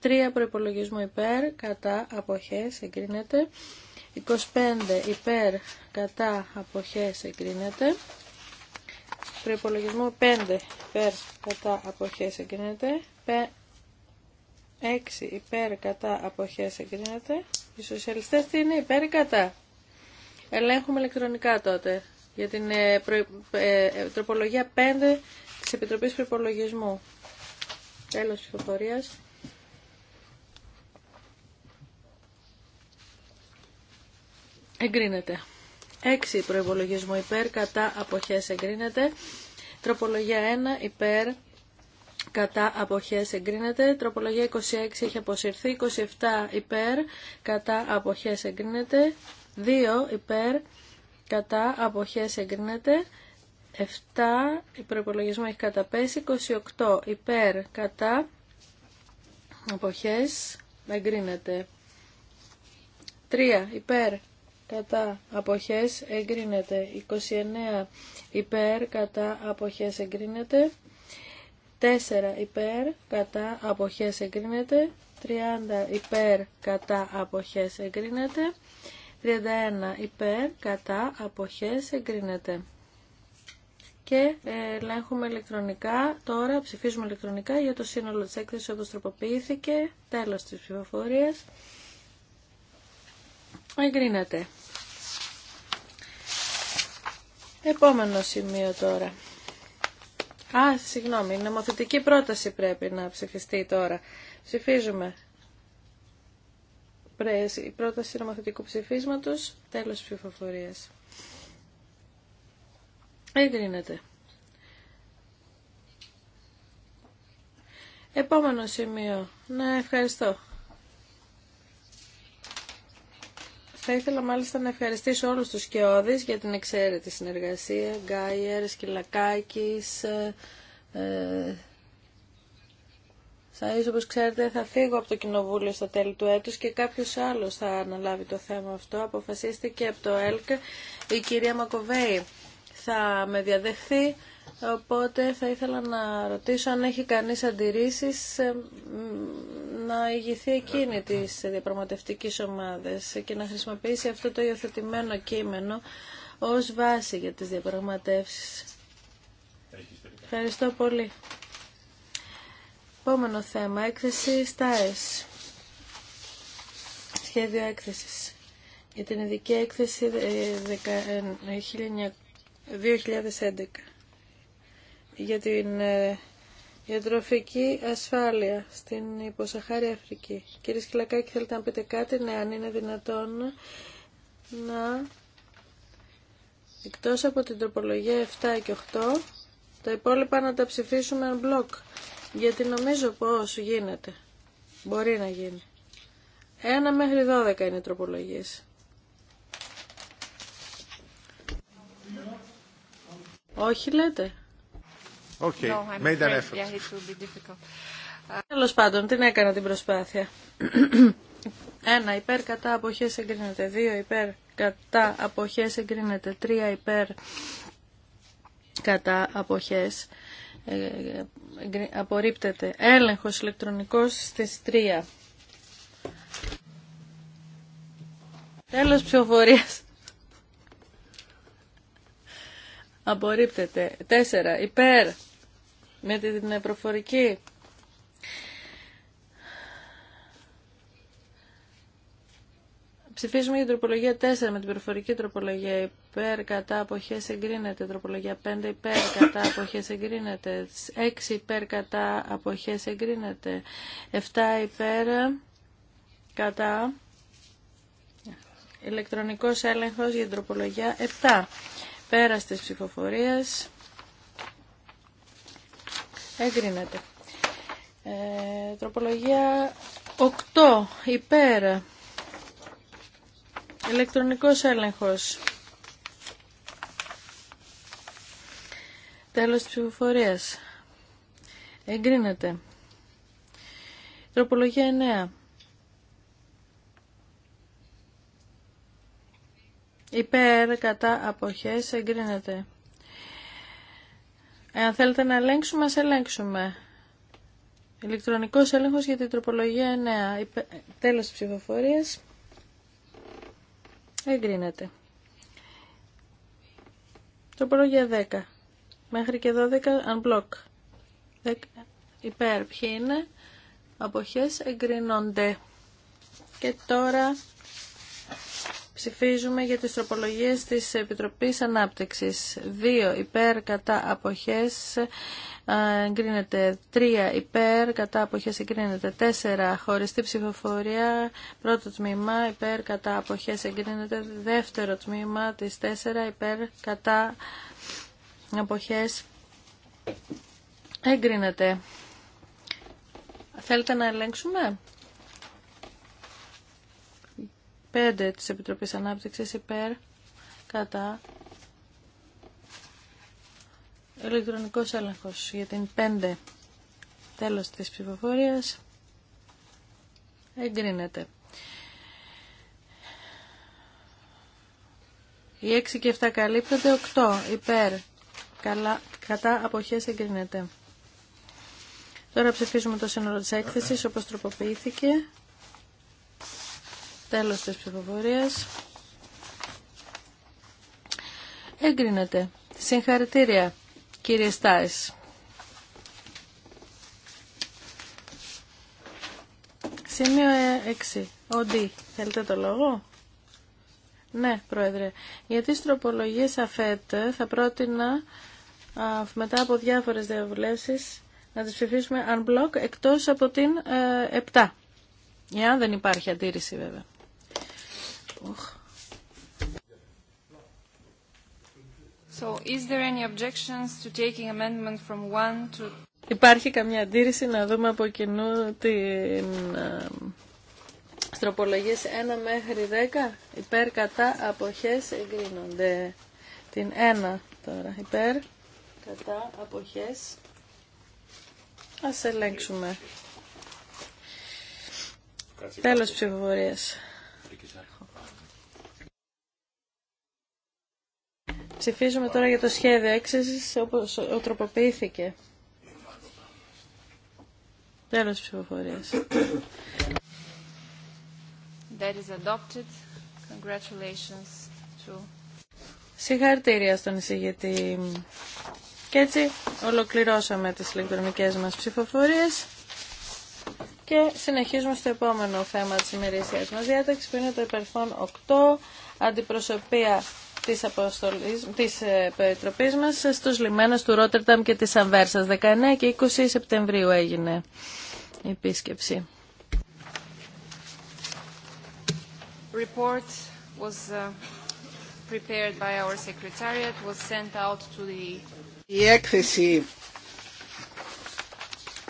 3 προπολογισμού υπέρ, κατά, αποχές, εγκρίνεται. 25 υπέρ, κατά, αποχές, εγκρίνεται. Προπολογισμό 5 υπέρ, κατά, αποχές, εγκρίνεται. 6 υπέρ, κατά, αποχές, εγκρίνεται. Οι σοσιαλιστές τι είναι, υπέρ, κατά. Ελέγχουμε ηλεκτρονικά τότε για την ε, προ, ε, ε, τροπολογία 5 της επιτροπή Προπολογισμού. Τέλος φωτορίας. Εγκρίνεται. 6 προϋπολογισμό υπέρ, κατά αποχές εγκρίνεται. Τροπολογία 1 υπέρ, κατά αποχές εγκρίνεται. Τροπολογία 26 έχει αποσυρθεί. 27 υπέρ, κατά αποχές εγκρίνεται. 2 υπέρ, κατά αποχές εγκρίνεται. 7 η προπολογισμό έχει καταπέσει 28 υπέρ κατά αποχές εγκρίνεται 3 υπέρ κατά αποχές εγκρίνεται 29 υπέρ κατά αποχές εγκρίνεται 4 υπέρ κατά αποχές εγκρίνεται 30 υπέρ κατά αποχές εγκρίνεται 31 υπέρ κατά αποχές εγκρίνεται και ε, ελέγχουμε ηλεκτρονικά. Τώρα ψηφίζουμε ηλεκτρονικά για το σύνολο της έκθεσης όπως τροποποιήθηκε. Τέλος της ψηφοφορίας. Εγκρίνεται. Επόμενο σημείο τώρα. Α, συγγνώμη, η νομοθετική πρόταση πρέπει να ψηφιστεί τώρα. Ψηφίζουμε. Η πρόταση νομοθετικού ψηφίσματος, τέλος ψηφοφορίας. Εγκρίνεται. Επόμενο σημείο. Ναι, ευχαριστώ. Θα ήθελα μάλιστα να ευχαριστήσω όλους τους Σκεώδης για την εξαίρετη συνεργασία. Γκάιερ, Σκυλακάκης, ε, ε, Σαΐς, όπως ξέρετε θα φύγω από το Κοινοβούλιο στα τέλη του έτους και κάποιος άλλος θα αναλάβει το θέμα αυτό. Αποφασίστηκε από το ΕΛΚ η κυρία Μακοβέη θα με διαδεχθεί, οπότε θα ήθελα να ρωτήσω αν έχει κανείς αντιρρήσεις ε, να ηγηθεί εκείνη της διαπραγματευτικής ομάδας και να χρησιμοποιήσει αυτό το υιοθετημένο κείμενο ως βάση για τις διαπραγματεύσεις. Ευχαριστώ πολύ. Επόμενο θέμα, έκθεση ΣΤΑΕΣ. Σχέδιο έκθεσης για την ειδική έκθεση ε, ε, 2011 για την ε, ιατροφική ασφάλεια στην υποσαχάρια Αφρική. Κύριε Σκυλακάκη, θέλετε να πείτε κάτι, ναι, αν είναι δυνατόν να... Εκτός από την τροπολογία 7 και 8, τα υπόλοιπα να τα ψηφίσουμε εν μπλοκ, γιατί νομίζω πως γίνεται. Μπορεί να γίνει. Ένα μέχρι 12 είναι οι τροπολογίες. Όχι λέτε. Okay. made an πάντων, την έκανα την προσπάθεια. Ένα υπέρ κατά αποχές εγκρίνεται. Δύο υπέρ κατά αποχές εγκρίνεται. Τρία υπέρ κατά αποχές ε, απορρίπτεται. Έλεγχος ηλεκτρονικός στις τρία. Τέλος ψηφοφορίας. απορρίπτεται. 4 υπέρ με την προφορική. Ψηφίζουμε για τροπολογία 4 με την προφορική τροπολογία υπέρ κατά αποχές εγκρίνεται. Τροπολογία 5 υπέρ κατά αποχές εγκρίνεται. 6 υπέρ κατά αποχές εγκρίνεται. 7 υπέρ κατά ηλεκτρονικός έλεγχος για τροπολογία 7. Πέρας της ψηφοφορίας εγκρίνεται. Ε, τροπολογία 8 υπέρ ηλεκτρονικός έλεγχος. Τέλος της ψηφοφορίας. Εγκρίνεται. Τροπολογία 9. υπέρ κατά αποχές εγκρίνεται. Εάν θέλετε να ελέγξουμε, ας ελέγξουμε. Ηλεκτρονικός έλεγχος για την τροπολογία 9. Υπε... τέλος της ψηφοφορίας. Εγκρίνεται. Τροπολογία 10. Μέχρι και 12 unblock. 10. Υπέρ ποιοι είναι. Αποχές εγκρίνονται. Και τώρα Ψηφίζουμε για τις τροπολογίες της Επιτροπής Ανάπτυξης. 2 υπέρ κατά αποχές εγκρίνεται. 3 υπέρ κατά αποχές εγκρίνεται. 4 χωριστή ψηφοφορία. Πρώτο τμήμα υπέρ κατά αποχές εγκρίνεται. Δεύτερο τμήμα της 4 υπέρ κατά αποχές εγκρίνεται. Θέλετε να ελέγξουμε. 5 της Επιτροπής Ανάπτυξης υπέρ κατά ηλεκτρονικός έλεγχος για την 5 τέλος της ψηφοφορίας εγκρίνεται. Οι 6 και 7 καλύπτονται, 8 υπέρ κατά αποχές εγκρίνεται. Τώρα ψηφίζουμε το σύνολο της έκθεσης όπως τροποποιήθηκε. Τέλος της ψηφοφορίας. Εγκρίνεται. Συγχαρητήρια, κύριε Στάις. Σημείο 6. Οντι. Θέλετε το λόγο? Ναι, Πρόεδρε. Για τις τροπολογίες ΑΦΕΤ θα πρότεινα μετά από διάφορες διαβουλεύσεις να τις ψηφίσουμε unblock εκτός από την 7. Ε, Για δεν υπάρχει αντίρρηση βέβαια. So, is there any objections to taking amendment from one to... Υπάρχει καμιά αντίρρηση να δούμε από κοινού την στροπολογίες ε, 1 μέχρι 10 υπέρ κατά αποχές εγκρίνονται. Την 1 τώρα υπέρ κατά αποχές ας ελέγξουμε. Τέλος ψηφοφορίας. Ψηφίζουμε τώρα για το σχέδιο έξεσης όπως οτροποποιήθηκε. τροποποιήθηκε. Τέλος ψηφοφορίας. That is adopted. Congratulations to... Συγχαρητήρια στον εισηγητή. Και έτσι ολοκληρώσαμε τις ηλεκτρονικές μας ψηφοφορίες. Και συνεχίζουμε στο επόμενο θέμα της ημερήσιας μας διάταξης που είναι το υπερφών 8, αντιπροσωπεία της, αποστολής, της ε, περιτροπής μας στους λιμένες του Ρότερταμ και της Αμβέρσας. 19 και 20 Σεπτεμβρίου έγινε η επίσκεψη. Η έκθεση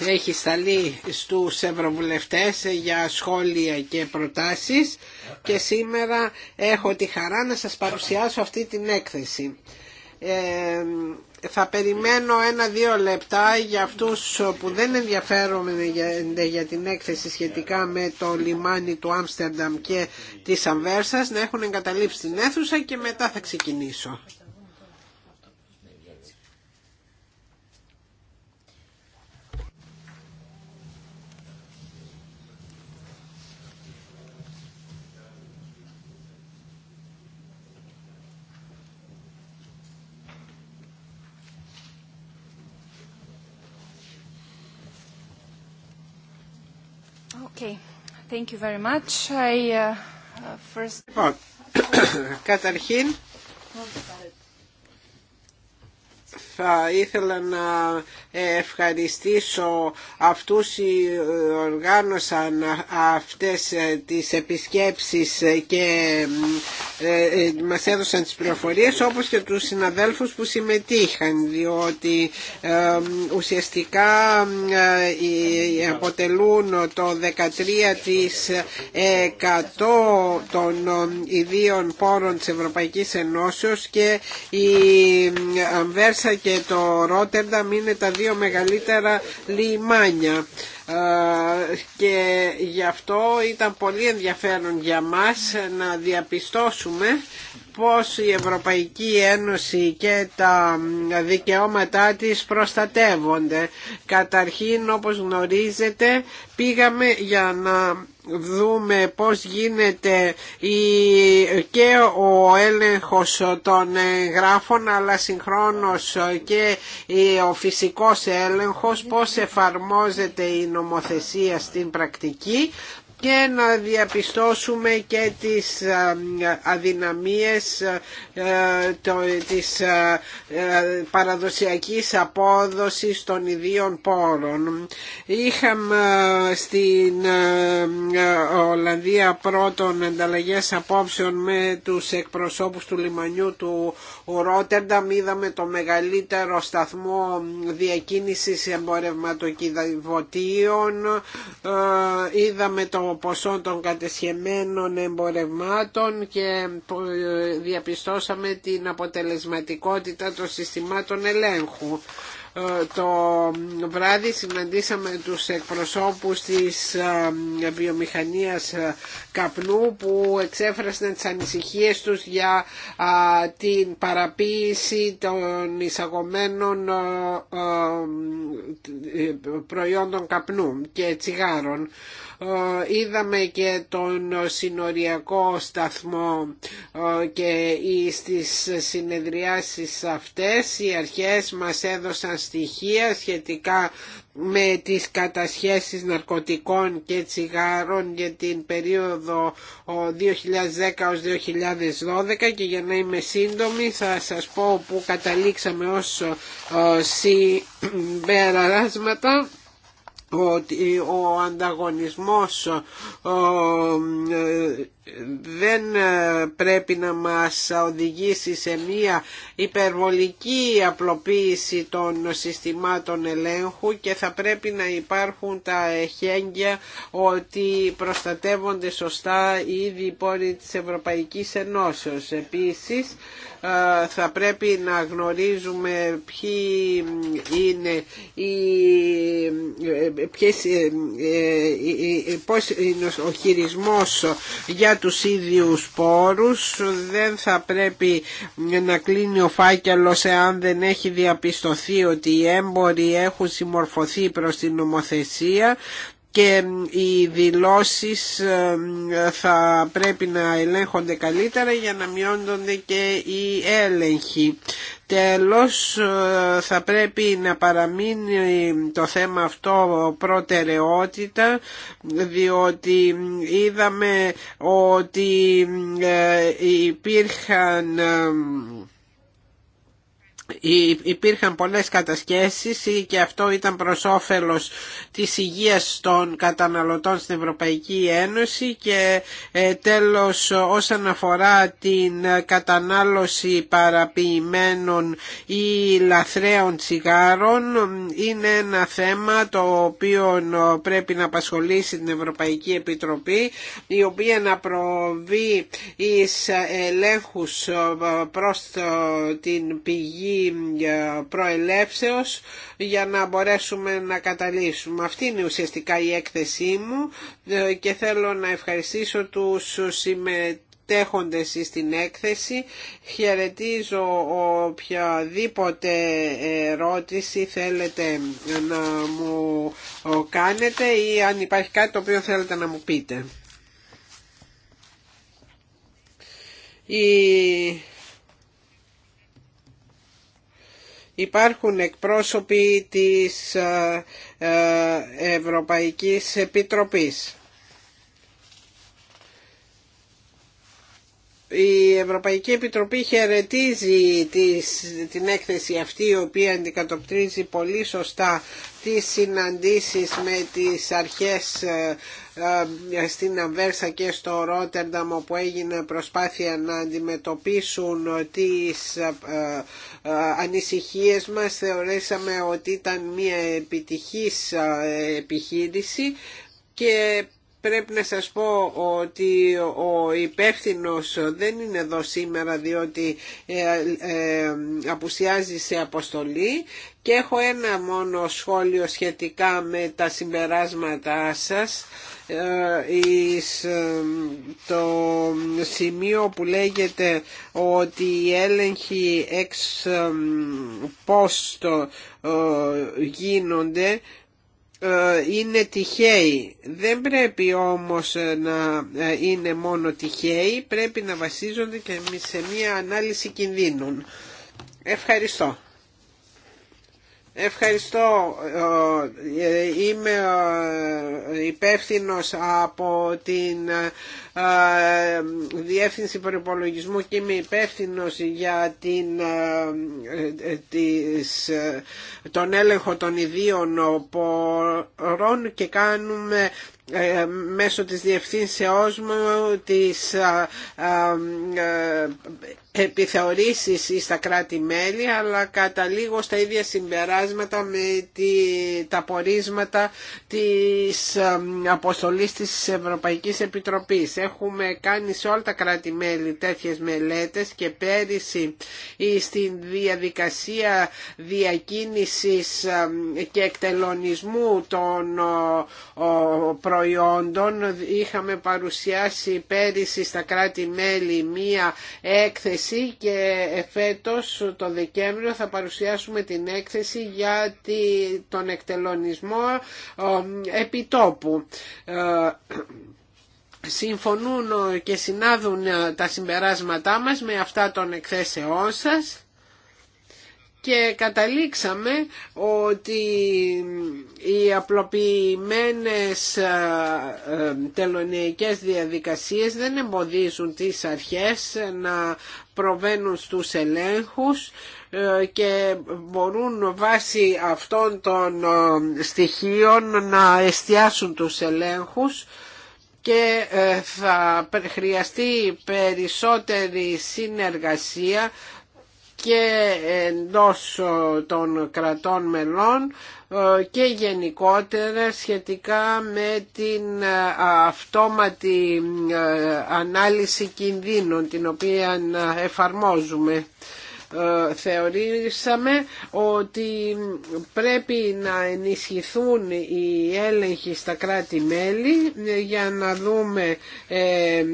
έχει σταλεί στους ευρωβουλευτές για σχόλια και προτάσεις και σήμερα έχω τη χαρά να σας παρουσιάσω αυτή την έκθεση. Ε, θα περιμένω ένα-δύο λεπτά για αυτούς που δεν ενδιαφέρονται για την έκθεση σχετικά με το λιμάνι του Άμστερνταμ και της Αμβέρσας να έχουν εγκαταλείψει την αίθουσα και μετά θα ξεκινήσω. Okay. Thank you very much. I, uh, first... Καταρχήν θα ήθελα να ευχαριστήσω αυτούς οι οργάνωσαν αυτές τις επισκέψεις και ε, ε, μας έδωσαν τις πληροφορίες όπως και τους συναδέλφους που συμμετείχαν διότι ε, ουσιαστικά αποτελούν το 13% των ιδίων πόρων της Ευρωπαϊκής Ενώσεως και η Αμβέρσα και το Ρότερνταμ είναι τα δύο μεγαλύτερα λιμάνια και γι' αυτό ήταν πολύ ενδιαφέρον για μας να διαπιστώσουμε πως η Ευρωπαϊκή Ένωση και τα δικαιώματά της προστατεύονται. Καταρχήν όπως γνωρίζετε πήγαμε για να δούμε πώς γίνεται και ο έλεγχος των γράφων αλλά συγχρόνως και ο φυσικός έλεγχος πώς εφαρμόζεται η νομοθεσία στην πρακτική και να διαπιστώσουμε και τις ε, αδυναμίες ε, της ε, παραδοσιακής απόδοσης των ιδίων πόρων. Είχαμε στην Ολλανδία πρώτον ανταλλαγές απόψεων με τους εκπροσώπους του λιμανιού του Ρότερνταμ. Είδαμε το μεγαλύτερο σταθμό διακίνησης εμπορευματοκιβωτίων. Είδαμε το πόσον ποσό των κατεσχεμένων εμπορευμάτων και διαπιστώσαμε την αποτελεσματικότητα των συστημάτων ελέγχου. Ε, το βράδυ συναντήσαμε τους εκπροσώπους της ε, βιομηχανίας ε, καπνού που εξέφρασαν τις ανησυχίες τους για την παραποίηση των εισαγωμένων προϊόντων καπνού και τσιγάρων. Ε, είδαμε και τον συνοριακό σταθμό ε, και στις συνεδριάσεις αυτές οι αρχές μας έδωσαν στοιχεία σχετικά με τις κατασχέσεις ναρκωτικών και τσιγάρων για την περίοδο 2010-2012 ε, και για να είμαι σύντομη θα σας πω που καταλήξαμε ως συμπεραράσματα ότι ο ανταγωνισμός δεν πρέπει να μας οδηγήσει σε μία υπερβολική απλοποίηση των συστημάτων ελέγχου και θα πρέπει να υπάρχουν τα εχέγγια ότι προστατεύονται σωστά οι ίδιοι πόροι της Ευρωπαϊκής Ενώσεως. Επίσης θα πρέπει να γνωρίζουμε ποιοι είναι οι ε, ποιες, ε, ε, ε, πώς είναι ο χειρισμός για τους ίδιους πόρους. Δεν θα πρέπει να κλείνει ο φάκελος εάν δεν έχει διαπιστωθεί ότι οι έμποροι έχουν συμμορφωθεί προς την νομοθεσία και οι δηλώσεις θα πρέπει να ελέγχονται καλύτερα για να μειώνονται και οι έλεγχοι. Τέλος ε, θα πρέπει να παραμείνει το θέμα αυτό προτεραιότητα διότι είδαμε ότι ε, υπήρχαν υπήρχαν πολλές κατασκέσεις και αυτό ήταν προς όφελος της υγείας των καταναλωτών στην Ευρωπαϊκή Ένωση και ε, τέλος όσον αφορά την κατανάλωση παραποιημένων ή λαθρέων τσιγάρων είναι ένα θέμα το οποίο πρέπει να απασχολήσει την Ευρωπαϊκή Επιτροπή η οποία να προβεί εις ελέγχους ε, προς ε, την πηγή ε, προελεύσεως για να μπορέσουμε να καταλύσουμε. Αυτή είναι ουσιαστικά η έκθεσή μου ε, και θέλω να ευχαριστήσω τους συμμετέχοντες στην έκθεση. Χαιρετίζω οποιαδήποτε ερώτηση θέλετε να μου κάνετε ή αν υπάρχει κάτι το οποίο θέλετε να μου πείτε. Η... Υπάρχουν εκπρόσωποι της ε, ε, Ευρωπαϊκής Επιτροπής. Η Ευρωπαϊκή Επιτροπή χαιρετίζει την έκθεση αυτή η οποία αντικατοπτρίζει πολύ σωστά τις συναντήσεις με τις αρχές ε, ε, στην Αμβέρσα και στο Ρότερνταμ όπου έγινε προσπάθεια να αντιμετωπίσουν τις ε, ανησυχίες μας θεωρήσαμε ότι ήταν μια επιτυχής επιχείρηση και Πρέπει να σας πω ότι ο υπεύθυνο δεν είναι εδώ σήμερα διότι ε, ε, ε, απουσιάζει σε αποστολή και έχω ένα μόνο σχόλιο σχετικά με τα συμπεράσματά σας εις το σημείο που λέγεται ότι η έλεγχοι εξ πόστο γίνονται ε, είναι τυχαίοι. Δεν πρέπει όμως ε, να ε, είναι μόνο τυχαίοι, πρέπει να βασίζονται και σε μια ανάλυση κινδύνων. Ευχαριστώ. Ευχαριστώ. Ε, είμαι ε, υπεύθυνος από την ε, Διεύθυνση Προπολογισμού και είμαι υπεύθυνος για την, της, τον έλεγχο των ιδίων πορών και κάνουμε μέσω της διευθύνσεώς μου τις επιθεωρήσεις στα κράτη-μέλη αλλά καταλήγω στα ίδια συμπεράσματα με τη, τα πορίσματα της αποστολής της Ευρωπαϊκής Επιτροπής. Έχουμε κάνει σε όλα τα κράτη-μέλη τέτοιες μελέτες και πέρυσι ε, στην διαδικασία διακίνησης και εκτελονισμού των προϊόντων είχαμε παρουσιάσει πέρυσι στα κράτη-μέλη μία έκθεση και εφέτος το Δεκέμβριο θα παρουσιάσουμε την έκθεση για τον εκτελονισμό επιτόπου ε, συμφωνούν και συνάδουν τα συμπεράσματά μας με αυτά των εκθέσεών σας και καταλήξαμε ότι οι απλοποιημένες ε, ε, τελωνιακές διαδικασίες δεν εμποδίζουν τις αρχές να προβαίνουν στους ελέγχους ε, και μπορούν βάσει αυτών των ε, στοιχείων να εστιάσουν τους ελέγχους και ε, θα χρειαστεί περισσότερη συνεργασία και εντός ε, των κρατών μελών ε, και γενικότερα σχετικά με την ε, αυτόματη ανάλυση κινδύνων την οποία εφαρμόζουμε. Ε, θεωρήσαμε ότι πρέπει να ενισχυθούν οι έλεγχοι στα κράτη-μέλη ε, για να δούμε ε,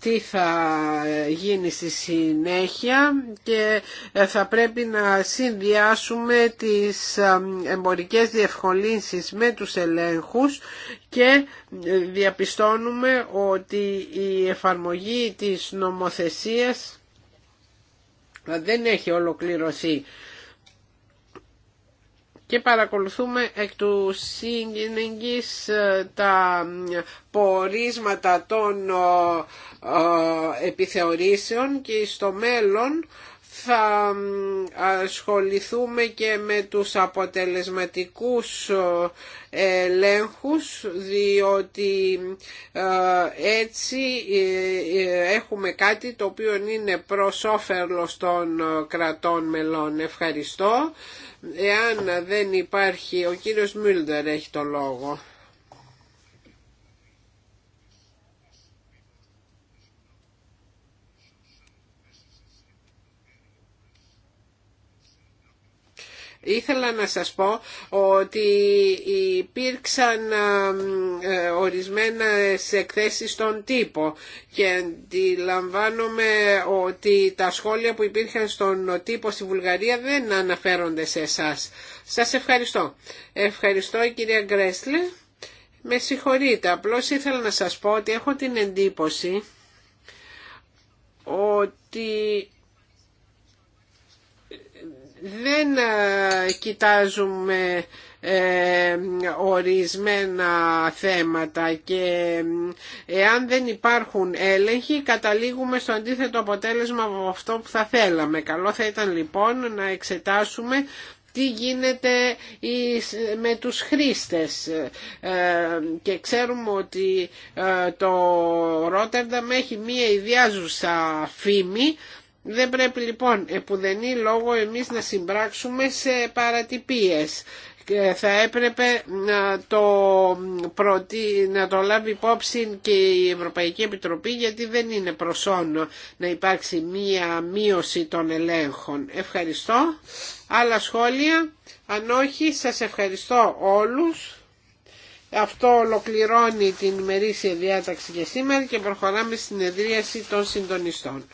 τι θα γίνει στη συνέχεια και θα πρέπει να συνδυάσουμε τις εμπορικές διευκολύνσεις με τους ελέγχους και διαπιστώνουμε ότι η εφαρμογή της νομοθεσίας δεν έχει ολοκληρωθεί και παρακολουθούμε εκ του σύγκυνηγης ε, τα πορίσματα των ε, ε, επιθεωρήσεων και στο μέλλον θα ασχοληθούμε και με τους αποτελεσματικούς ελέγχους διότι ε, έτσι ε, ε, έχουμε κάτι το οποίο είναι προς όφελος των κρατών μελών. Ευχαριστώ. Εάν δεν υπάρχει, ο κύριος Μίλντερ έχει το λόγο. Ήθελα να σας πω ότι υπήρξαν ε, ορισμένες εκθέσεις στον τύπο και αντιλαμβάνομαι ότι τα σχόλια που υπήρχαν στον τύπο στη Βουλγαρία δεν αναφέρονται σε εσάς. Σας ευχαριστώ. Ευχαριστώ κυρία Γκρέσλε. Με συγχωρείτε, απλώς ήθελα να σας πω ότι έχω την εντύπωση ότι δεν ε, κοιτάζουμε ε, ορισμένα θέματα και ε, εάν δεν υπάρχουν έλεγχοι καταλήγουμε στο αντίθετο αποτέλεσμα από αυτό που θα θέλαμε. Καλό θα ήταν λοιπόν να εξετάσουμε τι γίνεται με τους χρήστες και ξέρουμε ότι το Ρότερνταμ έχει μία ιδιάζουσα φήμη δεν πρέπει λοιπόν επουδενή λόγο εμείς να συμπράξουμε σε παρατυπίες ε, θα έπρεπε να το, να το λάβει υπόψη και η Ευρωπαϊκή Επιτροπή γιατί δεν είναι προσόν να υπάρξει μία μείωση των ελέγχων. Ευχαριστώ. Άλλα σχόλια. Αν όχι, σας ευχαριστώ όλους. Αυτό ολοκληρώνει την ημερήσια διάταξη για σήμερα και προχωράμε στην εδρίαση των συντονιστών.